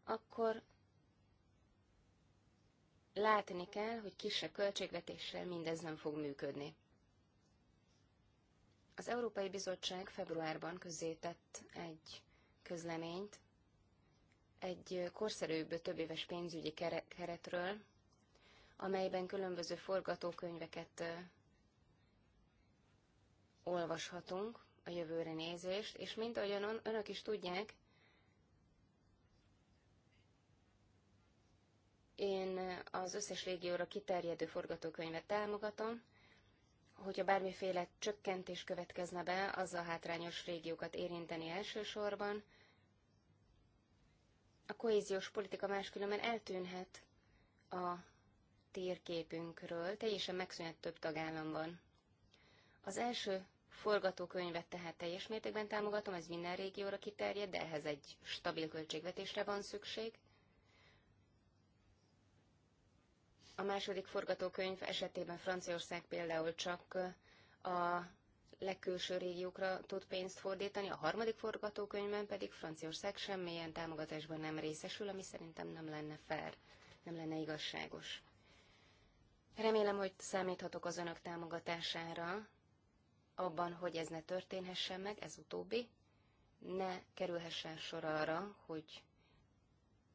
akkor látni kell, hogy kisebb költségvetéssel mindez nem fog működni. Az Európai Bizottság februárban közzétett egy közleményt egy korszerűbb többéves pénzügyi keretről, amelyben különböző forgatókönyveket olvashatunk a jövőre nézést, és mint ahogyan önök is tudják, én az összes régióra kiterjedő forgatókönyvet támogatom, hogyha bármiféle csökkentés következne be, az a hátrányos régiókat érinteni elsősorban, a kohéziós politika máskülönben eltűnhet a térképünkről, teljesen megszűnhet több tagállamban. Az első forgatókönyvet tehát teljes mértékben támogatom, ez minden régióra kiterjed, de ehhez egy stabil költségvetésre van szükség. A második forgatókönyv esetében Franciaország például csak a legkülső régiókra tud pénzt fordítani, a harmadik forgatókönyvben pedig Franciaország semmilyen támogatásban nem részesül, ami szerintem nem lenne fair, nem lenne igazságos. Remélem, hogy számíthatok az önök támogatására abban, hogy ez ne történhessen meg, ez utóbbi, ne kerülhessen sor arra, hogy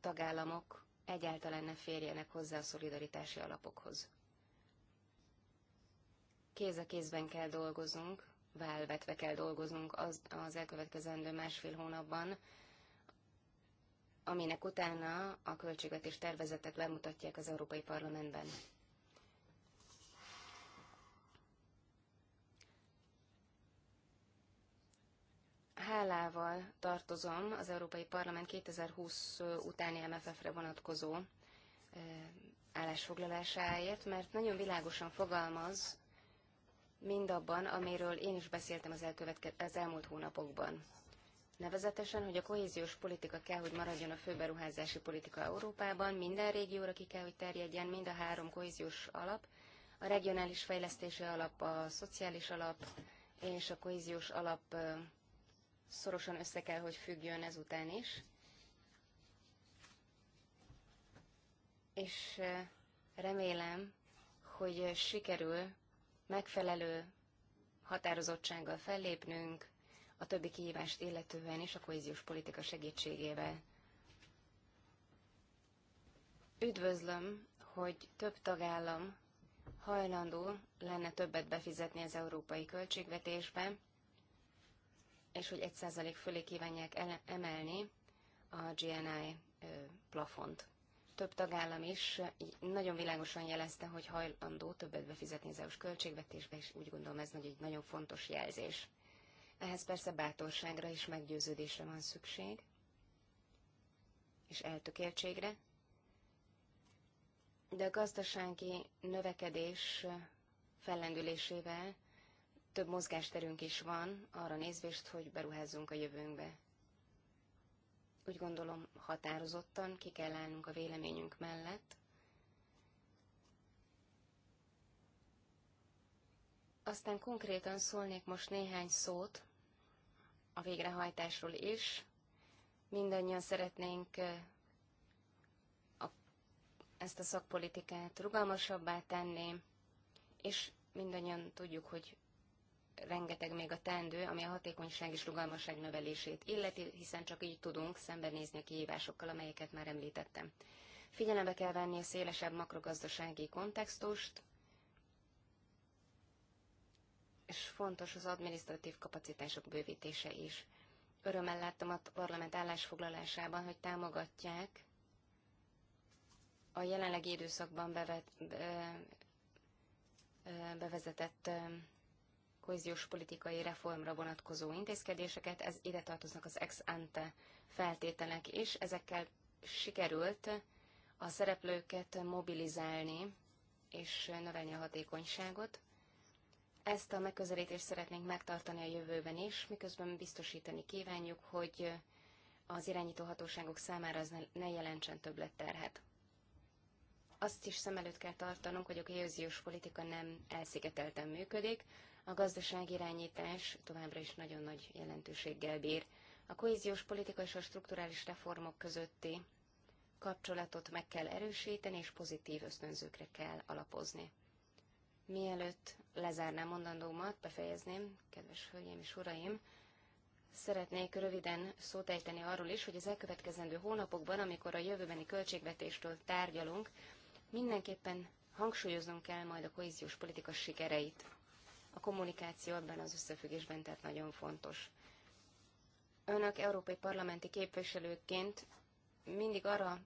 tagállamok egyáltalán ne férjenek hozzá a szolidaritási alapokhoz. Kéz a kézben kell dolgoznunk, válvetve kell dolgoznunk az, az elkövetkezendő másfél hónapban, aminek utána a költségvetés tervezetet bemutatják az Európai Parlamentben. hálával tartozom az Európai Parlament 2020 utáni MFF-re vonatkozó eh, állásfoglalásáért, mert nagyon világosan fogalmaz mindabban, amiről én is beszéltem az, az elmúlt hónapokban. Nevezetesen, hogy a kohéziós politika kell, hogy maradjon a főberuházási politika Európában, minden régióra ki kell, hogy terjedjen, mind a három kohéziós alap, a regionális fejlesztési alap, a szociális alap és a kohéziós alap eh, szorosan össze kell, hogy függjön ezután is. És remélem, hogy sikerül megfelelő határozottsággal fellépnünk a többi kihívást illetően és a kohéziós politika segítségével. Üdvözlöm, hogy több tagállam hajlandó lenne többet befizetni az európai költségvetésben és hogy 1% fölé kívánják emelni a GNI plafont. Több tagállam is nagyon világosan jelezte, hogy hajlandó többet befizetni az EU-s költségvetésbe, és úgy gondolom ez egy nagyon fontos jelzés. Ehhez persze bátorságra és meggyőződésre van szükség, és eltökéltségre, de a gazdasági növekedés fellendülésével több mozgásterünk is van arra nézvést, hogy beruházzunk a jövőnkbe. Úgy gondolom, határozottan ki kell állnunk a véleményünk mellett. Aztán konkrétan szólnék most néhány szót a végrehajtásról is. Mindannyian szeretnénk a, ezt a szakpolitikát rugalmasabbá tenni, és mindannyian tudjuk, hogy rengeteg még a teendő, ami a hatékonyság és rugalmasság növelését illeti, hiszen csak így tudunk szembenézni a kihívásokkal, amelyeket már említettem. Figyelembe kell venni a szélesebb makrogazdasági kontextust, és fontos az administratív kapacitások bővítése is. Örömmel láttam a parlament állásfoglalásában, hogy támogatják a jelenlegi időszakban bevet, bevezetett kohéziós politikai reformra vonatkozó intézkedéseket, ez ide tartoznak az ex ante feltételek is, ezekkel sikerült a szereplőket mobilizálni és növelni a hatékonyságot. Ezt a megközelítést szeretnénk megtartani a jövőben is, miközben biztosítani kívánjuk, hogy az irányító hatóságok számára ez ne jelentsen többletterhet. Azt is szem előtt kell tartanunk, hogy a kohéziós politika nem elszigetelten működik, a gazdaságirányítás továbbra is nagyon nagy jelentőséggel bír. A kohéziós politika és a strukturális reformok közötti kapcsolatot meg kell erősíteni, és pozitív ösztönzőkre kell alapozni. Mielőtt lezárnám mondandómat, befejezném, kedves hölgyeim és uraim, Szeretnék röviden szót ejteni arról is, hogy az elkövetkezendő hónapokban, amikor a jövőbeni költségvetéstől tárgyalunk, mindenképpen hangsúlyoznunk kell majd a kohéziós politika sikereit. A kommunikáció ebben az összefüggésben tehát nagyon fontos. Önök európai parlamenti képviselőként mindig arra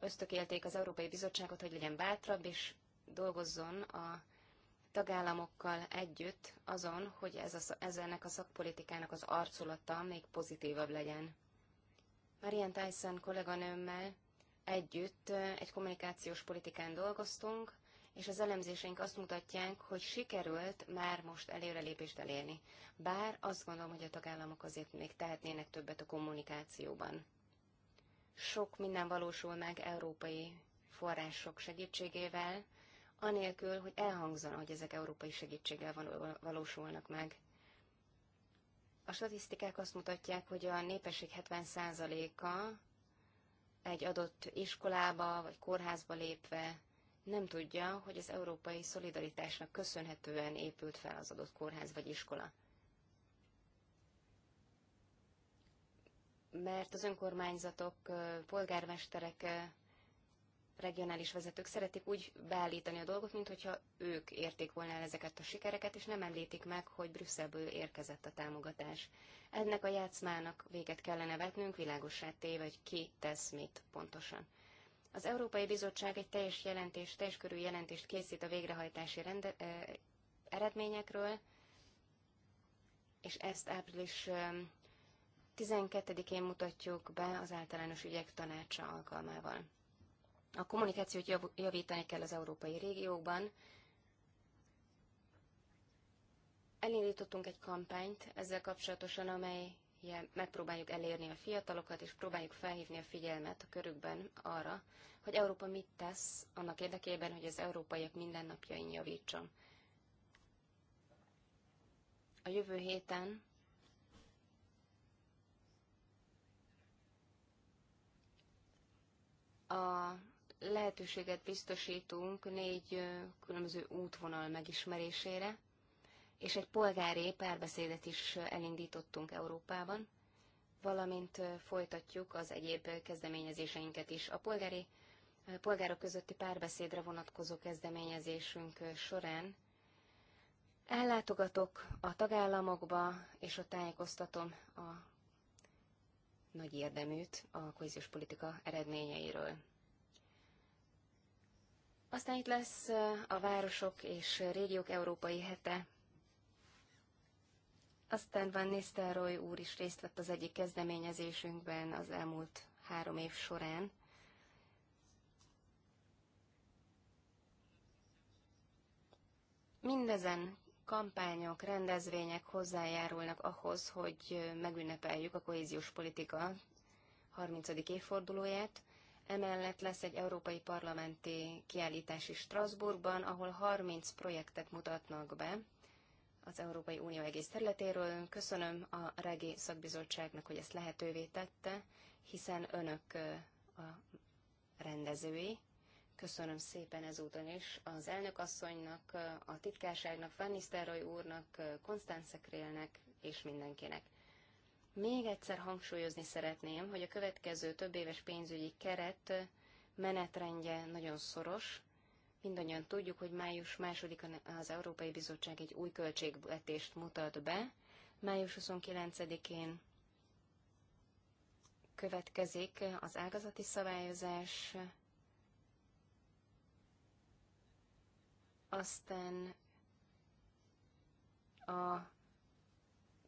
ösztökélték az Európai Bizottságot, hogy legyen bátrabb, és dolgozzon a tagállamokkal együtt azon, hogy ez a, ez ennek a szakpolitikának az arculata még pozitívabb legyen. Marian Tyson kolléganőmmel együtt eh, egy kommunikációs politikán dolgoztunk, és az elemzéseink azt mutatják, hogy sikerült már most előrelépést elérni. Bár azt gondolom, hogy a tagállamok azért még tehetnének többet a kommunikációban. Sok minden valósul meg európai források segítségével, anélkül, hogy elhangzana, hogy ezek európai segítséggel valósulnak meg. A statisztikák azt mutatják, hogy a népesség 70%-a egy adott iskolába vagy kórházba lépve nem tudja, hogy az európai szolidaritásnak köszönhetően épült fel az adott kórház vagy iskola. Mert az önkormányzatok, polgármesterek, regionális vezetők szeretik úgy beállítani a dolgot, mintha ők érték volna el ezeket a sikereket, és nem említik meg, hogy Brüsszelből érkezett a támogatás. Ennek a játszmának véget kellene vetnünk, világosá téve, hogy ki tesz mit pontosan. Az Európai Bizottság egy teljes jelentést, teljes körű jelentést készít a végrehajtási rende, ö, eredményekről, és ezt április 12-én mutatjuk be az általános ügyek tanácsa alkalmával. A kommunikációt jav, javítani kell az európai régiókban. Elindítottunk egy kampányt ezzel kapcsolatosan, amely megpróbáljuk elérni a fiatalokat, és próbáljuk felhívni a figyelmet a körükben arra, hogy Európa mit tesz annak érdekében, hogy az európaiak mindennapjain javítson. A jövő héten a lehetőséget biztosítunk négy különböző útvonal megismerésére, és egy polgári párbeszédet is elindítottunk Európában, valamint folytatjuk az egyéb kezdeményezéseinket is. A polgári a polgárok közötti párbeszédre vonatkozó kezdeményezésünk során ellátogatok a tagállamokba, és ott tájékoztatom a nagy érdeműt a kohéziós politika eredményeiről. Aztán itt lesz a Városok és Régiók Európai Hete, aztán Van Nistelrooy úr is részt vett az egyik kezdeményezésünkben az elmúlt három év során. Mindezen kampányok, rendezvények hozzájárulnak ahhoz, hogy megünnepeljük a kohéziós politika 30. évfordulóját. Emellett lesz egy európai parlamenti kiállítás is Strasbourgban, ahol 30 projektet mutatnak be, az Európai Unió egész területéről. Köszönöm a Regi Szakbizottságnak, hogy ezt lehetővé tette, hiszen önök a rendezői. Köszönöm szépen ezúton is az elnökasszonynak, a titkárságnak, Fannisztároly úrnak, Konstance Krélnek és mindenkinek. Még egyszer hangsúlyozni szeretném, hogy a következő több éves pénzügyi keret menetrendje nagyon szoros, Mindannyian tudjuk, hogy május másodikán az Európai Bizottság egy új költségvetést mutat be. Május 29-én következik az ágazati szabályozás, aztán a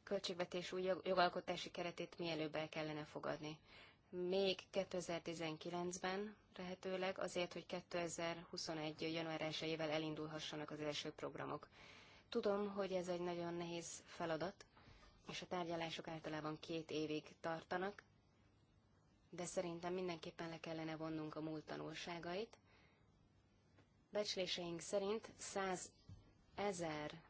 költségvetés új jogalkotási keretét mielőbb el kellene fogadni még 2019-ben lehetőleg, azért, hogy 2021. január 1 elindulhassanak az első programok. Tudom, hogy ez egy nagyon nehéz feladat, és a tárgyalások általában két évig tartanak, de szerintem mindenképpen le kellene vonnunk a múlt tanulságait. Becsléseink szerint 100 ezer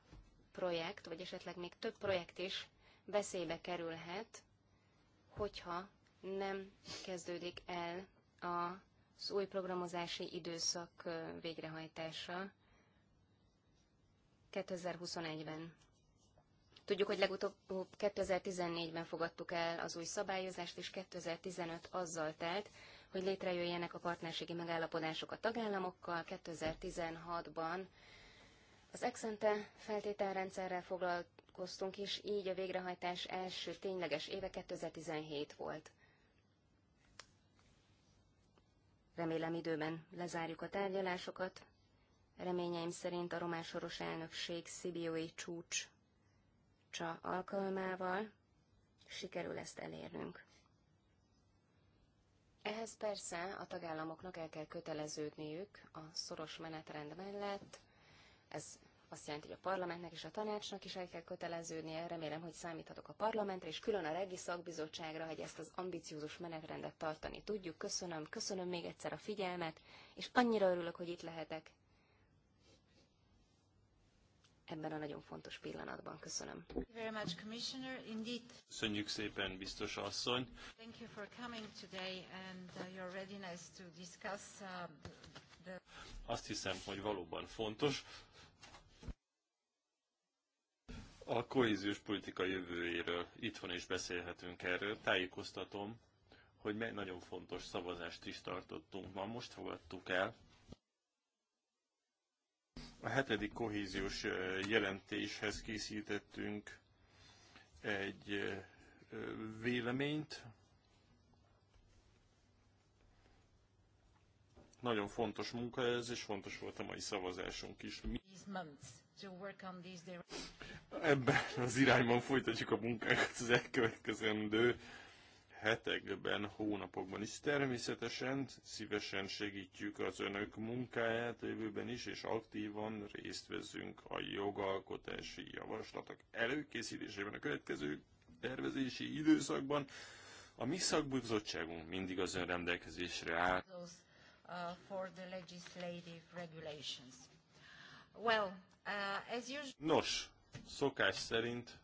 projekt, vagy esetleg még több projekt is veszélybe kerülhet, hogyha nem kezdődik el az új programozási időszak végrehajtása 2021-ben. Tudjuk, hogy legutóbb 2014-ben fogadtuk el az új szabályozást, és 2015 azzal telt, hogy létrejöjjenek a partnerségi megállapodások a tagállamokkal. 2016-ban az Exente feltételrendszerrel foglalkoztunk, és így a végrehajtás első tényleges éve 2017 volt. Remélem időben lezárjuk a tárgyalásokat. Reményeim szerint a román soros elnökség Szibiói csúcs csa alkalmával sikerül ezt elérnünk. Ehhez persze a tagállamoknak el kell köteleződniük a szoros menetrend mellett, ez azt jelenti, hogy a parlamentnek és a tanácsnak is el kell köteleződnie. Remélem, hogy számíthatok a parlamentre, és külön a regi szakbizottságra, hogy ezt az ambiciózus menetrendet tartani tudjuk. Köszönöm, köszönöm még egyszer a figyelmet, és annyira örülök, hogy itt lehetek. Ebben a nagyon fontos pillanatban köszönöm. Köszönjük szépen, biztos asszony. Thank you for coming today and uh, your readiness to discuss uh, azt hiszem, hogy valóban fontos, a kohéziós politika jövőjéről itthon is beszélhetünk erről. Tájékoztatom, hogy meg nagyon fontos szavazást is tartottunk ma, most fogadtuk el. A hetedik kohéziós jelentéshez készítettünk egy véleményt. Nagyon fontos munka ez, és fontos volt a mai szavazásunk is. Ebben az irányban folytatjuk a munkánkat az elkövetkezendő hetekben, hónapokban is. Természetesen szívesen segítjük az önök munkáját jövőben is, és aktívan részt veszünk a jogalkotási javaslatok előkészítésében a következő tervezési időszakban. A mi szakbizottságunk mindig az ön rendelkezésre áll. Uh, well, Uh, Nos, szokás szerint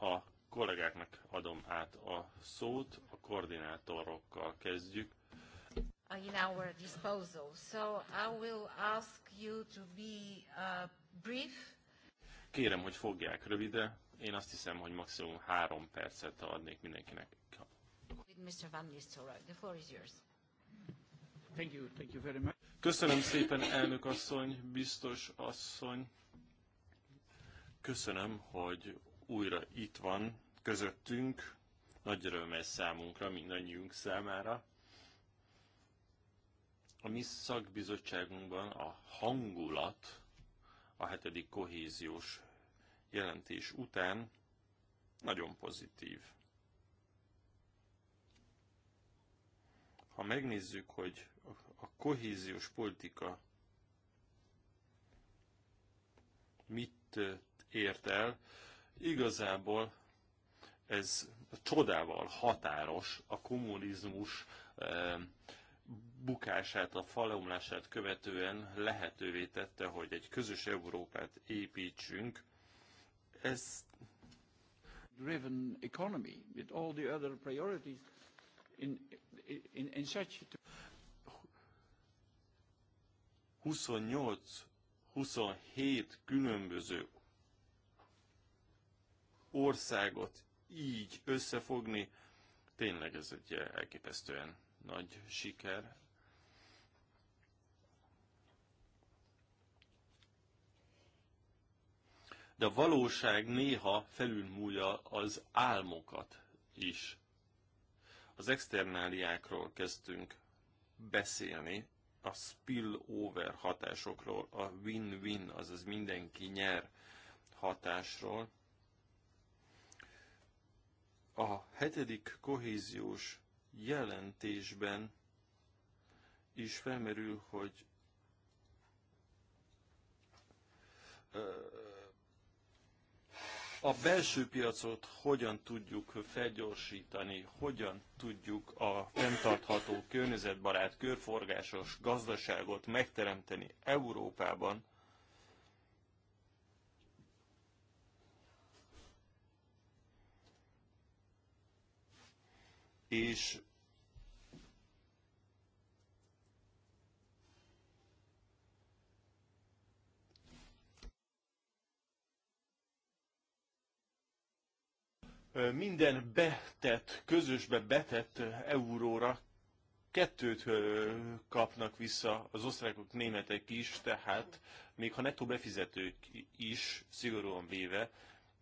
a kollégáknak adom át a szót, a koordinátorokkal kezdjük. Uh, in our disposal. So I will ask you to be uh, brief. Kérem, hogy fogják rövide. Én azt hiszem, hogy maximum három percet adnék mindenkinek. Mr. Van Nistelrooy, the floor is yours. Thank you, thank you very much. Köszönöm szépen, elnök asszony, biztos asszony. Köszönöm, hogy újra itt van közöttünk. Nagy öröm ez számunkra, mindannyiunk számára. A mi szakbizottságunkban a hangulat a hetedik kohéziós jelentés után nagyon pozitív. Ha megnézzük, hogy a kohéziós politika mit ért el, igazából ez csodával határos a kommunizmus bukását, a falomlását követően lehetővé tette, hogy egy közös Európát építsünk. Ez driven economy with all the other priorities in, in, in such 28-27 különböző országot így összefogni, tényleg ez egy elképesztően nagy siker. De a valóság néha felülmúlja az álmokat is. Az externáliákról kezdtünk beszélni, a spillover hatásokról, a win-win, azaz mindenki nyer hatásról. A hetedik kohéziós jelentésben is felmerül, hogy a belső piacot hogyan tudjuk felgyorsítani, hogyan tudjuk a fenntartható, környezetbarát, körforgásos gazdaságot megteremteni Európában, és minden betett, közösbe betett euróra kettőt kapnak vissza az osztrákok, németek is, tehát még ha nettó befizetők is, szigorúan véve,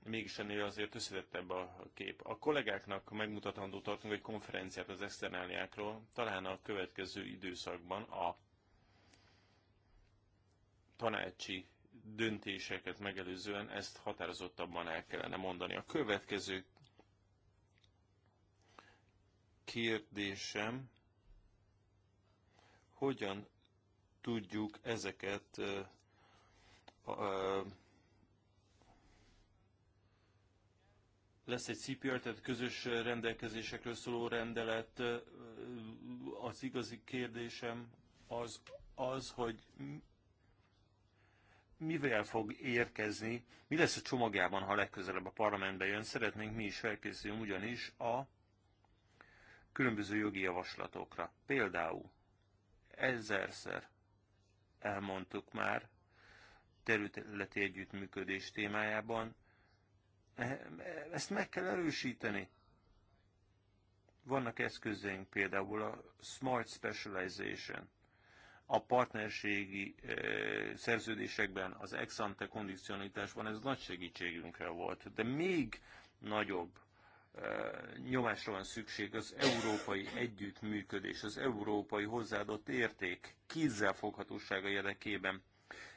mégis ennél azért összetettebb a kép. A kollégáknak megmutatandó tartunk egy konferenciát az externáliákról, talán a következő időszakban a tanácsi döntéseket megelőzően ezt határozottabban el kellene mondani. A következő kérdésem, hogyan tudjuk ezeket lesz egy CPR, tehát közös rendelkezésekről szóló rendelet. Az igazi kérdésem az, az hogy mivel fog érkezni, mi lesz a csomagjában, ha legközelebb a parlamentbe jön. Szeretnénk mi is felkészülni ugyanis a különböző jogi javaslatokra. Például ezerszer elmondtuk már területi együttműködés témájában, ezt meg kell erősíteni. Vannak eszközeink, például a Smart Specialization, a partnerségi e, szerződésekben, az ex-ante van, ez nagy segítségünkre volt, de még nagyobb nyomásra van szükség az európai együttműködés, az európai hozzáadott érték kézzelfoghatósága érdekében.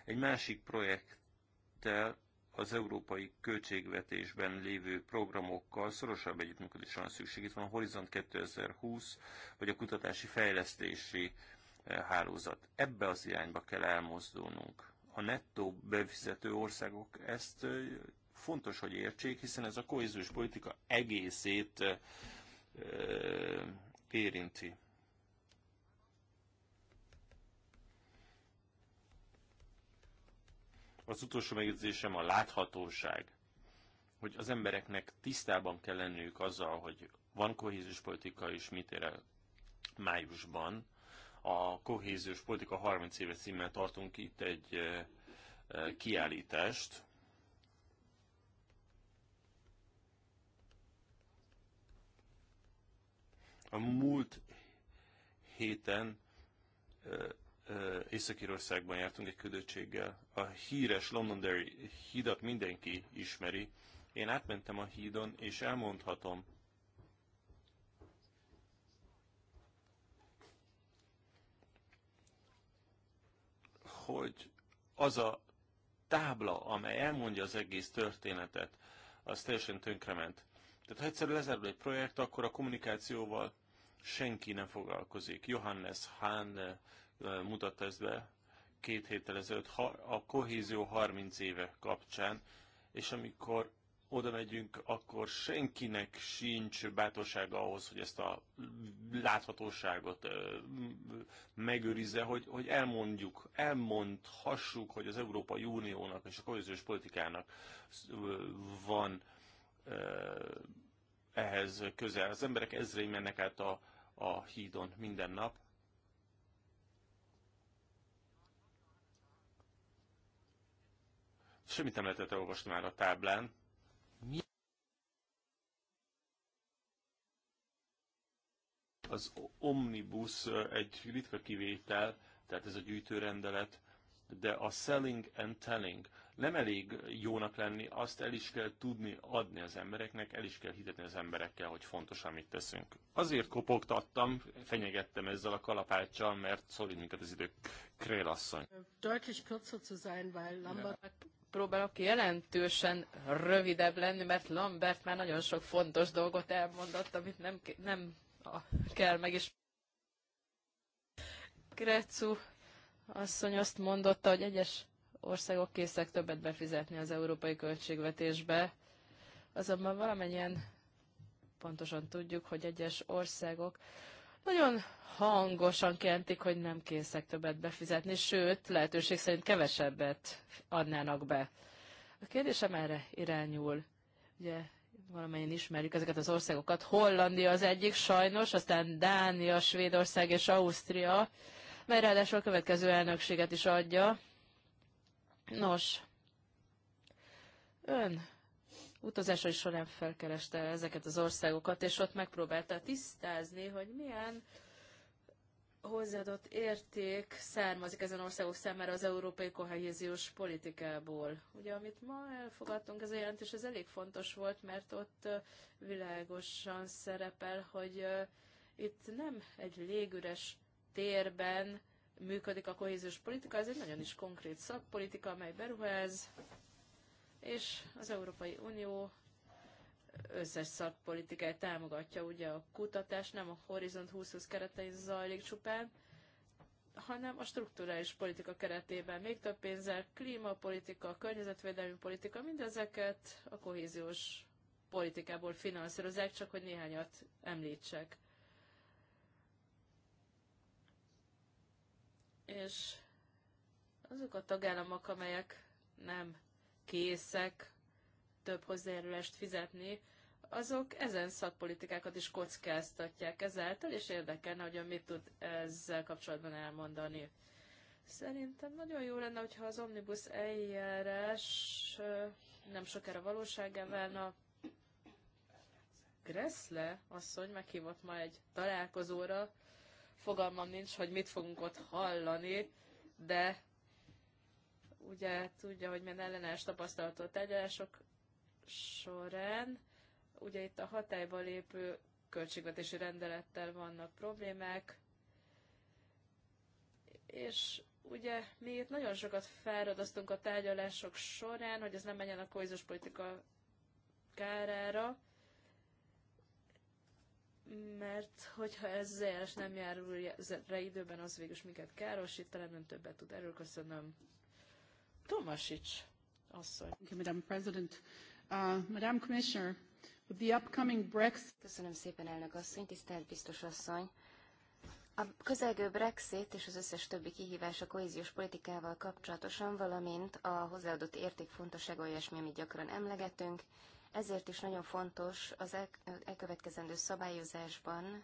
Egy másik projekttel, az európai költségvetésben lévő programokkal szorosabb együttműködésre van szükség. Itt van a Horizont 2020, vagy a kutatási fejlesztési hálózat. Ebbe az irányba kell elmozdulnunk. A nettó befizető országok ezt fontos, hogy értsék, hiszen ez a kohéziós politika egészét érinti. Az utolsó megjegyzésem a láthatóság, hogy az embereknek tisztában kell lenniük azzal, hogy van kohéziós politika, is, mit ér el májusban. A kohéziós politika 30 éve címmel tartunk itt egy kiállítást, A múlt héten Észak-Írországban jártunk egy ködöttséggel. A híres Londonderry hídat mindenki ismeri. Én átmentem a hídon, és elmondhatom, hogy az a tábla, amely elmondja az egész történetet, az teljesen tönkrement. Tehát ha egyszer lezárul egy projekt, akkor a kommunikációval senki nem foglalkozik. Johannes Hahn eh, mutatta ezt be két héttel ezelőtt a kohézió 30 éve kapcsán, és amikor oda megyünk, akkor senkinek sincs bátorsága ahhoz, hogy ezt a láthatóságot eh, megőrizze, hogy, hogy elmondjuk, elmondhassuk, hogy az Európai Uniónak és a kohéziós politikának eh, van Eh, ehhez közel. Az emberek ezrei mennek át a, a hídon minden nap. Semmit nem lehetett elolvasni már a táblán. Mi? Az omnibus eh, egy ritka kivétel, tehát ez a gyűjtőrendelet, de a selling and telling, nem elég jónak lenni, azt el is kell tudni adni az embereknek, el is kell hitetni az emberekkel, hogy fontos, amit teszünk. Azért kopogtattam, fenyegettem ezzel a kalapáccsal, mert szorít minket az idő. Krélasszony. Deutlich kürzer zu sein, weil Lambert... Ja. Hát próbálok jelentősen rövidebb lenni, mert Lambert már nagyon sok fontos dolgot elmondott, amit nem, nem kell meg is. Krecu asszony azt mondotta, hogy egyes országok készek többet befizetni az európai költségvetésbe, azonban valamennyien pontosan tudjuk, hogy egyes országok nagyon hangosan kentik, hogy nem készek többet befizetni, sőt, lehetőség szerint kevesebbet adnának be. A kérdésem erre irányul. Ugye valamennyien ismerjük ezeket az országokat. Hollandia az egyik sajnos, aztán Dánia, Svédország és Ausztria, mely ráadásul a következő elnökséget is adja. Nos, ön utazásai során felkereste ezeket az országokat, és ott megpróbálta tisztázni, hogy milyen hozzáadott érték származik ezen országok számára az európai kohéziós politikából. Ugye, amit ma elfogadtunk, ez a jelentés, ez elég fontos volt, mert ott világosan szerepel, hogy itt nem egy légüres térben működik a kohéziós politika. Ez egy nagyon is konkrét szakpolitika, amely beruház, és az Európai Unió összes szakpolitikáját támogatja, ugye a kutatás nem a Horizont 2020 keretein zajlik csupán, hanem a strukturális politika keretében még több pénzzel, klímapolitika, környezetvédelmi politika, mindezeket a kohéziós politikából finanszírozzák, csak hogy néhányat említsek. és azok a tagállamok, amelyek nem készek több hozzájárulást fizetni, azok ezen szakpolitikákat is kockáztatják ezáltal, és érdekelne, hogy mit tud ezzel kapcsolatban elmondani. Szerintem nagyon jó lenne, hogyha az omnibus eljárás nem sokára valóságá válna. Gressle asszony meghívott ma egy találkozóra, fogalmam nincs, hogy mit fogunk ott hallani, de ugye tudja, hogy milyen ellenes tapasztalatot sok során, ugye itt a hatályba lépő költségvetési rendelettel vannak problémák, és ugye mi itt nagyon sokat fáradoztunk a tárgyalások során, hogy ez nem menjen a kohéziós politika kárára, mert hogyha ez az eljárás nem járul re időben, az végül is minket károsít, talán nem többet tud erről. Köszönöm. Tomasics asszony. Thank you, Madam President. Uh, Madam Commissioner, with the upcoming Brexit... Köszönöm szépen, elnök asszony, tisztelt biztos asszony. A közelgő Brexit és az összes többi kihívás a kohéziós politikával kapcsolatosan, valamint a hozzáadott érték fontossága olyasmi, amit gyakran emlegetünk, ezért is nagyon fontos az elkövetkezendő szabályozásban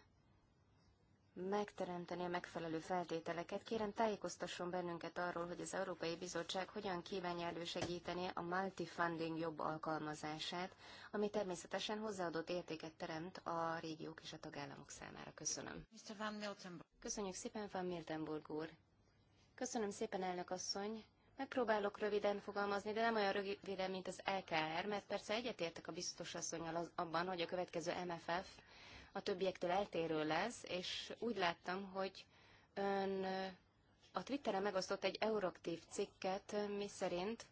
megteremteni a megfelelő feltételeket. Kérem tájékoztasson bennünket arról, hogy az Európai Bizottság hogyan kívánja elősegíteni a multifunding jobb alkalmazását, ami természetesen hozzáadott értéket teremt a régiók és a tagállamok számára. Köszönöm. Mr. Van Miltenburg. Köszönjük szépen, Van Miltenburg úr. Köszönöm szépen, elnök asszony. Megpróbálok röviden fogalmazni, de nem olyan röviden, mint az LKR, mert persze egyetértek a biztos asszonyal abban, hogy a következő MFF a többiektől eltérő lesz, és úgy láttam, hogy ön a Twitteren megosztott egy euroaktív cikket, mi szerint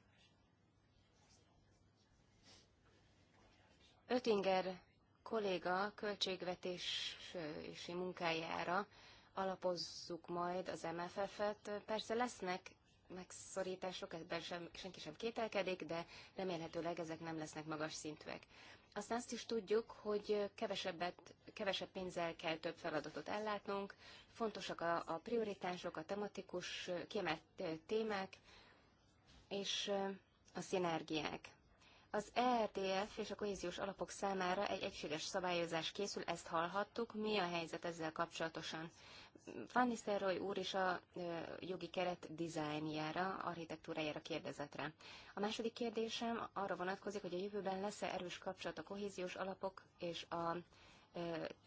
Ötinger kolléga költségvetési munkájára alapozzuk majd az MFF-et. Persze lesznek megszorítások, ebben sem, senki sem kételkedik, de remélhetőleg ezek nem lesznek magas szintűek. Aztán azt is tudjuk, hogy kevesebbet, kevesebb pénzzel kell több feladatot ellátnunk, fontosak a, a prioritások, a tematikus kiemelt eh, témák és eh, a szinergiák. Az ERDF és a kohéziós alapok számára egy egységes szabályozás készül, ezt hallhattuk. Mi a helyzet ezzel kapcsolatosan? Van Nisztelrooy úr is a jogi keret dizájnjára, architektúrájára kérdezett rá. A második kérdésem arra vonatkozik, hogy a jövőben lesz-e erős kapcsolat a kohéziós alapok és a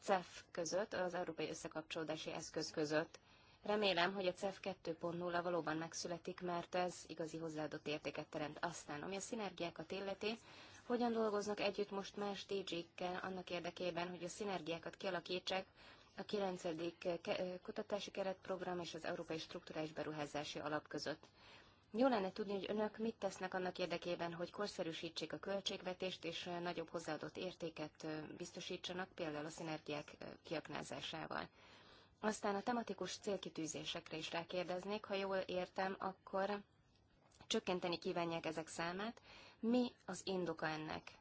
CEF között, az Európai Összekapcsolódási Eszköz között. Remélem, hogy a CEF 2.0 valóban megszületik, mert ez igazi hozzáadott értéket teremt. Aztán, ami a szinergiákat illeti, hogyan dolgoznak együtt most más DG-kkel annak érdekében, hogy a szinergiákat kialakítsák a 9. kutatási keretprogram és az Európai struktúrás Beruházási Alap között. Jó lenne tudni, hogy önök mit tesznek annak érdekében, hogy korszerűsítsék a költségvetést és nagyobb hozzáadott értéket biztosítsanak, például a szinergiák kiaknázásával. Aztán a tematikus célkitűzésekre is rákérdeznék, ha jól értem, akkor csökkenteni kívánják ezek számát. Mi az indoka ennek?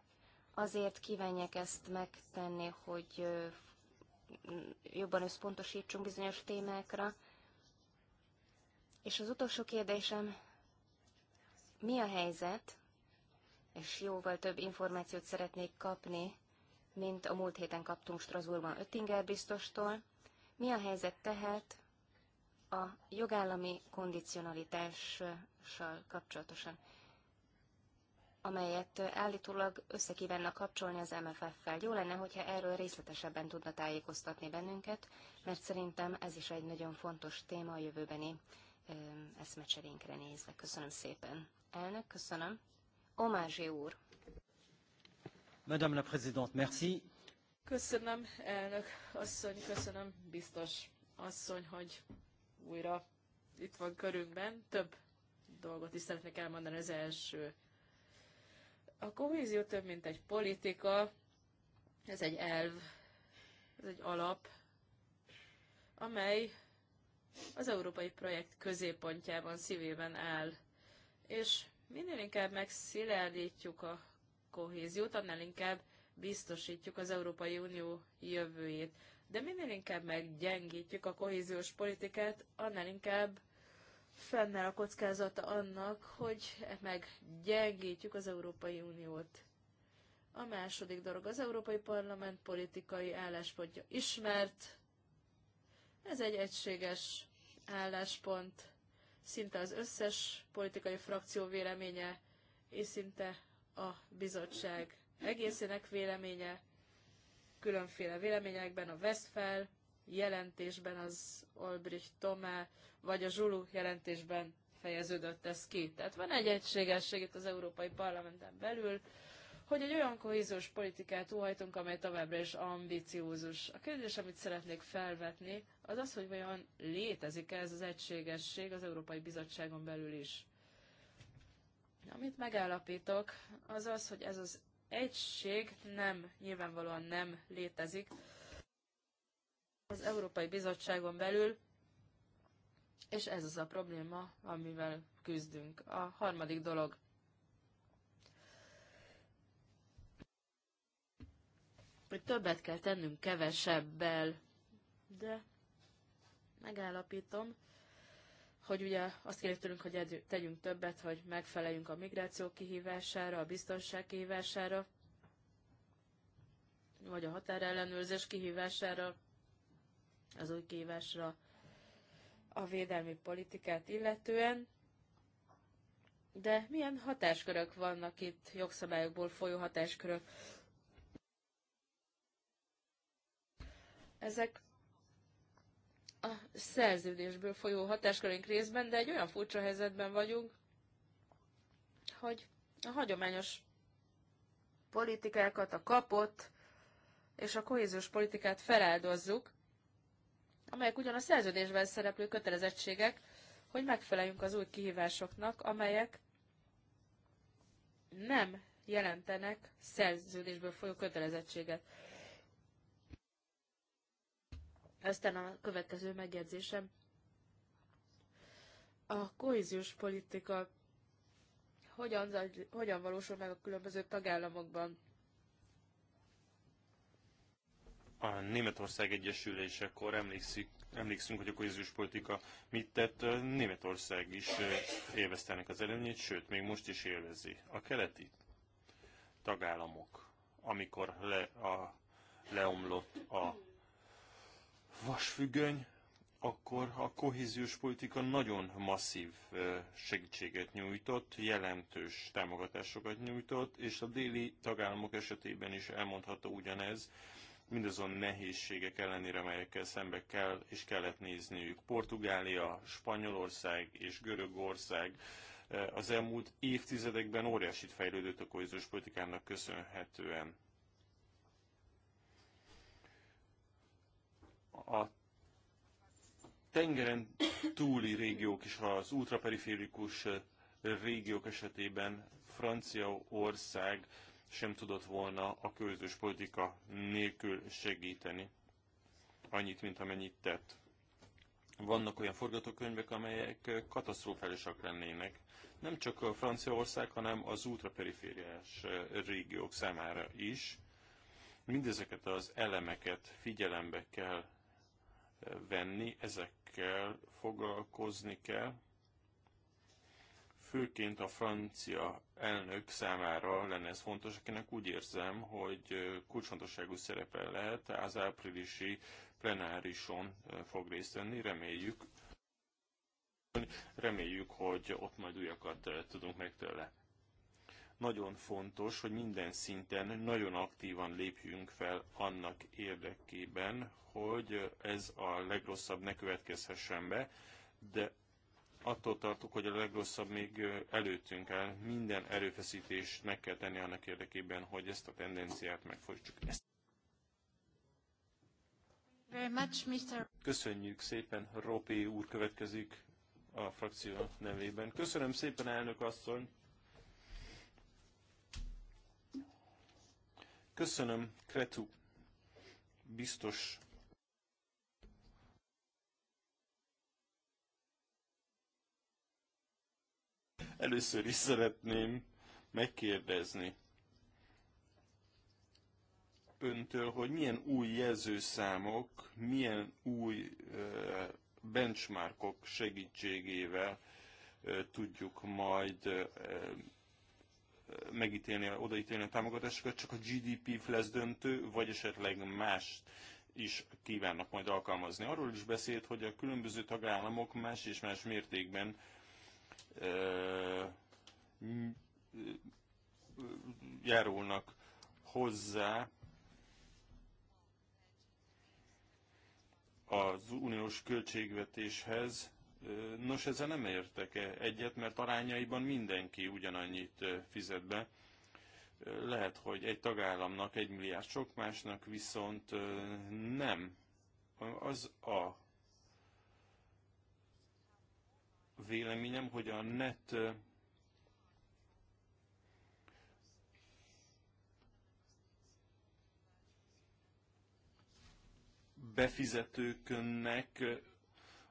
Azért kívánják ezt megtenni, hogy jobban összpontosítsunk bizonyos témákra. És az utolsó kérdésem, mi a helyzet, és jóval több információt szeretnék kapni, mint a múlt héten kaptunk Strasbourgban Öttinger biztostól, mi a helyzet tehát a jogállami kondicionalitással kapcsolatosan, amelyet állítólag összekívánna kapcsolni az MFF-fel? Jó lenne, hogyha erről részletesebben tudna tájékoztatni bennünket, mert szerintem ez is egy nagyon fontos téma a jövőbeni eszmecserénkre nézve. Köszönöm szépen. Elnök, köszönöm. Omázsi úr. Madame la Présidente, merci. Köszönöm, elnök asszony, köszönöm, biztos asszony, hogy újra itt van körünkben. Több dolgot is szeretnék elmondani. Az első, a kohézió több, mint egy politika, ez egy elv, ez egy alap, amely az európai projekt középpontjában, szívében áll. És minél inkább megszilárdítjuk a kohéziót, annál inkább biztosítjuk az Európai Unió jövőjét. De minél inkább meggyengítjük a kohéziós politikát, annál inkább fennáll a kockázata annak, hogy meggyengítjük az Európai Uniót. A második dolog az Európai Parlament politikai álláspontja ismert. Ez egy egységes álláspont, szinte az összes politikai frakció véleménye, és szinte a bizottság egészének véleménye, különféle véleményekben a Westfel jelentésben az Olbricht Tome, vagy a Zsulu jelentésben fejeződött ez ki. Tehát van egy egységesség itt az Európai Parlamenten belül, hogy egy olyan kohéziós politikát óhajtunk, amely továbbra is ambiciózus. A kérdés, amit szeretnék felvetni, az az, hogy vajon létezik -e ez az egységesség az Európai Bizottságon belül is. Amit megállapítok, az az, hogy ez az egység nem, nyilvánvalóan nem létezik az Európai Bizottságon belül, és ez az a probléma, amivel küzdünk. A harmadik dolog. Hogy többet kell tennünk kevesebbel, de megállapítom, hogy ugye azt kérjük tőlünk, hogy edő, tegyünk többet, hogy megfeleljünk a migráció kihívására, a biztonság kihívására, vagy a határellenőrzés kihívására, az új kihívásra a védelmi politikát illetően. De milyen hatáskörök vannak itt, jogszabályokból folyó hatáskörök? Ezek a szerződésből folyó hatáskörünk részben, de egy olyan furcsa helyzetben vagyunk, hogy a hagyományos politikákat, a kapott és a kohéziós politikát feláldozzuk, amelyek ugyan a szerződésben szereplő kötelezettségek, hogy megfeleljünk az új kihívásoknak, amelyek nem jelentenek szerződésből folyó kötelezettséget. Aztán a következő megjegyzésem. A kohéziós politika hogyan, hogyan valósul meg a különböző tagállamokban? A Németország Egyesülésekor emlékszik, emlékszünk, hogy a kohéziós politika mit tett, Németország is élvezte ennek az előnyét, sőt, még most is élvezi. A keleti tagállamok, amikor le, a, leomlott a vasfüggöny, akkor a kohéziós politika nagyon masszív segítséget nyújtott, jelentős támogatásokat nyújtott, és a déli tagállamok esetében is elmondható ugyanez, mindazon nehézségek ellenére, melyekkel szembe kell és kellett nézniük. Portugália, Spanyolország és Görögország az elmúlt évtizedekben óriásit fejlődött a kohéziós politikának köszönhetően. a tengeren túli régiók is, ha az ultraperiférikus régiók esetében Franciaország sem tudott volna a közös politika nélkül segíteni. Annyit, mint amennyit tett. Vannak olyan forgatókönyvek, amelyek katasztrofálisak lennének. Nem csak a Franciaország, hanem az ultraperifériás régiók számára is. Mindezeket az elemeket figyelembe kell venni, ezekkel foglalkozni kell. Főként a francia elnök számára lenne ez fontos, akinek úgy érzem, hogy kulcsfontosságú szerepe lehet, az áprilisi plenárison fog részt venni, reméljük, reméljük, hogy ott majd újakat tudunk meg tőle nagyon fontos, hogy minden szinten nagyon aktívan lépjünk fel annak érdekében, hogy ez a legrosszabb ne következhessen be, de attól tartok, hogy a legrosszabb még előttünk áll. Minden erőfeszítést meg kell tenni annak érdekében, hogy ezt a tendenciát megfojtsuk. Ezt Köszönjük szépen, Ropé úr következik a frakció nevében. Köszönöm szépen, elnök asszony! Köszönöm, Kretu biztos Először is szeretném megkérdezni öntől, hogy milyen új jelzőszámok, milyen új benchmarkok segítségével tudjuk majd megítélni, odaítélni a támogatásokat, csak a GDP lesz döntő, vagy esetleg más is kívánnak majd alkalmazni. Arról is beszélt, hogy a különböző tagállamok más és más mértékben ö, járulnak hozzá az uniós költségvetéshez, Nos, ezzel nem értek e egyet, mert arányaiban mindenki ugyanannyit fizet be. Lehet, hogy egy tagállamnak egy milliárd sok, másnak viszont nem. Az a véleményem, hogy a net befizetőknek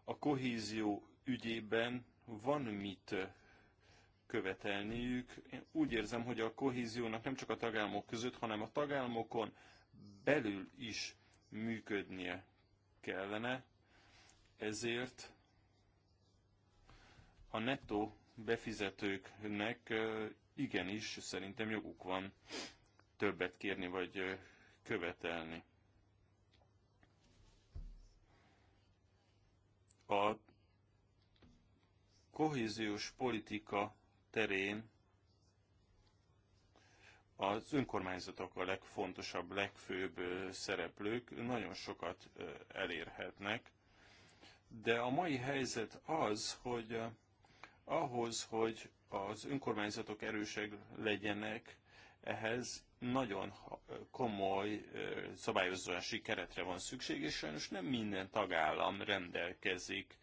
a kohézió ügyében van mit követelniük. Én úgy érzem, hogy a kohéziónak nem csak a tagállamok között, hanem a tagállamokon belül is működnie kellene, ezért a nettó befizetőknek igenis szerintem joguk van többet kérni vagy követelni. a kohéziós politika terén az önkormányzatok a legfontosabb, legfőbb szereplők, nagyon sokat elérhetnek, de a mai helyzet az, hogy ahhoz, hogy az önkormányzatok erősek legyenek, ehhez nagyon komoly szabályozási keretre van szükség, és sajnos nem minden tagállam rendelkezik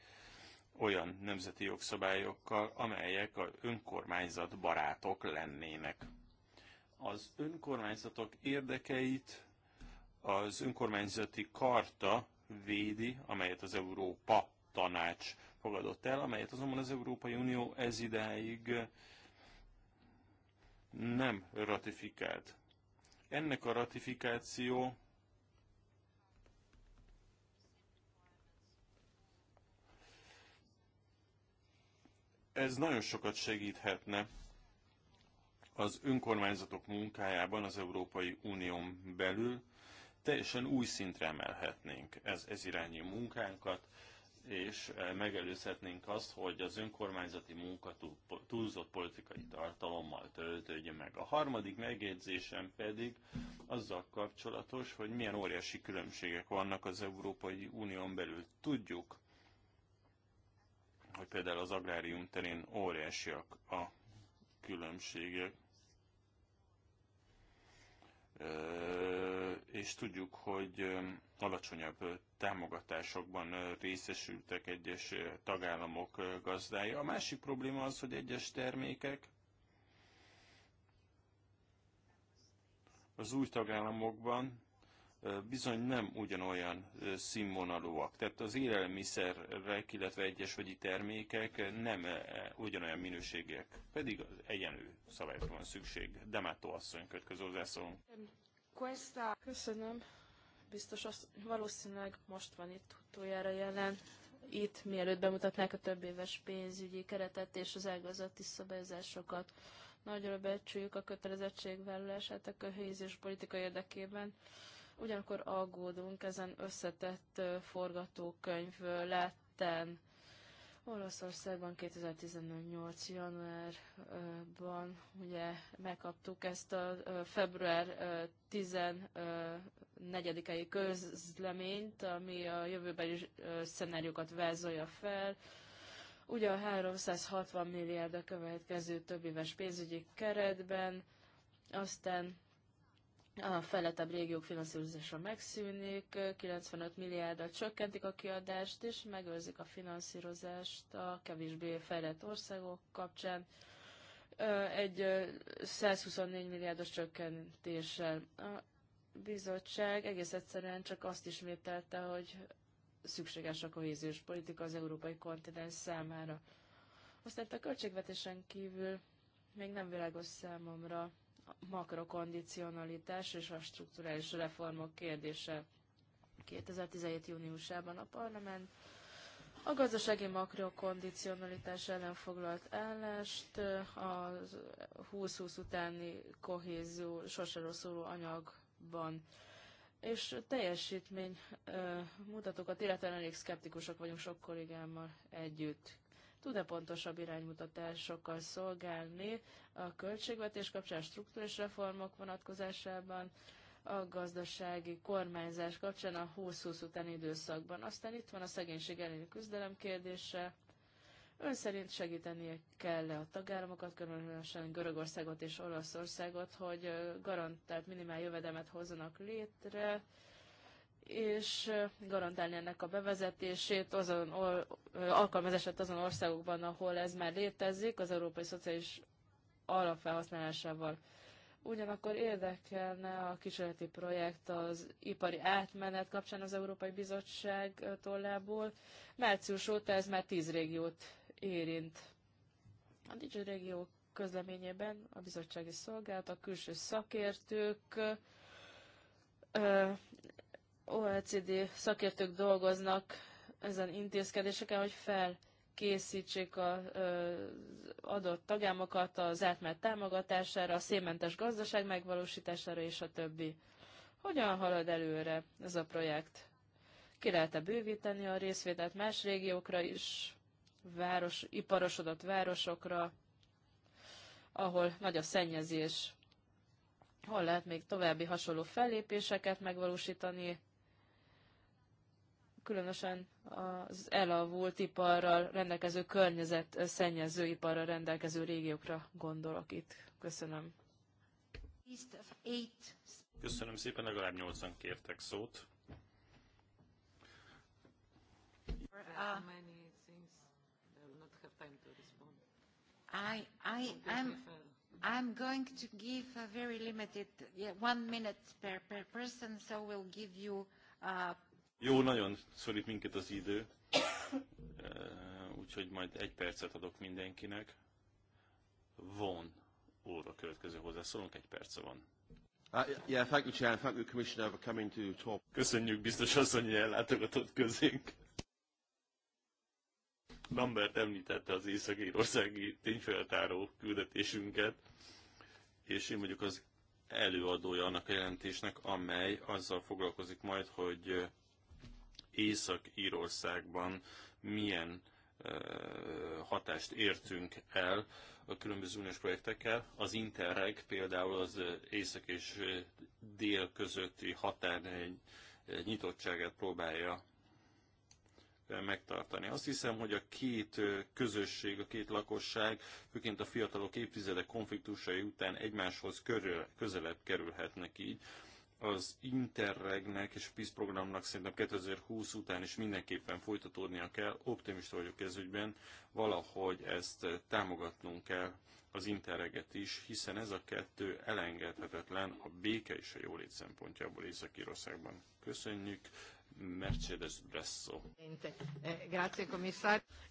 olyan nemzeti jogszabályokkal, amelyek a önkormányzat barátok lennének. Az önkormányzatok érdekeit az önkormányzati karta védi, amelyet az Európa Tanács fogadott el, amelyet azonban az Európai Unió ez idáig nem ratifikált. Ennek a ratifikáció ez nagyon sokat segíthetne az önkormányzatok munkájában az Európai Unión belül, teljesen új szintre emelhetnénk ez, ez irányú munkánkat, és eh, megelőzhetnénk azt, hogy az önkormányzati munka túlzott politikai tartalommal töltődjön meg. A harmadik megjegyzésem pedig azzal kapcsolatos, hogy milyen óriási különbségek vannak az Európai Unión belül. Tudjuk, hogy például az agrárium terén óriásiak a különbségek és tudjuk, hogy alacsonyabb támogatásokban részesültek egyes tagállamok gazdája. A másik probléma az, hogy egyes termékek az új tagállamokban bizony nem ugyanolyan színvonalúak. Tehát az élelmiszerek, illetve egyes vegyi termékek nem ugyanolyan minőségek, pedig egyenlő szabályokra van szükség. Demátó asszony kötköző hozzászólunk. Köszönöm. Biztos azt valószínűleg most van itt utoljára jelen. Itt mielőtt bemutatnák a több éves pénzügyi keretet és az ágazati szabályozásokat. Nagyon becsüljük a kötelezettségvállalását a köhézés politika érdekében Ugyanakkor aggódunk ezen összetett forgatókönyv letten. Olaszországban 2018. januárban ugye megkaptuk ezt a február 14-i közleményt, ami a jövőbeli szenáriókat vázolja fel. Ugye a 360 milliárd a következő több éves pénzügyi keretben, aztán a fejlettebb régiók finanszírozása megszűnik, 95 milliárdra csökkentik a kiadást, és megőrzik a finanszírozást a kevésbé fejlett országok kapcsán egy 124 milliárdos csökkentéssel. A bizottság egész egyszerűen csak azt ismételte, hogy szükséges a kohéziós politika az európai kontinens számára. Aztán a költségvetésen kívül még nem világos számomra, makrokondicionalitás és a strukturális reformok kérdése. 2017. júniusában a parlament a gazdasági makrokondicionalitás ellen foglalt állást a 2020 utáni kohézió sorsáról szóló anyagban és teljesítmény mutatókat, illetve elég szkeptikusak vagyunk sok kollégámmal együtt tud-e pontosabb iránymutatásokkal szolgálni a költségvetés kapcsán struktúrás reformok vonatkozásában, a gazdasági kormányzás kapcsán a 20-20 utáni időszakban. Aztán itt van a szegénység elleni küzdelem kérdése. Ön szerint segítenie kell a tagállamokat, különösen Görögországot és Olaszországot, hogy garantált minimál jövedelmet hozzanak létre, és garantálni ennek a bevezetését, azon alkalmazását azon országokban, ahol ez már létezik, az Európai Szociális Alap felhasználásával. Ugyanakkor érdekelne a kísérleti projekt az ipari átmenet kapcsán az Európai Bizottság tollából. Március óta ez már tíz régiót érint. A Digi Régió közleményében a bizottsági szolgálat, a külső szakértők, OECD szakértők dolgoznak ezen intézkedéseken, hogy felkészítsék az adott tagállamokat az átmenet támogatására, a szénmentes gazdaság megvalósítására és a többi. Hogyan halad előre ez a projekt? Ki lehet -e bővíteni a részvételt más régiókra is, város, iparosodott városokra, ahol nagy a szennyezés? Hol lehet még további hasonló fellépéseket megvalósítani? különösen az elavult iparral rendelkező környezet szennyező iparral rendelkező régiókra gondolok itt. Köszönöm. Köszönöm szépen, legalább nyolcan kértek szót. Ah. I, I, am uh, I'm going to give a very limited, yeah, one minute per, per person, so we'll give you uh, jó, nagyon szorít minket az idő, eh, úgyhogy majd egy percet adok mindenkinek. Von óra következő hozzászólunk, egy perce van. Köszönjük biztos asszony, hogy ellátogatott közénk. Lambert említette az Észak-Írországi tényfeltáró küldetésünket, és én vagyok az előadója annak a jelentésnek, amely azzal foglalkozik majd, hogy Észak-Írországban milyen hatást értünk el a különböző uniós projektekkel. Az Interreg például az észak és dél közötti határ nyitottságát próbálja megtartani. Azt hiszem, hogy a két közösség, a két lakosság, főként a fiatalok évtizedek konfliktusai után egymáshoz körül, közelebb kerülhetnek így az Interregnek és a PISZ programnak szerintem 2020 után is mindenképpen folytatódnia kell. Optimista vagyok ez ügyben, valahogy ezt támogatnunk kell az Interreget is, hiszen ez a kettő elengedhetetlen a béke és a jólét szempontjából Észak-Írországban. Köszönjük! Mercedes Bresso.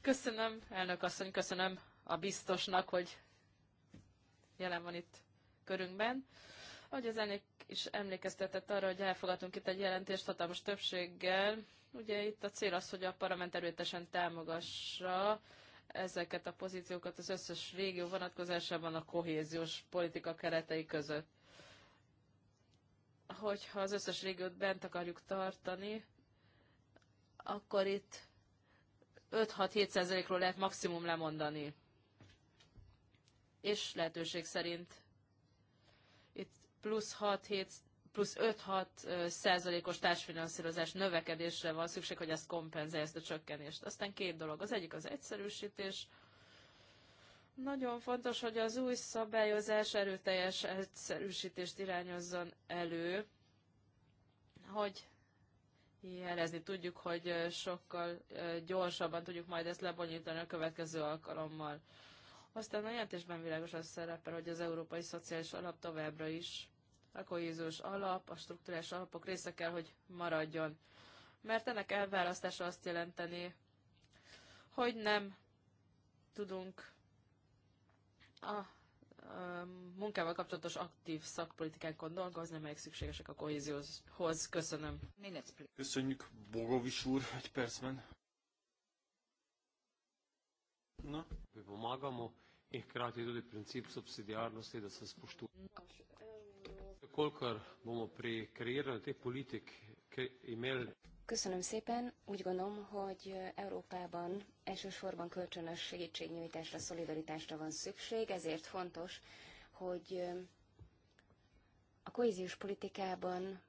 Köszönöm, elnök asszony, köszönöm a biztosnak, hogy jelen van itt körünkben. hogy az elnök is emlékeztetett arra, hogy elfogadtunk itt egy jelentést hatalmas többséggel. Ugye itt a cél az, hogy a parlament erőtesen támogassa ezeket a pozíciókat az összes régió vonatkozásában a kohéziós politika keretei között. Hogyha az összes régiót bent akarjuk tartani, akkor itt 5-6-7%-ról lehet maximum lemondani. És lehetőség szerint plusz 6-7 plusz 5-6 százalékos társfinanszírozás növekedésre van szükség, hogy ezt kompenzálja ezt a csökkenést. Aztán két dolog. Az egyik az egyszerűsítés. Nagyon fontos, hogy az új szabályozás erőteljes egyszerűsítést irányozzon elő, hogy jelezni tudjuk, hogy sokkal gyorsabban tudjuk majd ezt lebonyítani a következő alkalommal. Aztán a jelentésben az szerepel, hogy az Európai Szociális Alap továbbra is a kohéziós alap, a struktúrás alapok része kell, hogy maradjon. Mert ennek elválasztása azt jelenteni, hogy nem tudunk a, a munkával kapcsolatos aktív szakpolitikánkon dolgozni, amelyek szükségesek a kohézióhoz. Köszönöm. Köszönjük, Bogovics úr, egy percben. Na, pomagamo in hkrati tudi princip subsidijarnosti, da se spoštuje. Kolikor bomo pri kreiranju teh politik imeli. Köszönöm szépen. Úgy gondolom, hogy Európában elsősorban kölcsönös segítségnyújtásra, szolidaritásra van szükség, ezért fontos, hogy a kohéziós politikában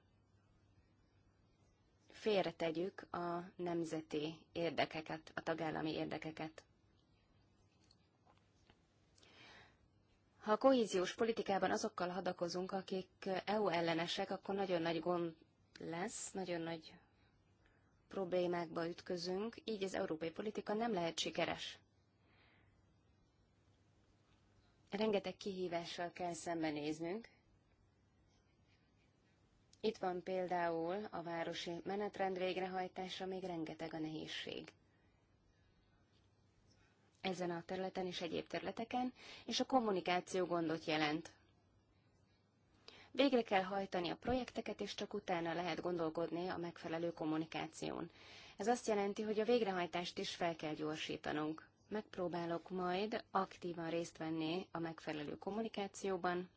félretegyük a nemzeti érdekeket, a tagállami érdekeket. Ha a kohéziós politikában azokkal hadakozunk, akik EU ellenesek, akkor nagyon nagy gond lesz, nagyon nagy problémákba ütközünk, így az európai politika nem lehet sikeres. Rengeteg kihívással kell szembenéznünk. Itt van például a városi menetrend végrehajtása, még rengeteg a nehézség ezen a területen és egyéb területeken, és a kommunikáció gondot jelent. Végre kell hajtani a projekteket, és csak utána lehet gondolkodni a megfelelő kommunikáción. Ez azt jelenti, hogy a végrehajtást is fel kell gyorsítanunk. Megpróbálok majd aktívan részt venni a megfelelő kommunikációban.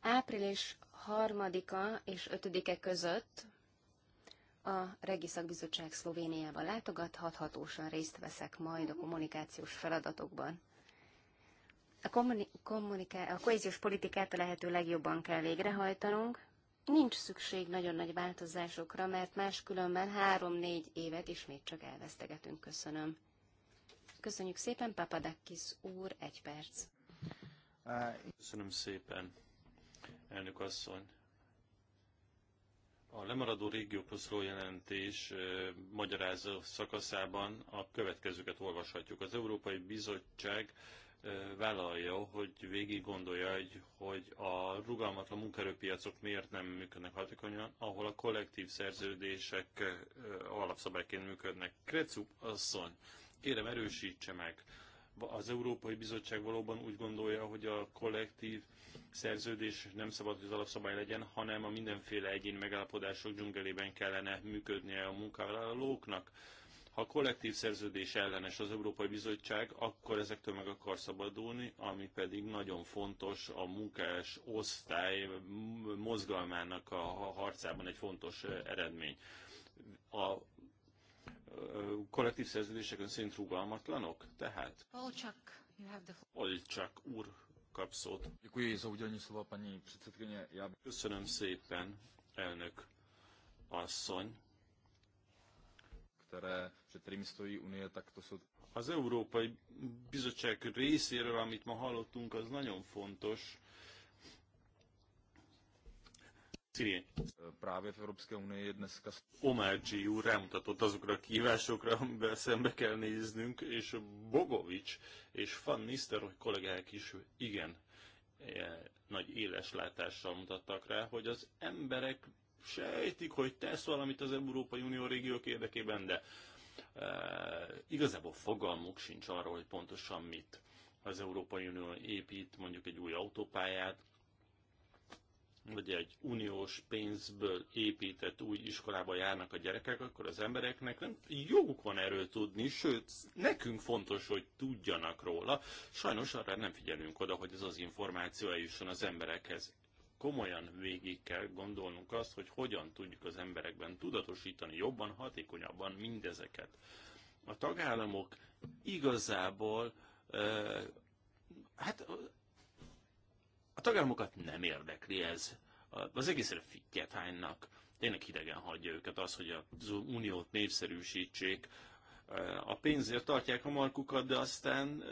Április 3-a és 5-e között a Regiszakbizottság Szlovéniába látogat, hathatósan részt veszek majd a kommunikációs feladatokban. A, kommuniká- a kohéziós politikát a lehető legjobban kell végrehajtanunk. Nincs szükség nagyon nagy változásokra, mert máskülönben három-négy évet ismét csak elvesztegetünk. Köszönöm. Köszönjük szépen, Papadakis úr, egy perc. Köszönöm szépen, elnök asszony. A lemaradó régiókhoz szóló jelentés magyarázó szakaszában a következőket olvashatjuk. Az Európai Bizottság vállalja, hogy végig gondolja, hogy, a rugalmatlan munkaerőpiacok miért nem működnek hatékonyan, ahol a kollektív szerződések alapszabályként működnek. Krecu asszony, kérem erősítse meg, az Európai Bizottság valóban úgy gondolja, hogy a kollektív szerződés nem szabad, hogy az alapszabály legyen, hanem a mindenféle egyéni megállapodások dzsungelében kellene működnie a munkavállalóknak. Ha a kollektív szerződés ellenes az Európai Bizottság, akkor ezektől meg akar szabadulni, ami pedig nagyon fontos a munkás osztály mozgalmának a harcában egy fontos eredmény. A kollektív szerződéseken szerint rugalmatlanok? Tehát... Olcsak, you have the... Olcsak úr kap szót. Köszönöm szépen, elnök asszony. Az Európai Bizottság részéről, amit ma hallottunk, az nagyon fontos, Syrii. Právě v Evropské unii je dneska... Omerci úr rámutatott azokra a kihívásokra, amivel szembe kell néznünk, és Bogovics és Van Nistelrooy kollégák is igen e, nagy éles látással mutattak rá, hogy az emberek sejtik, hogy tesz valamit az Európai Unió régiók érdekében, de e, igazából fogalmuk sincs arról, hogy pontosan mit. Az Európai Unió épít mondjuk egy új autópályát, hogy egy uniós pénzből épített új iskolába járnak a gyerekek, akkor az embereknek nem joguk van erről tudni, sőt, nekünk fontos, hogy tudjanak róla. Sajnos arra nem figyelünk oda, hogy ez az információ eljusson az emberekhez. Komolyan végig kell gondolnunk azt, hogy hogyan tudjuk az emberekben tudatosítani jobban, hatékonyabban mindezeket. A tagállamok igazából eh, hát tagállamokat nem érdekli ez. Az egészre fittyet hánynak. Tényleg hidegen hagyja őket az, hogy az uniót népszerűsítsék. A pénzért tartják a markukat, de aztán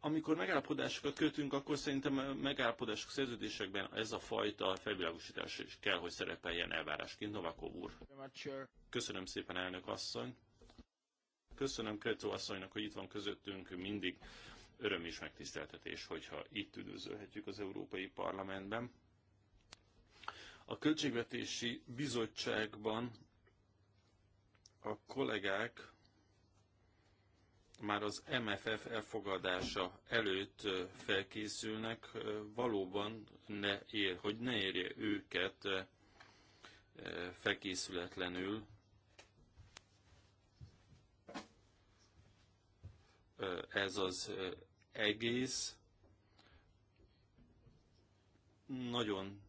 amikor megállapodásokat kötünk, akkor szerintem megállapodások szerződésekben ez a fajta felvilágosítás is kell, hogy szerepeljen elvárásként. Novakov úr. Köszönöm szépen, elnök asszony. Köszönöm Kretó asszonynak, hogy itt van közöttünk mindig öröm és megtiszteltetés, hogyha itt üdvözölhetjük az Európai Parlamentben. A Költségvetési Bizottságban a kollégák már az MFF elfogadása előtt felkészülnek, valóban ne ér, hogy ne érje őket felkészületlenül ez az egész nagyon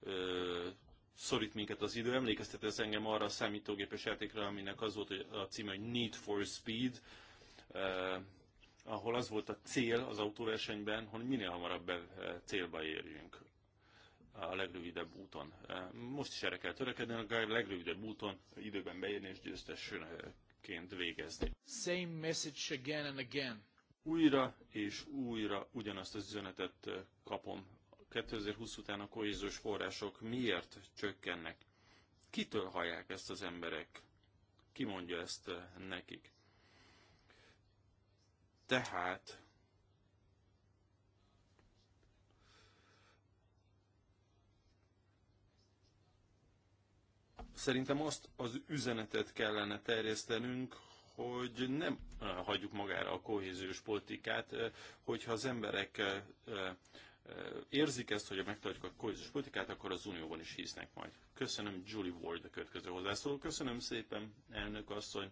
ö, szorít minket az idő. Emlékeztet ez engem arra a számítógépes játékra, aminek az volt a címe, hogy Need for Speed, ö, ahol az volt a cél az autóversenyben, hogy minél hamarabb be, célba érjünk a legrövidebb úton. Most is erre kell törekedni, a legrövidebb úton időben beérni és győztesként végezni. Same message again and again. Újra és újra ugyanazt az üzenetet kapom. 2020 után a kohéziós források miért csökkennek? Kitől hallják ezt az emberek? Ki mondja ezt nekik? Tehát szerintem azt az üzenetet kellene terjesztenünk, hogy nem hagyjuk magára a kohéziós politikát, hogyha az emberek érzik ezt, hogy megtartjuk a kohéziós politikát, akkor az Unióban is hisznek majd. Köszönöm Julie Ward a következő hozzászóló. Köszönöm szépen, elnök asszony.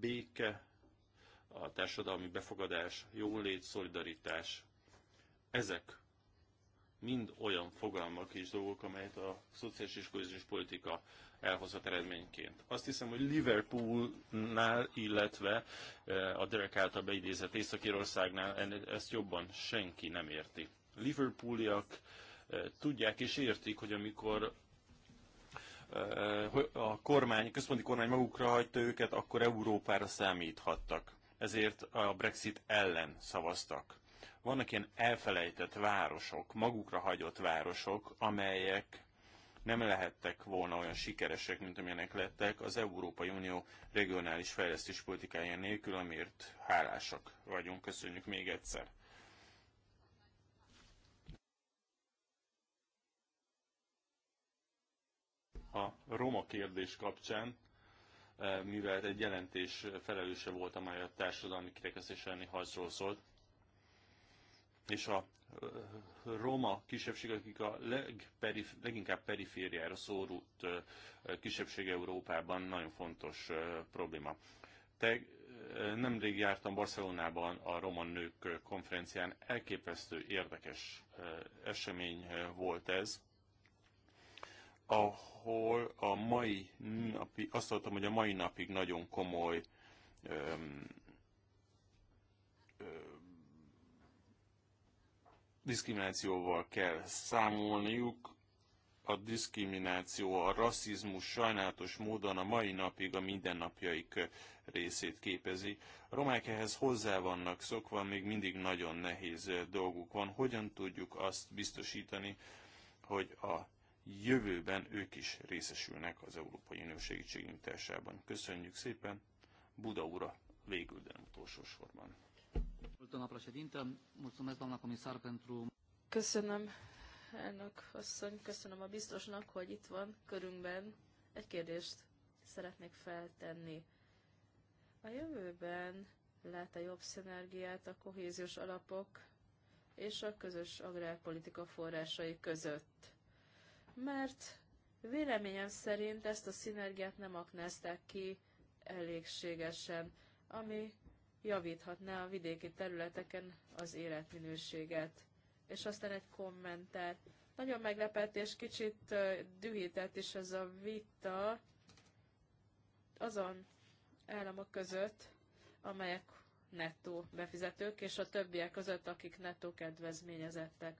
Béke, a társadalmi befogadás, jólét, szolidaritás. Ezek mind olyan fogalmak és dolgok, amelyet a szociális és kohéziós politika elhozott eredményként. Azt hiszem, hogy Liverpoolnál, illetve eh, a Derek által beidézett Észak-Írországnál ezt jobban senki nem érti. Liverpooliak eh, tudják és értik, hogy amikor eh, a kormány, a központi kormány magukra hagyta őket, akkor Európára számíthattak. Ezért a Brexit ellen szavaztak. Vannak ilyen elfelejtett városok, magukra hagyott városok, amelyek nem lehettek volna olyan sikeresek, mint amilyenek lettek az Európai Unió regionális fejlesztés politikája nélkül, amiért hálásak vagyunk. Köszönjük még egyszer! a roma kérdés kapcsán, eh, mivel egy jelentés felelőse volt, amely a társadalmi kirekesztés elleni harcról szólt, és a roma kisebbség, akik a legperif, leginkább perifériára szórult kisebbség Európában nagyon fontos probléma. Te nemrég jártam Barcelonában a roma nők konferencián, elképesztő érdekes esemény volt ez, ahol a mai napi, azt hallottam, hogy a mai napig nagyon komoly öm, öm, diszkriminációval kell számolniuk, a diszkrimináció, a rasszizmus sajnálatos módon a mai napig a mindennapjaik részét képezi. A romák ehhez hozzá vannak szokva, még mindig nagyon nehéz dolguk van. Hogyan tudjuk azt biztosítani, hogy a jövőben ők is részesülnek az Európai Unió segítségnyújtásában. Köszönjük szépen, Buda ura végül, de nem utolsó sorban doamna președintă. Mulțumesc, doamna comisar, pentru... Köszönöm, elnök asszony, köszönöm a biztosnak, hogy itt van körünkben. Egy kérdést szeretnék feltenni. A jövőben lehet a -e jobb szinergiát a kohéziós alapok és a közös agrárpolitika forrásai között. Mert véleményem szerint ezt a szinergiát nem aknázták ki elégségesen, ami javíthatná a vidéki területeken az életminőséget. És aztán egy kommentár. Nagyon meglepett és kicsit dühített is ez a vita azon államok között, amelyek nettó befizetők, és a többiek között, akik nettó kedvezményezettek.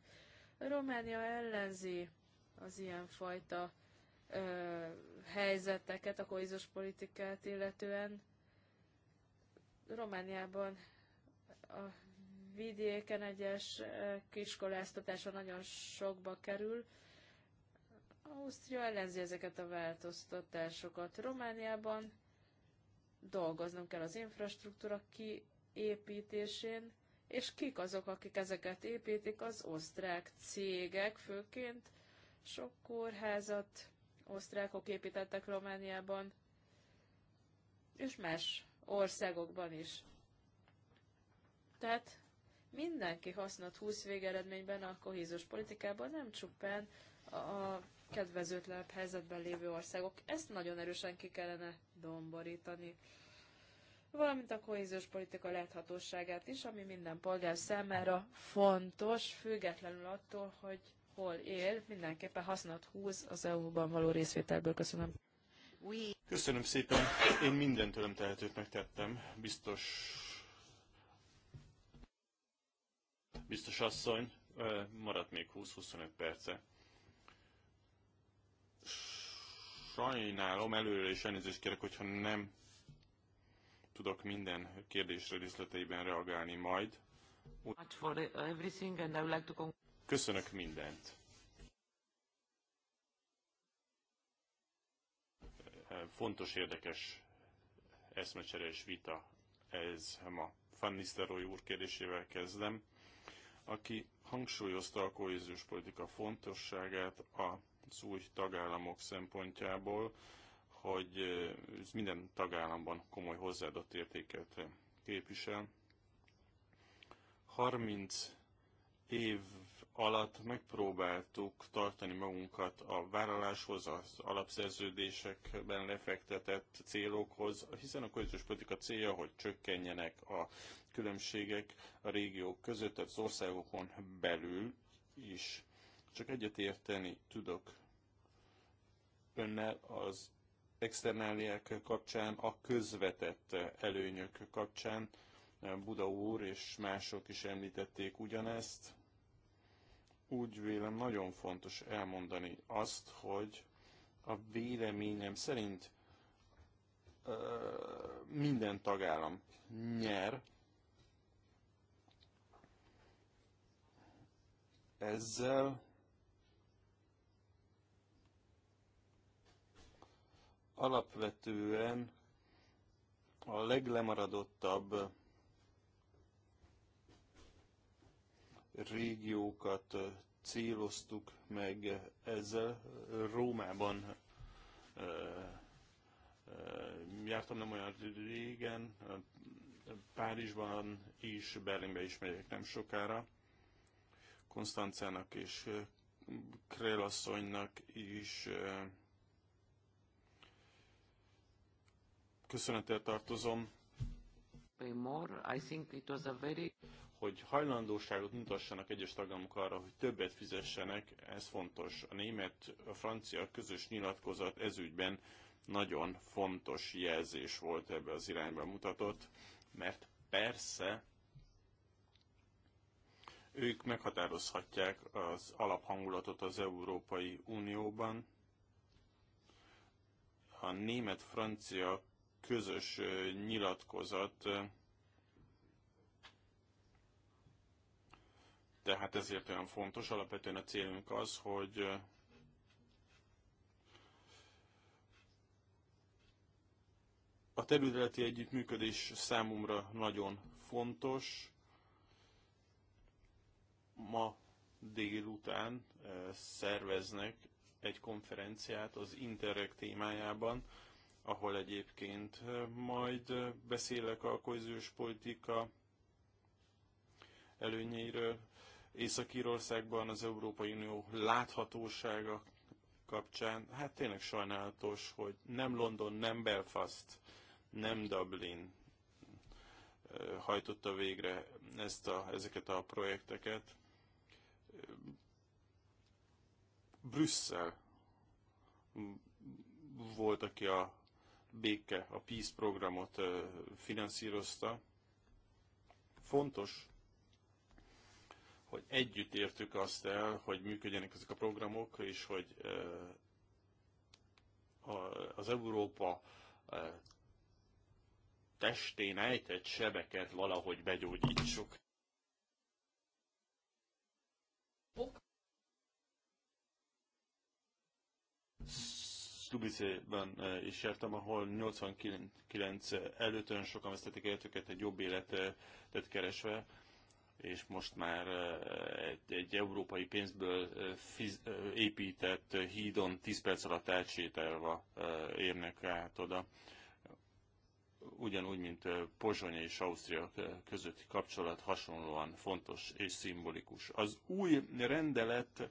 Románia ellenzi az ilyenfajta ö, helyzeteket, a kohézós politikát illetően, Romániában a vidéken egyes eh, kiskoláztatása nagyon sokba kerül. Ausztria ellenzi ezeket a változtatásokat. Romániában dolgoznunk kell az infrastruktúra kiépítésén, és kik azok, akik ezeket építik, az osztrák cégek főként. Sok kórházat osztrákok építettek Romániában, és más országokban is. Tehát mindenki hasznot húsz végeredményben a kohézós politikában, nem csupán a kedvezőtlenebb helyzetben lévő országok. Ezt nagyon erősen ki kellene domborítani. Valamint a kohéziós politika láthatóságát is, ami minden polgár számára fontos, függetlenül attól, hogy hol él, mindenképpen hasznot húz az EU-ban való részvételből. Köszönöm. Köszönöm szépen, én mindent tőlem tehetőt megtettem, biztos biztos asszony, maradt még 20-25 perce. Sajnálom, előre is elnézést kérek, hogyha nem tudok minden kérdésre részleteiben reagálni majd. Köszönök mindent. fontos, érdekes eszmecsere és vita ez ma. Van Nisztelrooy úr kérdésével kezdem, aki hangsúlyozta a kohéziós politika fontosságát az új tagállamok szempontjából, hogy ez minden tagállamban komoly hozzáadott értéket képvisel. 30 év alatt megpróbáltuk tartani magunkat a vállaláshoz, az alapszerződésekben lefektetett célokhoz, hiszen a közös politika célja, hogy csökkenjenek a különbségek a régiók között, az országokon belül is. Csak egyetérteni tudok önnel az externáliák kapcsán, a közvetett előnyök kapcsán. Buda úr és mások is említették ugyanezt úgy vélem nagyon fontos elmondani azt, hogy a véleményem szerint minden tagállam nyer. Ezzel alapvetően a leglemaradottabb régiókat céloztuk meg ezzel. Rómában jártam nem olyan régen, Párizsban is, Berlinbe is megyek nem sokára. Konstanciának és Krélasszonynak is köszönettel tartozom. More, I think it was a very hogy hajlandóságot mutassanak egyes tagállamok arra, hogy többet fizessenek, ez fontos. A német, a francia közös nyilatkozat ezügyben nagyon fontos jelzés volt ebbe az irányba mutatott, mert persze ők meghatározhatják az alaphangulatot az Európai Unióban. A német-francia közös nyilatkozat tehát ezért olyan fontos. Alapvetően a célunk az, hogy a területi együttműködés számomra nagyon fontos. Ma délután szerveznek egy konferenciát az Interreg témájában, ahol egyébként majd beszélek a kohéziós politika előnyeiről, Észak-Írországban az Európai Unió láthatósága kapcsán, hát tényleg sajnálatos, hogy nem London, nem Belfast, nem Dublin hajtotta végre ezt a, ezeket a projekteket. Brüsszel volt, aki a béke, a Peace programot finanszírozta. Fontos, hogy együtt értük azt el, hogy működjenek ezek a programok, és hogy eh, az Európa eh, testén ejtett sebeket valahogy begyógyítsuk. Stubicében eh, is jártam, ahol 89 előtt olyan sokan vesztették életüket egy jobb életet keresve és most már egy, egy európai pénzből fiz, épített hídon 10 perc alatt átsétálva érnek át oda. Ugyanúgy, mint Pozsony és Ausztria közötti kapcsolat hasonlóan fontos és szimbolikus. Az új rendelet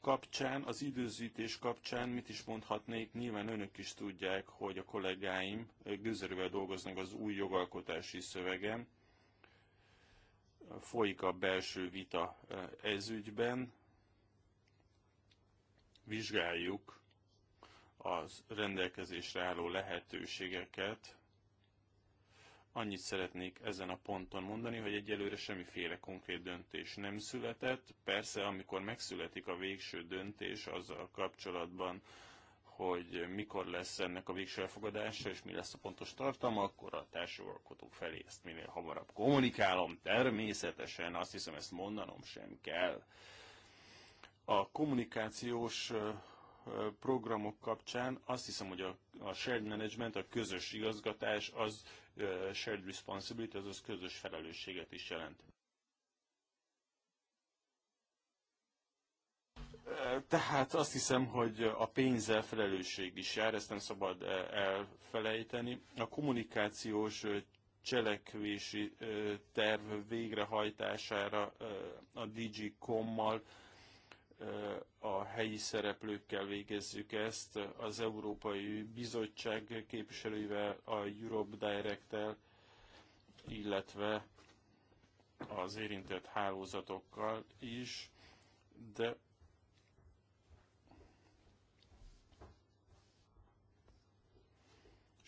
kapcsán, az időzítés kapcsán mit is mondhatnék, nyilván önök is tudják, hogy a kollégáim gözerővel dolgoznak az új jogalkotási szövegen Folyik a belső vita e, ezügyben. Vizsgáljuk az rendelkezésre álló lehetőségeket. Annyit szeretnék ezen a ponton mondani, hogy egyelőre semmiféle konkrét döntés nem született. Persze, amikor megszületik a végső döntés azzal kapcsolatban, hogy mikor lesz ennek a végső elfogadása, és mi lesz a pontos tartalma, akkor a társadalkotók felé ezt minél hamarabb kommunikálom. Természetesen azt hiszem, ezt mondanom sem kell. A kommunikációs programok kapcsán azt hiszem, hogy a, a shared management, a közös igazgatás, az shared responsibility, azaz közös felelősséget is jelent. Tehát azt hiszem, hogy a pénzzel felelősség is jár, ezt nem szabad e, elfelejteni. A kommunikációs cselekvési terv végrehajtására a digicom mal a helyi szereplőkkel végezzük ezt, az Európai Bizottság képviselőivel, a Europe direct illetve az érintett hálózatokkal is, de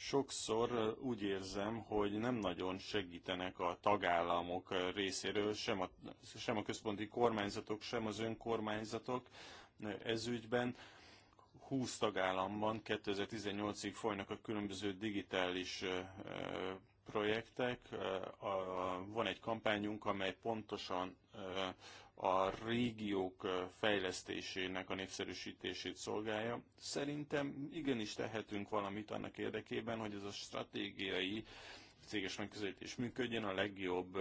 sokszor úgy érzem, hogy nem nagyon segítenek a tagállamok részéről, sem a, sem a központi kormányzatok, sem az önkormányzatok ez 20 tagállamban 2018-ig folynak a különböző digitális projektek. Van egy kampányunk, amely pontosan a régiók fejlesztésének a népszerűsítését szolgálja. Szerintem igenis tehetünk valamit annak érdekében, hogy ez a stratégiai céges megközelítés működjön, a legjobb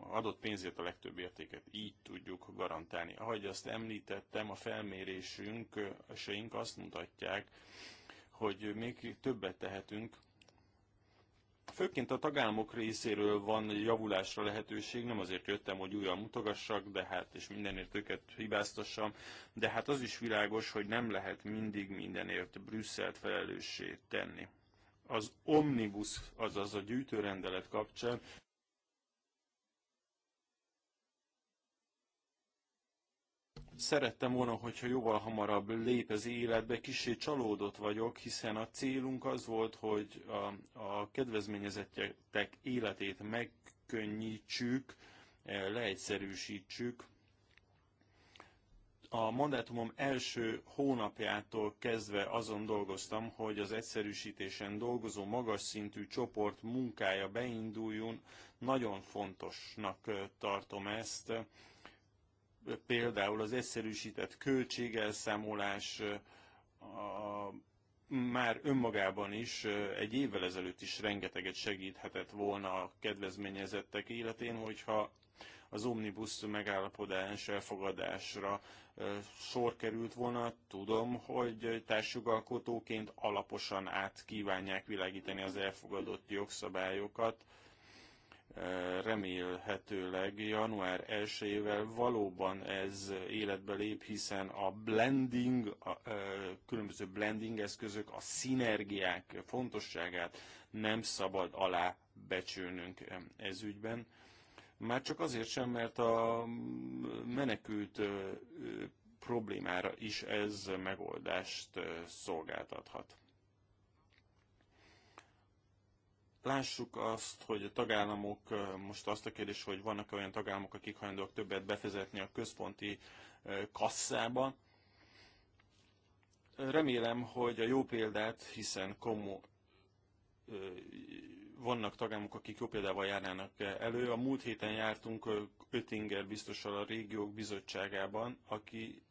adott pénzért a legtöbb értéket így tudjuk garantálni. Ahogy azt említettem, a felmérésünk, seink azt mutatják, hogy még többet tehetünk Főként a tagállamok részéről van javulásra lehetőség, nem azért jöttem, hogy újra mutogassak, de hát, és mindenért őket hibáztassam, de hát az is világos, hogy nem lehet mindig mindenért Brüsszelt felelőssé tenni. Az omnibus, azaz a gyűjtőrendelet kapcsán Szerettem volna, hogyha jóval hamarabb lép az életbe, kicsit csalódott vagyok, hiszen a célunk az volt, hogy a, a kedvezményezettek életét megkönnyítsük, eh, leegyszerűsítsük. A mandátumom első hónapjától kezdve azon dolgoztam, hogy az egyszerűsítésen dolgozó magas szintű csoport munkája beinduljon. Nagyon fontosnak eh, tartom ezt például az egyszerűsített költségelszámolás már önmagában is egy évvel ezelőtt is rengeteget segíthetett volna a kedvezményezettek életén, hogyha az omnibus megállapodás elfogadásra sor került volna. Tudom, hogy társjogalkotóként alaposan át kívánják világítani az elfogadott jogszabályokat, remélhetőleg január 1-ével valóban ez életbe lép, hiszen a blending, a, különböző blending eszközök, a szinergiák fontosságát nem szabad alábecsülnünk ez ügyben. Már csak azért sem, mert a menekült problémára is ez megoldást szolgáltathat. Lássuk azt, hogy a tagállamok, most azt a kérdés, hogy vannak -e olyan tagállamok, akik hajlandóak többet befizetni a központi kasszába. Remélem, hogy a jó példát, hiszen komoly, vannak tagállamok, akik jó példával járnának elő. A múlt héten jártunk Ötinger biztossal a régiók bizottságában, aki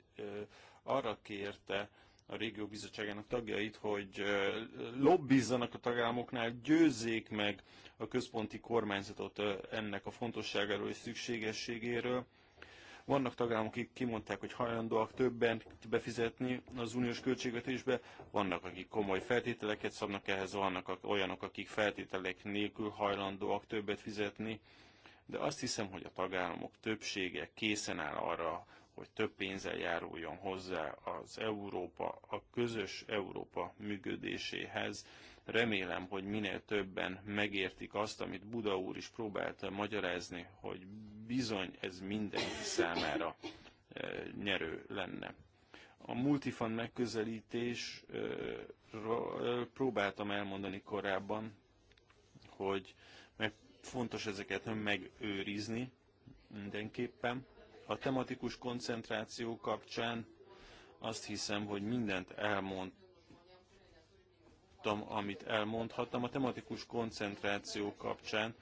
arra kérte a régió bizottságának tagjait, hogy lobbizzanak a tagállamoknál, győzzék meg a központi kormányzatot ennek a fontosságáról és szükségességéről. Vannak tagállamok, akik kimondták, hogy hajlandóak többen befizetni az uniós költségvetésbe, vannak, akik komoly feltételeket szabnak ehhez, vannak olyanok, akik feltételek nélkül hajlandóak többet fizetni, de azt hiszem, hogy a tagállamok többsége készen áll arra, hogy több pénzzel járuljon hozzá az Európa, a közös Európa működéséhez. Remélem, hogy minél többen megértik azt, amit Buda úr is próbálta magyarázni, hogy bizony ez mindenki számára e, nyerő lenne. A multifan megközelítés próbáltam elmondani korábban, hogy meg fontos ezeket megőrizni mindenképpen. A tematikus koncentráció kapcsán azt hiszem, hogy mindent elmondtam, amit elmondhattam. A tematikus koncentráció kapcsán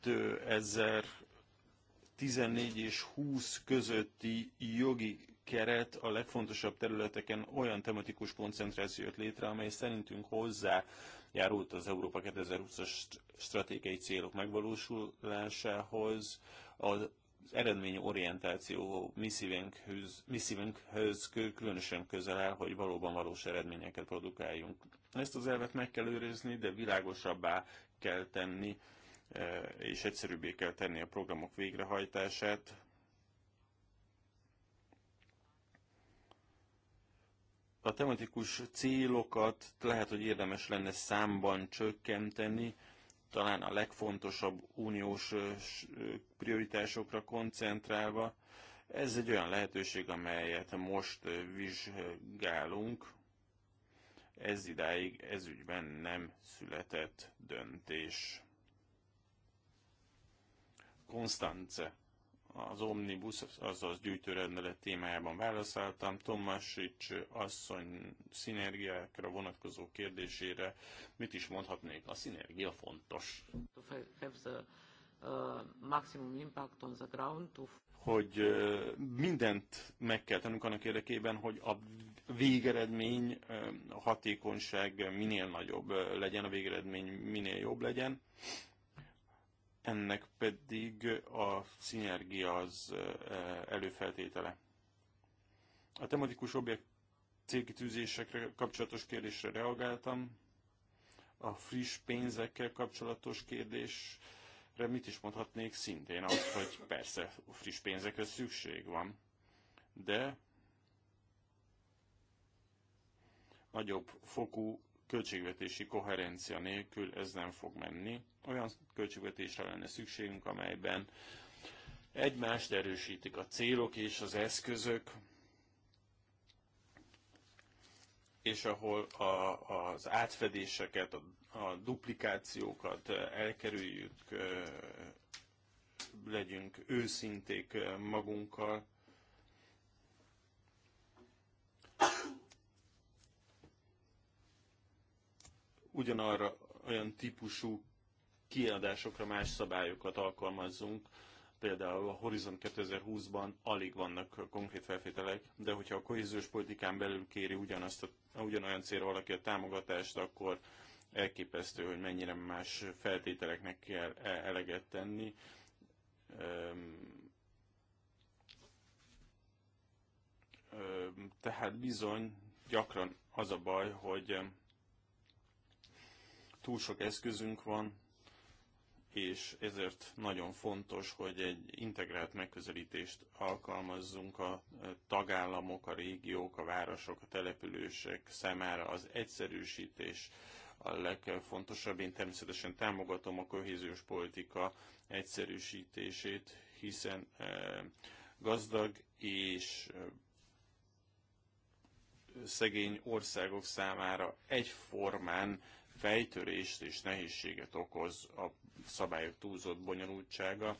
2014 és 20 közötti jogi keret a legfontosabb területeken olyan tematikus koncentráció jött létre, amely szerintünk hozzá járult az Európa 2020-as stratégiai célok megvalósulásához, a az eredmény orientáció mi szívünkhöz különösen közel áll, hogy valóban valós eredményeket produkáljunk. Ezt az elvet meg kell őrizni, de világosabbá kell tenni, e, és egyszerűbbé kell tenni a programok végrehajtását, a tematikus célokat lehet, hogy érdemes lenne számban csökkenteni, talán a legfontosabb uniós prioritásokra koncentrálva. Ez egy olyan lehetőség, amelyet most vizsgálunk. Ez idáig ez ügyben nem született döntés. Konstance az Omnibus, azaz gyűjtőrendelet témájában válaszoltam. Tomasics asszony szinergiákra vonatkozó kérdésére mit is mondhatnék? A szinergia fontos. Uh, hogy uh, mindent meg kell tennünk annak érdekében, hogy a végeredmény, a uh, hatékonyság minél nagyobb legyen, a végeredmény minél jobb legyen ennek pedig a szinergia az előfeltétele. A tematikus objekt célkitűzésekre kapcsolatos kérdésre reagáltam, a friss pénzekkel kapcsolatos kérdésre mit is mondhatnék szintén azt, hogy persze friss pénzekre szükség van, de nagyobb fokú költségvetési koherencia nélkül ez nem fog menni. Olyan költségvetésre lenne szükségünk, amelyben egymást erősítik a célok és az eszközök, és ahol a, az átfedéseket, a, a duplikációkat elkerüljük, legyünk őszinték magunkkal, ugyanarra olyan típusú kiadásokra más szabályokat alkalmazzunk, például a Horizon 2020-ban alig vannak konkrét feltételek, de hogyha a kohéziós politikán belül kéri ugyanazt a, ugyanolyan célra valaki a támogatást, akkor elképesztő, hogy mennyire más feltételeknek kell e, eleget tenni. Tehát bizony gyakran az a baj, hogy túl sok eszközünk van, és ezért nagyon fontos, hogy egy integrált megközelítést alkalmazzunk a e, tagállamok, a régiók, a városok, a települések számára az egyszerűsítés a legfontosabb. Én természetesen támogatom a kohéziós politika egyszerűsítését, hiszen e, gazdag és e, szegény országok számára egyformán fejtörést és nehézséget okoz a szabályok túlzott bonyolultsága,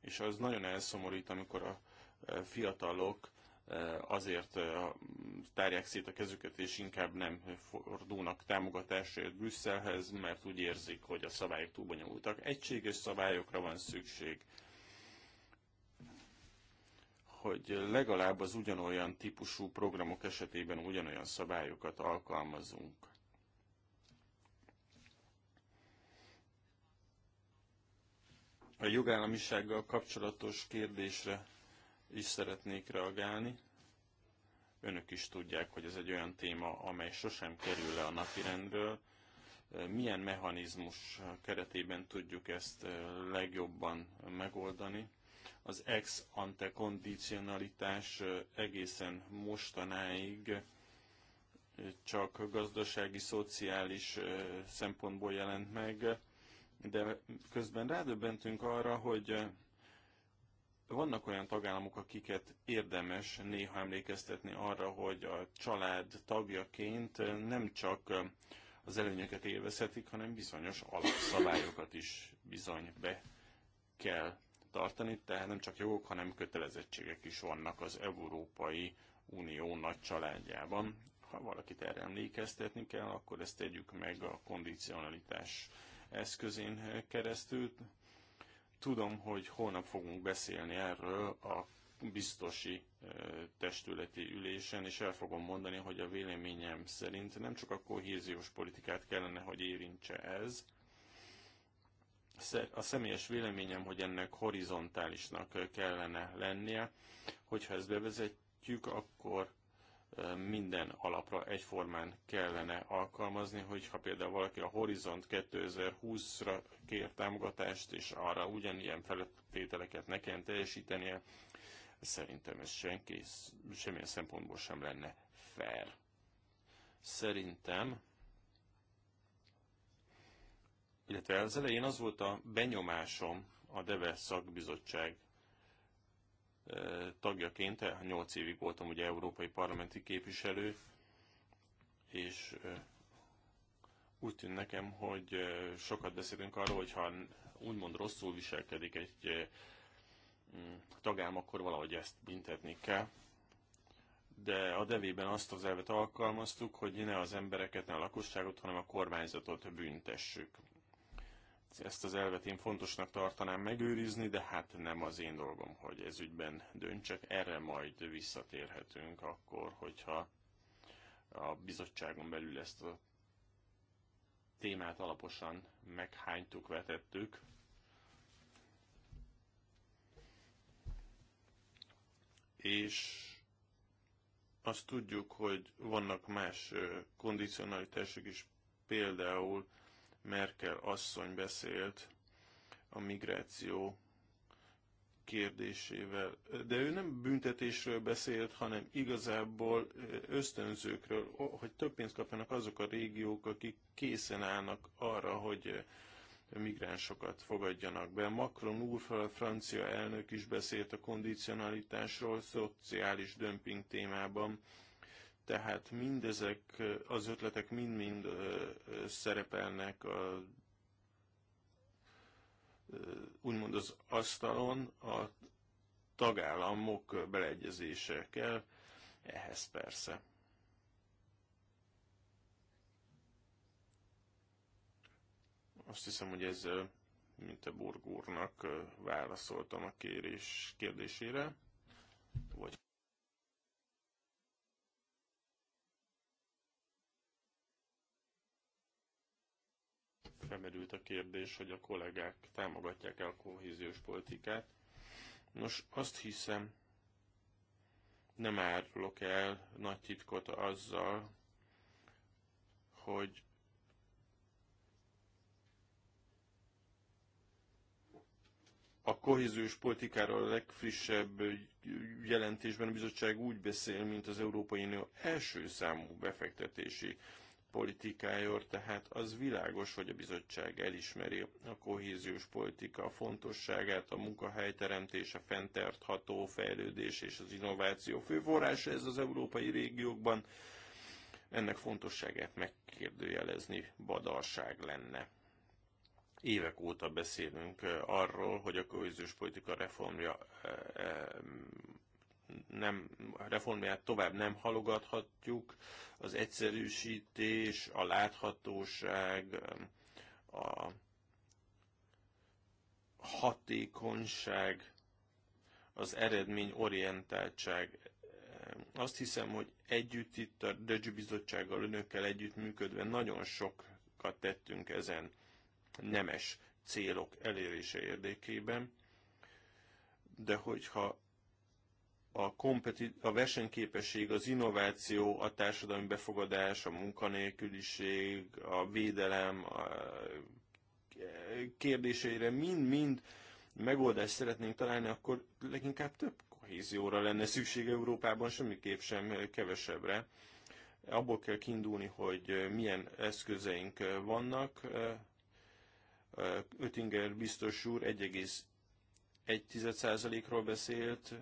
és az nagyon elszomorít, amikor a e, fiatalok e, azért e, tárják szét a kezüket, és inkább nem fordulnak támogatásért Brüsszelhez, mert úgy érzik, hogy a szabályok túl bonyolultak. Egységes szabályokra van szükség, hogy legalább az ugyanolyan típusú programok esetében ugyanolyan szabályokat alkalmazunk. A jogállamisággal kapcsolatos kérdésre is szeretnék reagálni. Önök is tudják, hogy ez egy olyan téma, amely sosem kerül le a napirendről. Milyen mechanizmus keretében tudjuk ezt eh, legjobban megoldani? Az ex ante kondicionalitás eh, egészen mostanáig eh, csak gazdasági, szociális szempontból jelent meg de közben rádöbbentünk arra, hogy eh, vannak olyan tagállamok, akiket érdemes néha emlékeztetni arra, hogy a család tagjaként eh, nem csak eh, az előnyöket élvezhetik, hanem bizonyos alapszabályokat is bizony be kell tartani, tehát nem csak jogok, hanem kötelezettségek is vannak az Európai Unió nagy családjában. Ha valakit erre emlékeztetni kell, akkor ezt tegyük meg a kondicionalitás eszközén keresztül. Tudom, hogy holnap fogunk beszélni erről a biztosi eh, testületi ülésen, és el fogom mondani, hogy a véleményem szerint nem csak a kohéziós politikát kellene, hogy érintse ez, a személyes véleményem, hogy ennek horizontálisnak kellene lennie. Hogyha ezt bevezetjük, akkor minden alapra egyformán kellene alkalmazni, hogyha például valaki a Horizont 2020-ra kér támogatást, és arra ugyanilyen feltételeket ne kelljen teljesítenie, szerintem ez senki, semmilyen szempontból sem lenne fair. Szerintem, illetve az elején az volt a benyomásom a Deve szakbizottság tagjaként, 8 eh, évig voltam ugye európai parlamenti képviselő, és úgy tűnt nekem, hogy sokat beszélünk arról, hogyha úgymond rosszul viselkedik egy mm, tagállam, akkor valahogy ezt büntetni kell. De a devében azt az elvet alkalmaztuk, hogy ne az embereket, ne a lakosságot, hanem a kormányzatot büntessük ezt az elvet én fontosnak tartanám megőrizni, de hát nem az én dolgom, hogy ez ügyben döntsek. Erre majd visszatérhetünk akkor, hogyha a bizottságon belül ezt a témát alaposan meghánytuk, vetettük. És azt tudjuk, hogy vannak más kondicionalitások is, például Merkel asszony beszélt a migráció kérdésével. De ő nem büntetésről beszélt, hanem igazából ösztönzőkről, hogy több pénzt kapjanak azok a régiók, akik készen állnak arra, hogy migránsokat fogadjanak be. Macron úr, a francia elnök is beszélt a kondicionalitásról, szociális dömping témában, tehát mindezek az ötletek mind-mind szerepelnek a úgymond az asztalon a tagállamok beleegyezésekkel, ehhez persze. Azt hiszem, hogy ezzel mint a burgúrnak válaszoltam a kérés kérdésére. Vagy... felmerült a kérdés, hogy a kollégák támogatják el a kohéziós politikát. Nos, azt hiszem, nem árulok el nagy titkot azzal, hogy a kohéziós politikáról a legfrissebb jelentésben a bizottság úgy beszél, mint az Európai Unió első számú befektetési politikáért, tehát az világos, hogy a bizottság elismeri a kohéziós politika fontosságát, a munkahelyteremtés, a fenntartható fejlődés és az innováció főforrása ez az európai régiókban. Ennek fontosságát megkérdőjelezni badarság lenne. Évek óta beszélünk eh, arról, hogy a kohéziós politika reformja eh, nem, reformját tovább nem halogathatjuk. Az egyszerűsítés, a láthatóság, a hatékonyság, az orientáltság. Azt hiszem, hogy együtt itt a Dögyi Bizottsággal, önökkel együttműködve nagyon sokat tettünk ezen nemes célok elérése érdekében, de hogyha a, a versenyképesség, az innováció, a társadalmi befogadás, a munkanélküliség, a védelem a kérdéseire mind-mind megoldást szeretnénk találni, akkor leginkább több kohézióra lenne szükség Európában, semmiképp sem kevesebbre. Abból kell kiindulni, hogy milyen eszközeink vannak. Ötinger biztos úr 1,1%-ról beszélt,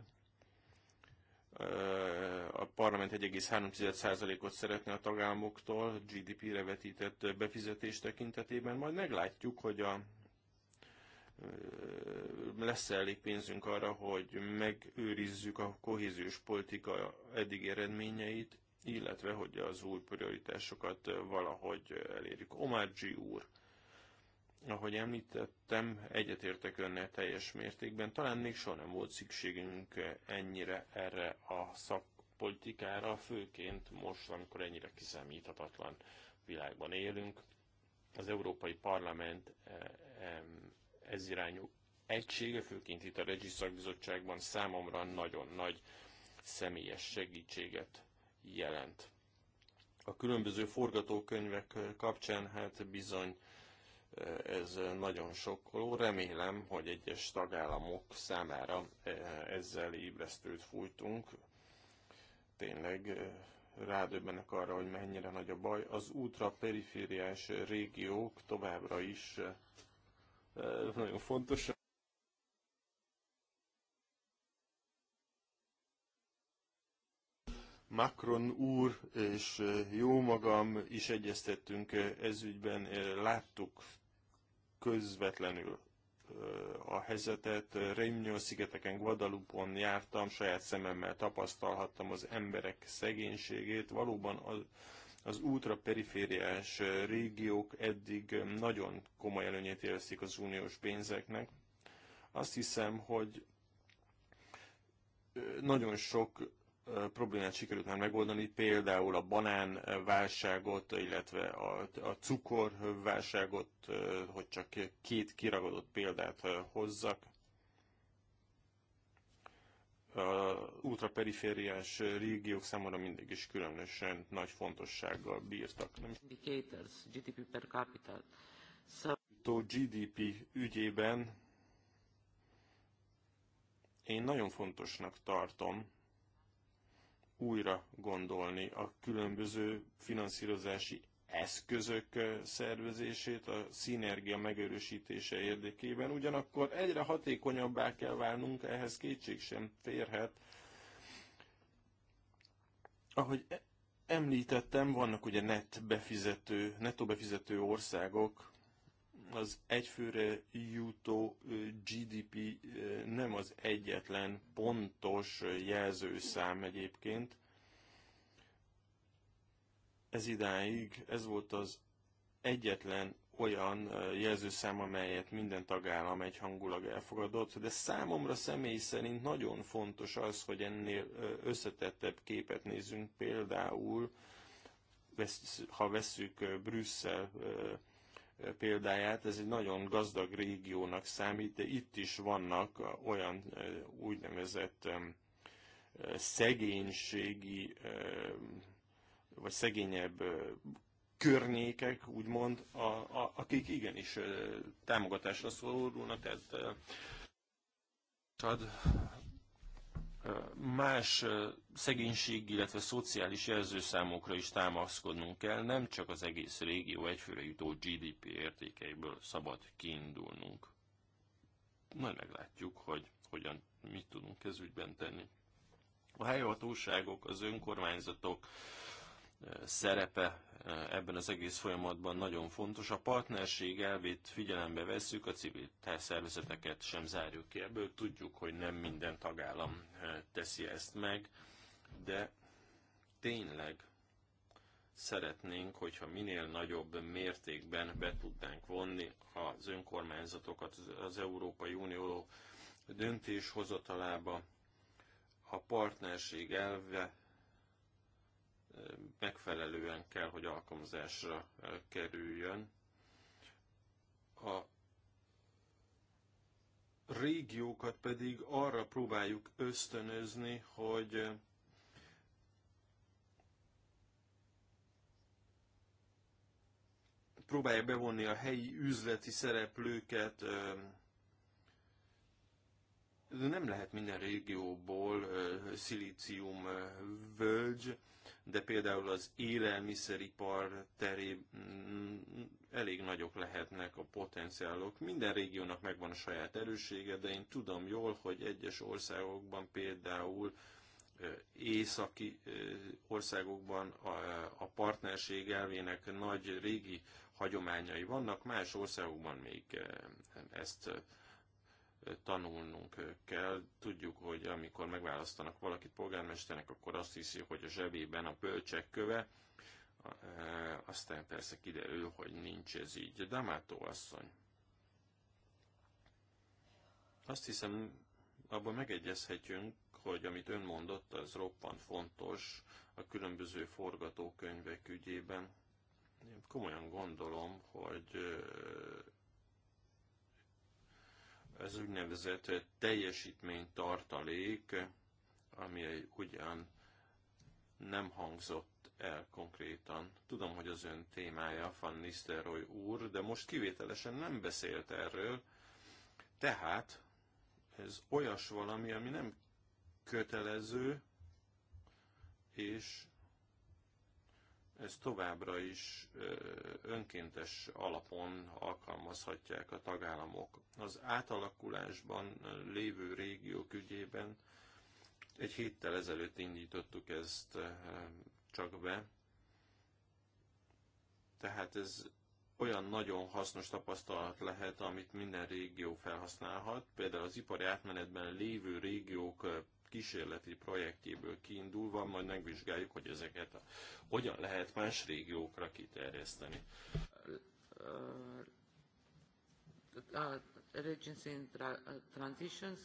a parlament 1,3%-ot szeretne a tagállamoktól GDP-re vetített befizetés tekintetében. Majd meglátjuk, hogy a lesz elég pénzünk arra, hogy megőrizzük a kohéziós politika eddig eredményeit, illetve hogy az új prioritásokat valahogy elérjük. Omar G. úr ahogy említettem, egyetértek önnel teljes mértékben. Talán még soha nem volt szükségünk ennyire erre a szakpolitikára, főként most, amikor ennyire kiszámíthatatlan világban élünk. Az Európai Parlament e, e, ez irányú egysége, főként itt a Regiszakbizottságban számomra nagyon nagy személyes segítséget jelent. A különböző forgatókönyvek kapcsán hát bizony ez nagyon sokkoló. Remélem, hogy egyes tagállamok számára eh, ezzel ébresztőt fújtunk. Tényleg eh, rádöbbenek arra, hogy mennyire nagy a baj. Az útra perifériás régiók továbbra is eh, nagyon fontosak. Macron úr és jó magam is egyeztettünk ezügyben, láttuk közvetlenül a helyzetet. Rémnyő szigeteken, Guadalupon jártam, saját szememmel tapasztalhattam az emberek szegénységét. Valóban az, az perifériás régiók eddig nagyon komoly előnyét érezték az uniós pénzeknek. Azt hiszem, hogy nagyon sok problémát sikerült már megoldani, például a banán válságot, illetve a, a válságot, hogy csak két kiragadott példát hozzak. A ultraperifériás régiók számára mindig is különösen nagy fontossággal bírtak. Nem? Indicators, GDP per capita. So... GDP ügyében én nagyon fontosnak tartom, újra gondolni a különböző finanszírozási eszközök eh, szervezését a szinergia megerősítése érdekében. Ugyanakkor egyre hatékonyabbá kell válnunk, ehhez kétség sem férhet. Ahogy e- említettem, vannak ugye net befizető, netto befizető országok, az egyfőre jutó GDP nem az egyetlen pontos jelzőszám egyébként. Ez idáig ez volt az egyetlen olyan jelzőszám, amelyet minden tagállam egyhangulag elfogadott, de számomra személy szerint nagyon fontos az, hogy ennél összetettebb képet nézzünk, például ha vesszük Brüsszel példáját, ez egy nagyon gazdag régiónak számít, de itt is vannak olyan úgynevezett szegénységi vagy szegényebb környékek, úgymond, a, a, akik igenis támogatásra szorulnak, tehát más szegénység, illetve szociális jelzőszámokra is támaszkodnunk kell, nem csak az egész régió egyfőre jutó GDP értékeiből szabad kiindulnunk. Majd meglátjuk, hogy hogyan mit tudunk ez ügyben tenni. A helyhatóságok, az önkormányzatok, szerepe ebben az egész folyamatban nagyon fontos. A partnerség elvét figyelembe vesszük, a civil szervezeteket sem zárjuk ki ebből. Tudjuk, hogy nem minden tagállam teszi ezt meg, de tényleg szeretnénk, hogyha minél nagyobb mértékben be tudnánk vonni az önkormányzatokat az Európai Unió döntéshozatalába. A partnerség elve megfelelően kell, hogy alkalmazásra kerüljön. A régiókat pedig arra próbáljuk ösztönözni, hogy próbálja bevonni a helyi üzleti szereplőket. Nem lehet minden régióból szilícium völgy, de például az élelmiszeripar teré mm, elég nagyok lehetnek a potenciálok. Minden régiónak megvan a saját erőssége, de én tudom jól, hogy egyes országokban például északi országokban a partnerség elvének nagy régi hagyományai vannak, más országokban még ezt tanulnunk kell. Tudjuk, hogy amikor megválasztanak valakit polgármesternek, akkor azt hiszi, hogy a zsebében a bölcsek köve, e, aztán persze kiderül, hogy nincs ez így. Damátó asszony. Azt hiszem, abban megegyezhetjünk, hogy amit ön mondott, az roppant fontos a különböző forgatókönyvek ügyében. Én komolyan gondolom, hogy e, ez úgynevezett teljesítménytartalék, ami ugyan nem hangzott el konkrétan. Tudom, hogy az ön témája Van Nisztelrooy úr, de most kivételesen nem beszélt erről, tehát ez olyas valami, ami nem kötelező, és ez továbbra is önkéntes alapon alkalmazhatják a tagállamok. Az átalakulásban lévő régiók ügyében egy héttel ezelőtt indítottuk ezt csak be. Tehát ez olyan nagyon hasznos tapasztalat lehet, amit minden régió felhasználhat. Például az ipari átmenetben lévő régiók kísérleti projektjéből kiindulva, majd megvizsgáljuk, hogy ezeket a, hogyan lehet más régiókra kiterjeszteni. Uh, uh regions in tra uh, transitions,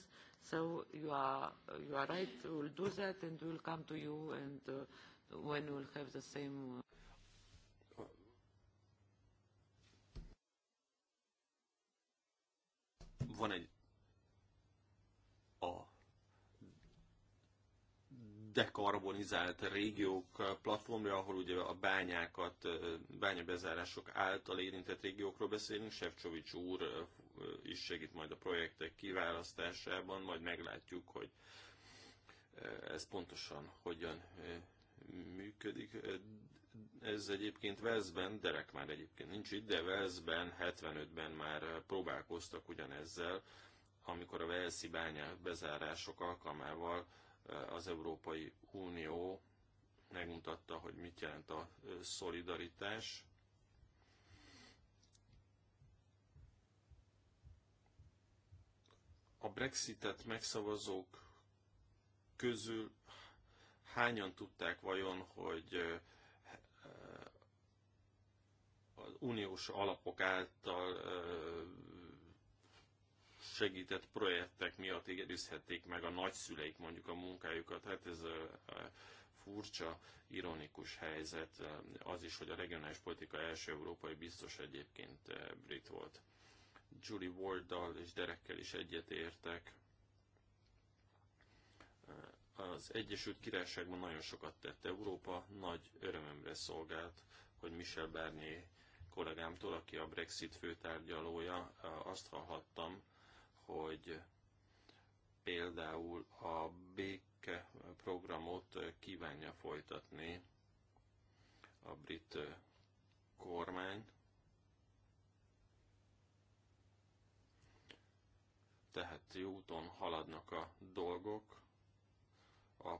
so you are, you are right, we'll do that and we'll come to you and uh, when we'll have the same... Uh, Van egy dekarbonizált régiók platformja, ahol ugye a bányákat, bányabezárások által érintett régiókról beszélünk. Sefcsovics úr is segít majd a projektek kiválasztásában, majd meglátjuk, hogy ez pontosan hogyan működik. Ez egyébként Velszben, Derek már egyébként nincs itt, de Velszben 75-ben már próbálkoztak ugyanezzel, amikor a Velszi bányák bezárások alkalmával az Európai Unió megmutatta, hogy mit jelent a szolidaritás. A Brexitet megszavazók közül hányan tudták vajon, hogy az uniós alapok által segített projektek miatt érizhették meg a nagyszüleik mondjuk a munkájukat. Hát ez furcsa, ironikus helyzet az is, hogy a regionális politika első európai biztos egyébként brit volt. Julie Warddal és Derekkel is egyetértek. Az Egyesült Királyságban nagyon sokat tett Európa, nagy örömömre szolgált, hogy Michel Barnier kollégámtól, aki a Brexit főtárgyalója, azt hallhattam, hogy például a béke programot kívánja folytatni a brit kormány, tehát jó úton haladnak a dolgok. A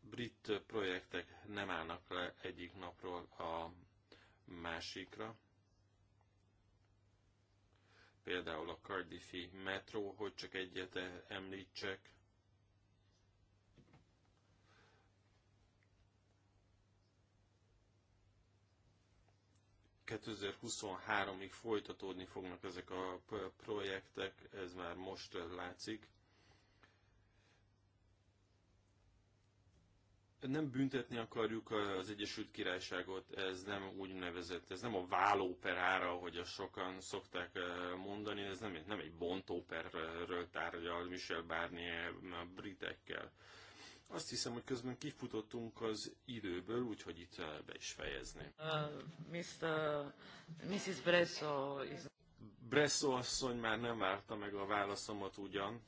brit projektek nem állnak le egyik napról a másikra például a Cardiffi metró, hogy csak egyet e- említsek. ...2023-ig folytatódni fognak ezek a projektek, ez már most látszik. nem büntetni akarjuk az Egyesült Királyságot, ez nem úgy nevezett. ez nem a válóperára, ahogy a sokan szokták eh, mondani, ez nem, nem egy bontóperről tárgyal Michel Barnier a britekkel. Azt hiszem, hogy közben kifutottunk az időből, úgyhogy itt eh, be is fejezném. Uh, Mr. Mrs. Bresso is... Bresso asszony már nem várta meg a válaszomat ugyan,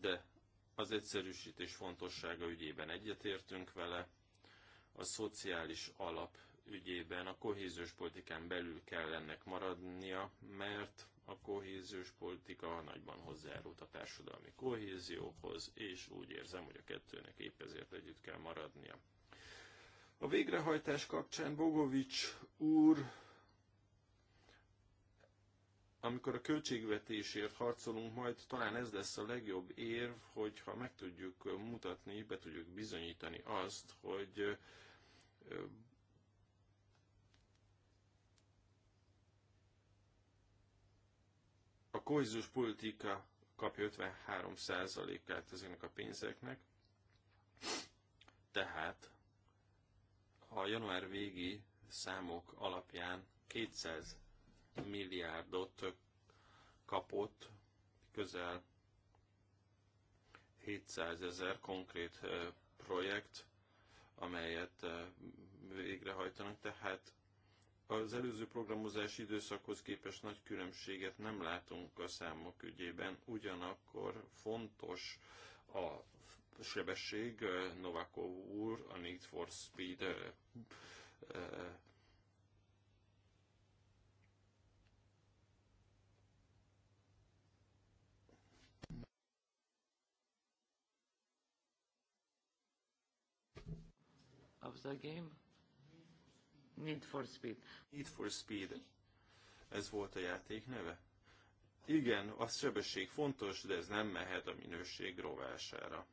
de az egyszerűsítés fontossága ügyében egyetértünk vele, a szociális alap ügyében a kohéziós politikán belül kell ennek maradnia, mert a kohéziós politika nagyban hozzájárult a társadalmi kohézióhoz, és úgy érzem, hogy a kettőnek épp ezért együtt kell maradnia. A végrehajtás kapcsán Bogovics úr amikor a költségvetésért harcolunk, majd talán ez lesz a legjobb érv, hogyha meg tudjuk mutatni, be tudjuk bizonyítani azt, hogy a kohézus politika kapja 53%-át ezeknek a pénzeknek, tehát a január végi számok alapján 200 milliárdot kapott, közel 700 ezer konkrét projekt, amelyet végrehajtanak, tehát az előző programozási időszakhoz képest nagy különbséget nem látunk a számok ügyében, ugyanakkor fontos a sebesség, Novakov úr a Need for Speed of the game? Need for Speed. Need for Speed. Ez volt a játék neve? Igen, a sebesség fontos, de ez nem mehet a minőség rovására.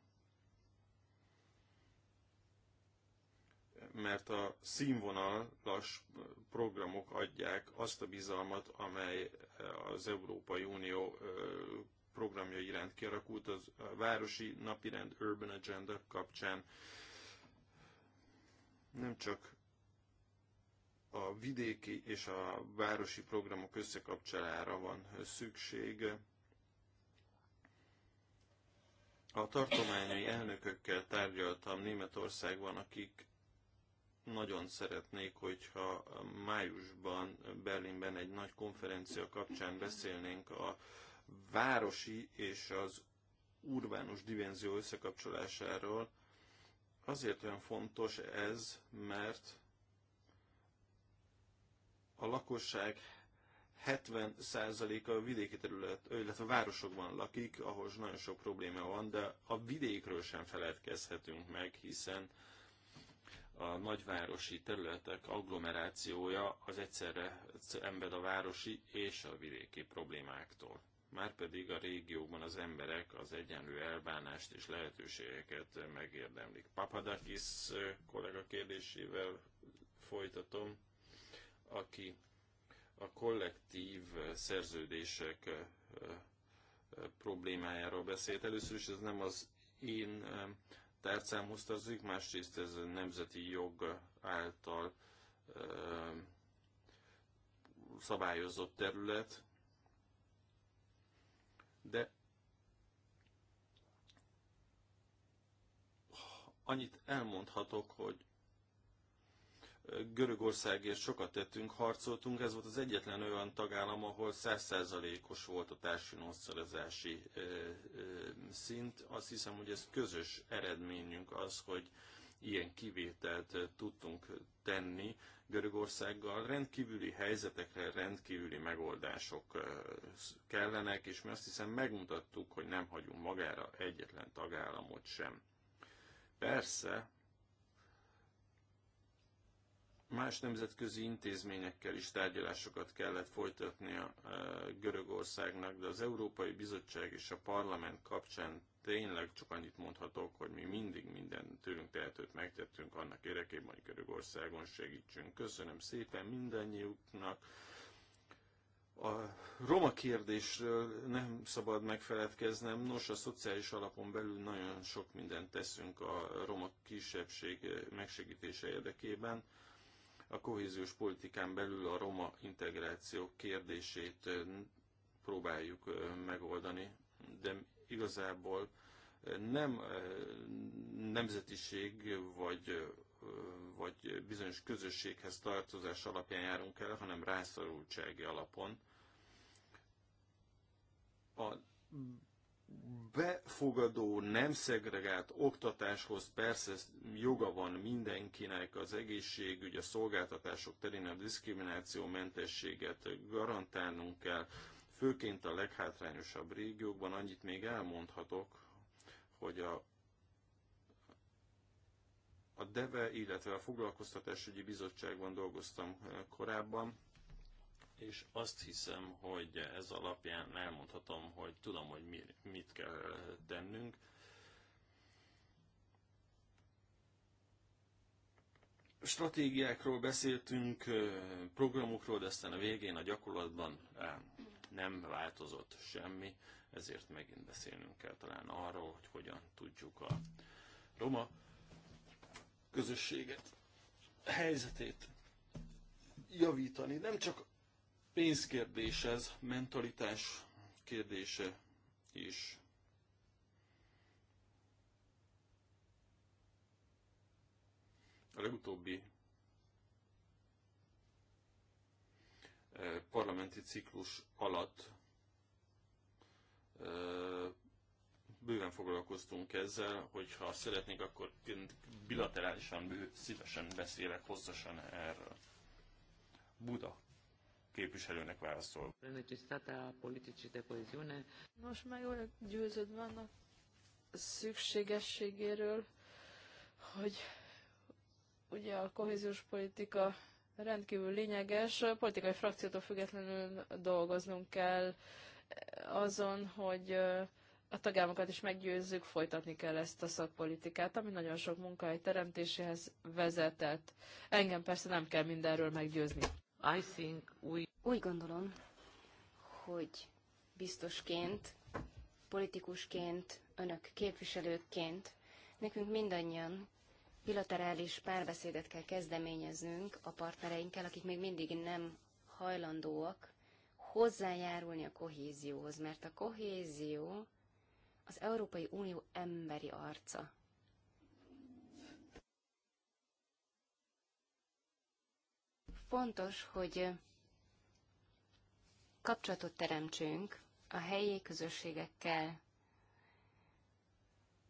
Mert a színvonalas programok adják azt a bizalmat, amely az Európai Unió programja iránt kialakult, az a városi napirend Urban Agenda kapcsán nem csak a vidéki és a városi programok összekapcsolára van szükség. A tartományai elnökökkel tárgyaltam Németországban, akik nagyon szeretnék, hogyha májusban Berlinben egy nagy konferencia kapcsán beszélnénk a városi és az urbánus dimenzió összekapcsolásáról, Azért olyan fontos ez, mert a lakosság 70%-a vidéki terület, illetve városokban lakik, ahol nagyon sok probléma van, de a vidékről sem feledkezhetünk meg, hiszen a nagyvárosi területek agglomerációja az egyszerre ember a városi és a vidéki problémáktól márpedig a régióban az emberek az egyenlő elbánást és lehetőségeket megérdemlik. Papadakis kollega kérdésével folytatom, aki a kollektív szerződések problémájáról beszélt. Először is ez nem az én tárcámhoz tartozik, másrészt ez a nemzeti jog által szabályozott terület, de annyit elmondhatok, hogy Görögországért sokat tettünk, harcoltunk, ez volt az egyetlen olyan tagállam, ahol százszerzalékos volt a társadalmi szint. Azt hiszem, hogy ez közös eredményünk az, hogy ilyen kivételt tudtunk tenni Görögországgal. Rendkívüli helyzetekre rendkívüli megoldások kellenek, és mi azt hiszem megmutattuk, hogy nem hagyunk magára egyetlen tagállamot sem. Persze, Más nemzetközi intézményekkel is tárgyalásokat kellett folytatnia e, Görögországnak, de az Európai Bizottság és a Parlament kapcsán tényleg csak annyit mondhatok, hogy mi mindig minden tőlünk tehetőt megtettünk annak érdekében, hogy Görögországon segítsünk. Köszönöm szépen mindannyiuknak. A roma kérdésről nem szabad megfeledkeznem. Nos, a szociális alapon belül nagyon sok mindent teszünk a roma kisebbség megsegítése érdekében a kohéziós politikán belül a roma integráció kérdését próbáljuk megoldani, de igazából nem nemzetiség vagy, vagy bizonyos közösséghez tartozás alapján járunk el, hanem rászorultsági alapon. A befogadó, nem szegregált oktatáshoz persze joga van mindenkinek, az egészségügy, a szolgáltatások terén a mentességet garantálnunk kell, főként a leghátrányosabb régiókban. Annyit még elmondhatok, hogy a a DEVE, illetve a Foglalkoztatásügyi Bizottságban dolgoztam eh, korábban, és azt hiszem, hogy ez alapján elmondhatom, hogy tudom, hogy mi, mit kell tennünk. Stratégiákról beszéltünk, programokról, de aztán a végén a gyakorlatban nem változott semmi, ezért megint beszélnünk kell talán arról, hogy hogyan tudjuk a roma közösséget, helyzetét javítani, nem csak pénzkérdés ez, mentalitás kérdése is. A legutóbbi eh, parlamenti ciklus alatt eh, bőven foglalkoztunk ezzel, hogyha szeretnék, akkor bilaterálisan bő, szívesen beszélek hosszasan erről. Buda képviselőnek válaszol. Nos, meg olyan győződve annak szükségességéről, hogy ugye a kohéziós politika rendkívül lényeges, a politikai frakciótól függetlenül dolgoznunk kell azon, hogy a tagállamokat is meggyőzzük, folytatni kell ezt a szakpolitikát, ami nagyon sok munkahely teremtéséhez vezetett. Engem persze nem kell mindenről meggyőzni. Úgy gondolom, hogy biztosként, politikusként, önök képviselőkként, nekünk mindannyian bilaterális párbeszédet kell kezdeményeznünk a partnereinkkel, akik még mindig nem hajlandóak hozzájárulni a kohézióhoz, mert a kohézió az Európai Unió emberi arca. fontos, hogy kapcsolatot teremtsünk a helyi közösségekkel,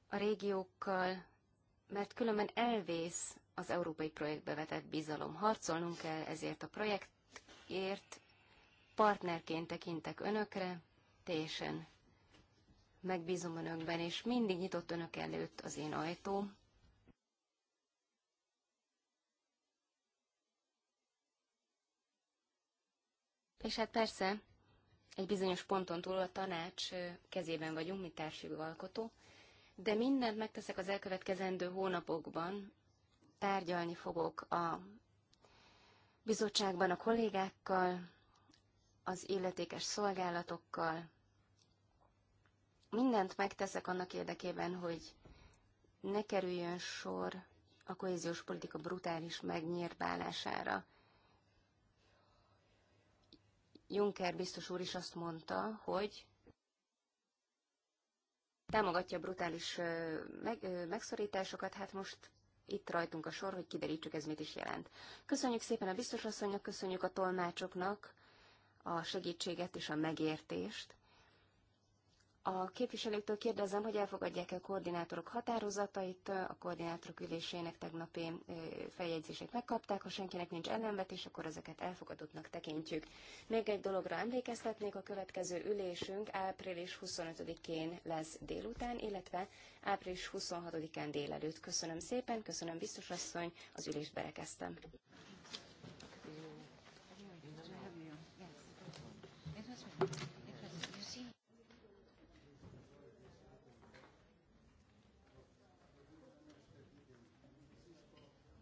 a régiókkal, mert különben elvész az európai projektbe vetett bizalom. Harcolnunk kell ezért a projektért, partnerként tekintek önökre, teljesen megbízom önökben, és mindig nyitott önök előtt az én ajtóm. És hát persze, egy bizonyos ponton túl a tanács kezében vagyunk, mint alkotó, de mindent megteszek az elkövetkezendő hónapokban, tárgyalni fogok a bizottságban a kollégákkal, az illetékes szolgálatokkal. Mindent megteszek annak érdekében, hogy ne kerüljön sor a kohéziós politika brutális megnyírbálására Juncker biztos úr is azt mondta, hogy támogatja a brutális meg, megszorításokat, hát most itt rajtunk a sor, hogy kiderítsük, ez mit is jelent. Köszönjük szépen a biztosasszonynak, köszönjük a tolmácsoknak a segítséget és a megértést. A képviselőktől kérdezem, hogy elfogadják-e a koordinátorok határozatait, a koordinátorok ülésének tegnapi feljegyzését megkapták, ha senkinek nincs ellenvetés, akkor ezeket elfogadottnak tekintjük. Még egy dologra emlékeztetnék, a következő ülésünk április 25-én lesz délután, illetve április 26-án délelőtt. Köszönöm szépen, köszönöm biztos asszony, az ülést berekeztem. Thank you.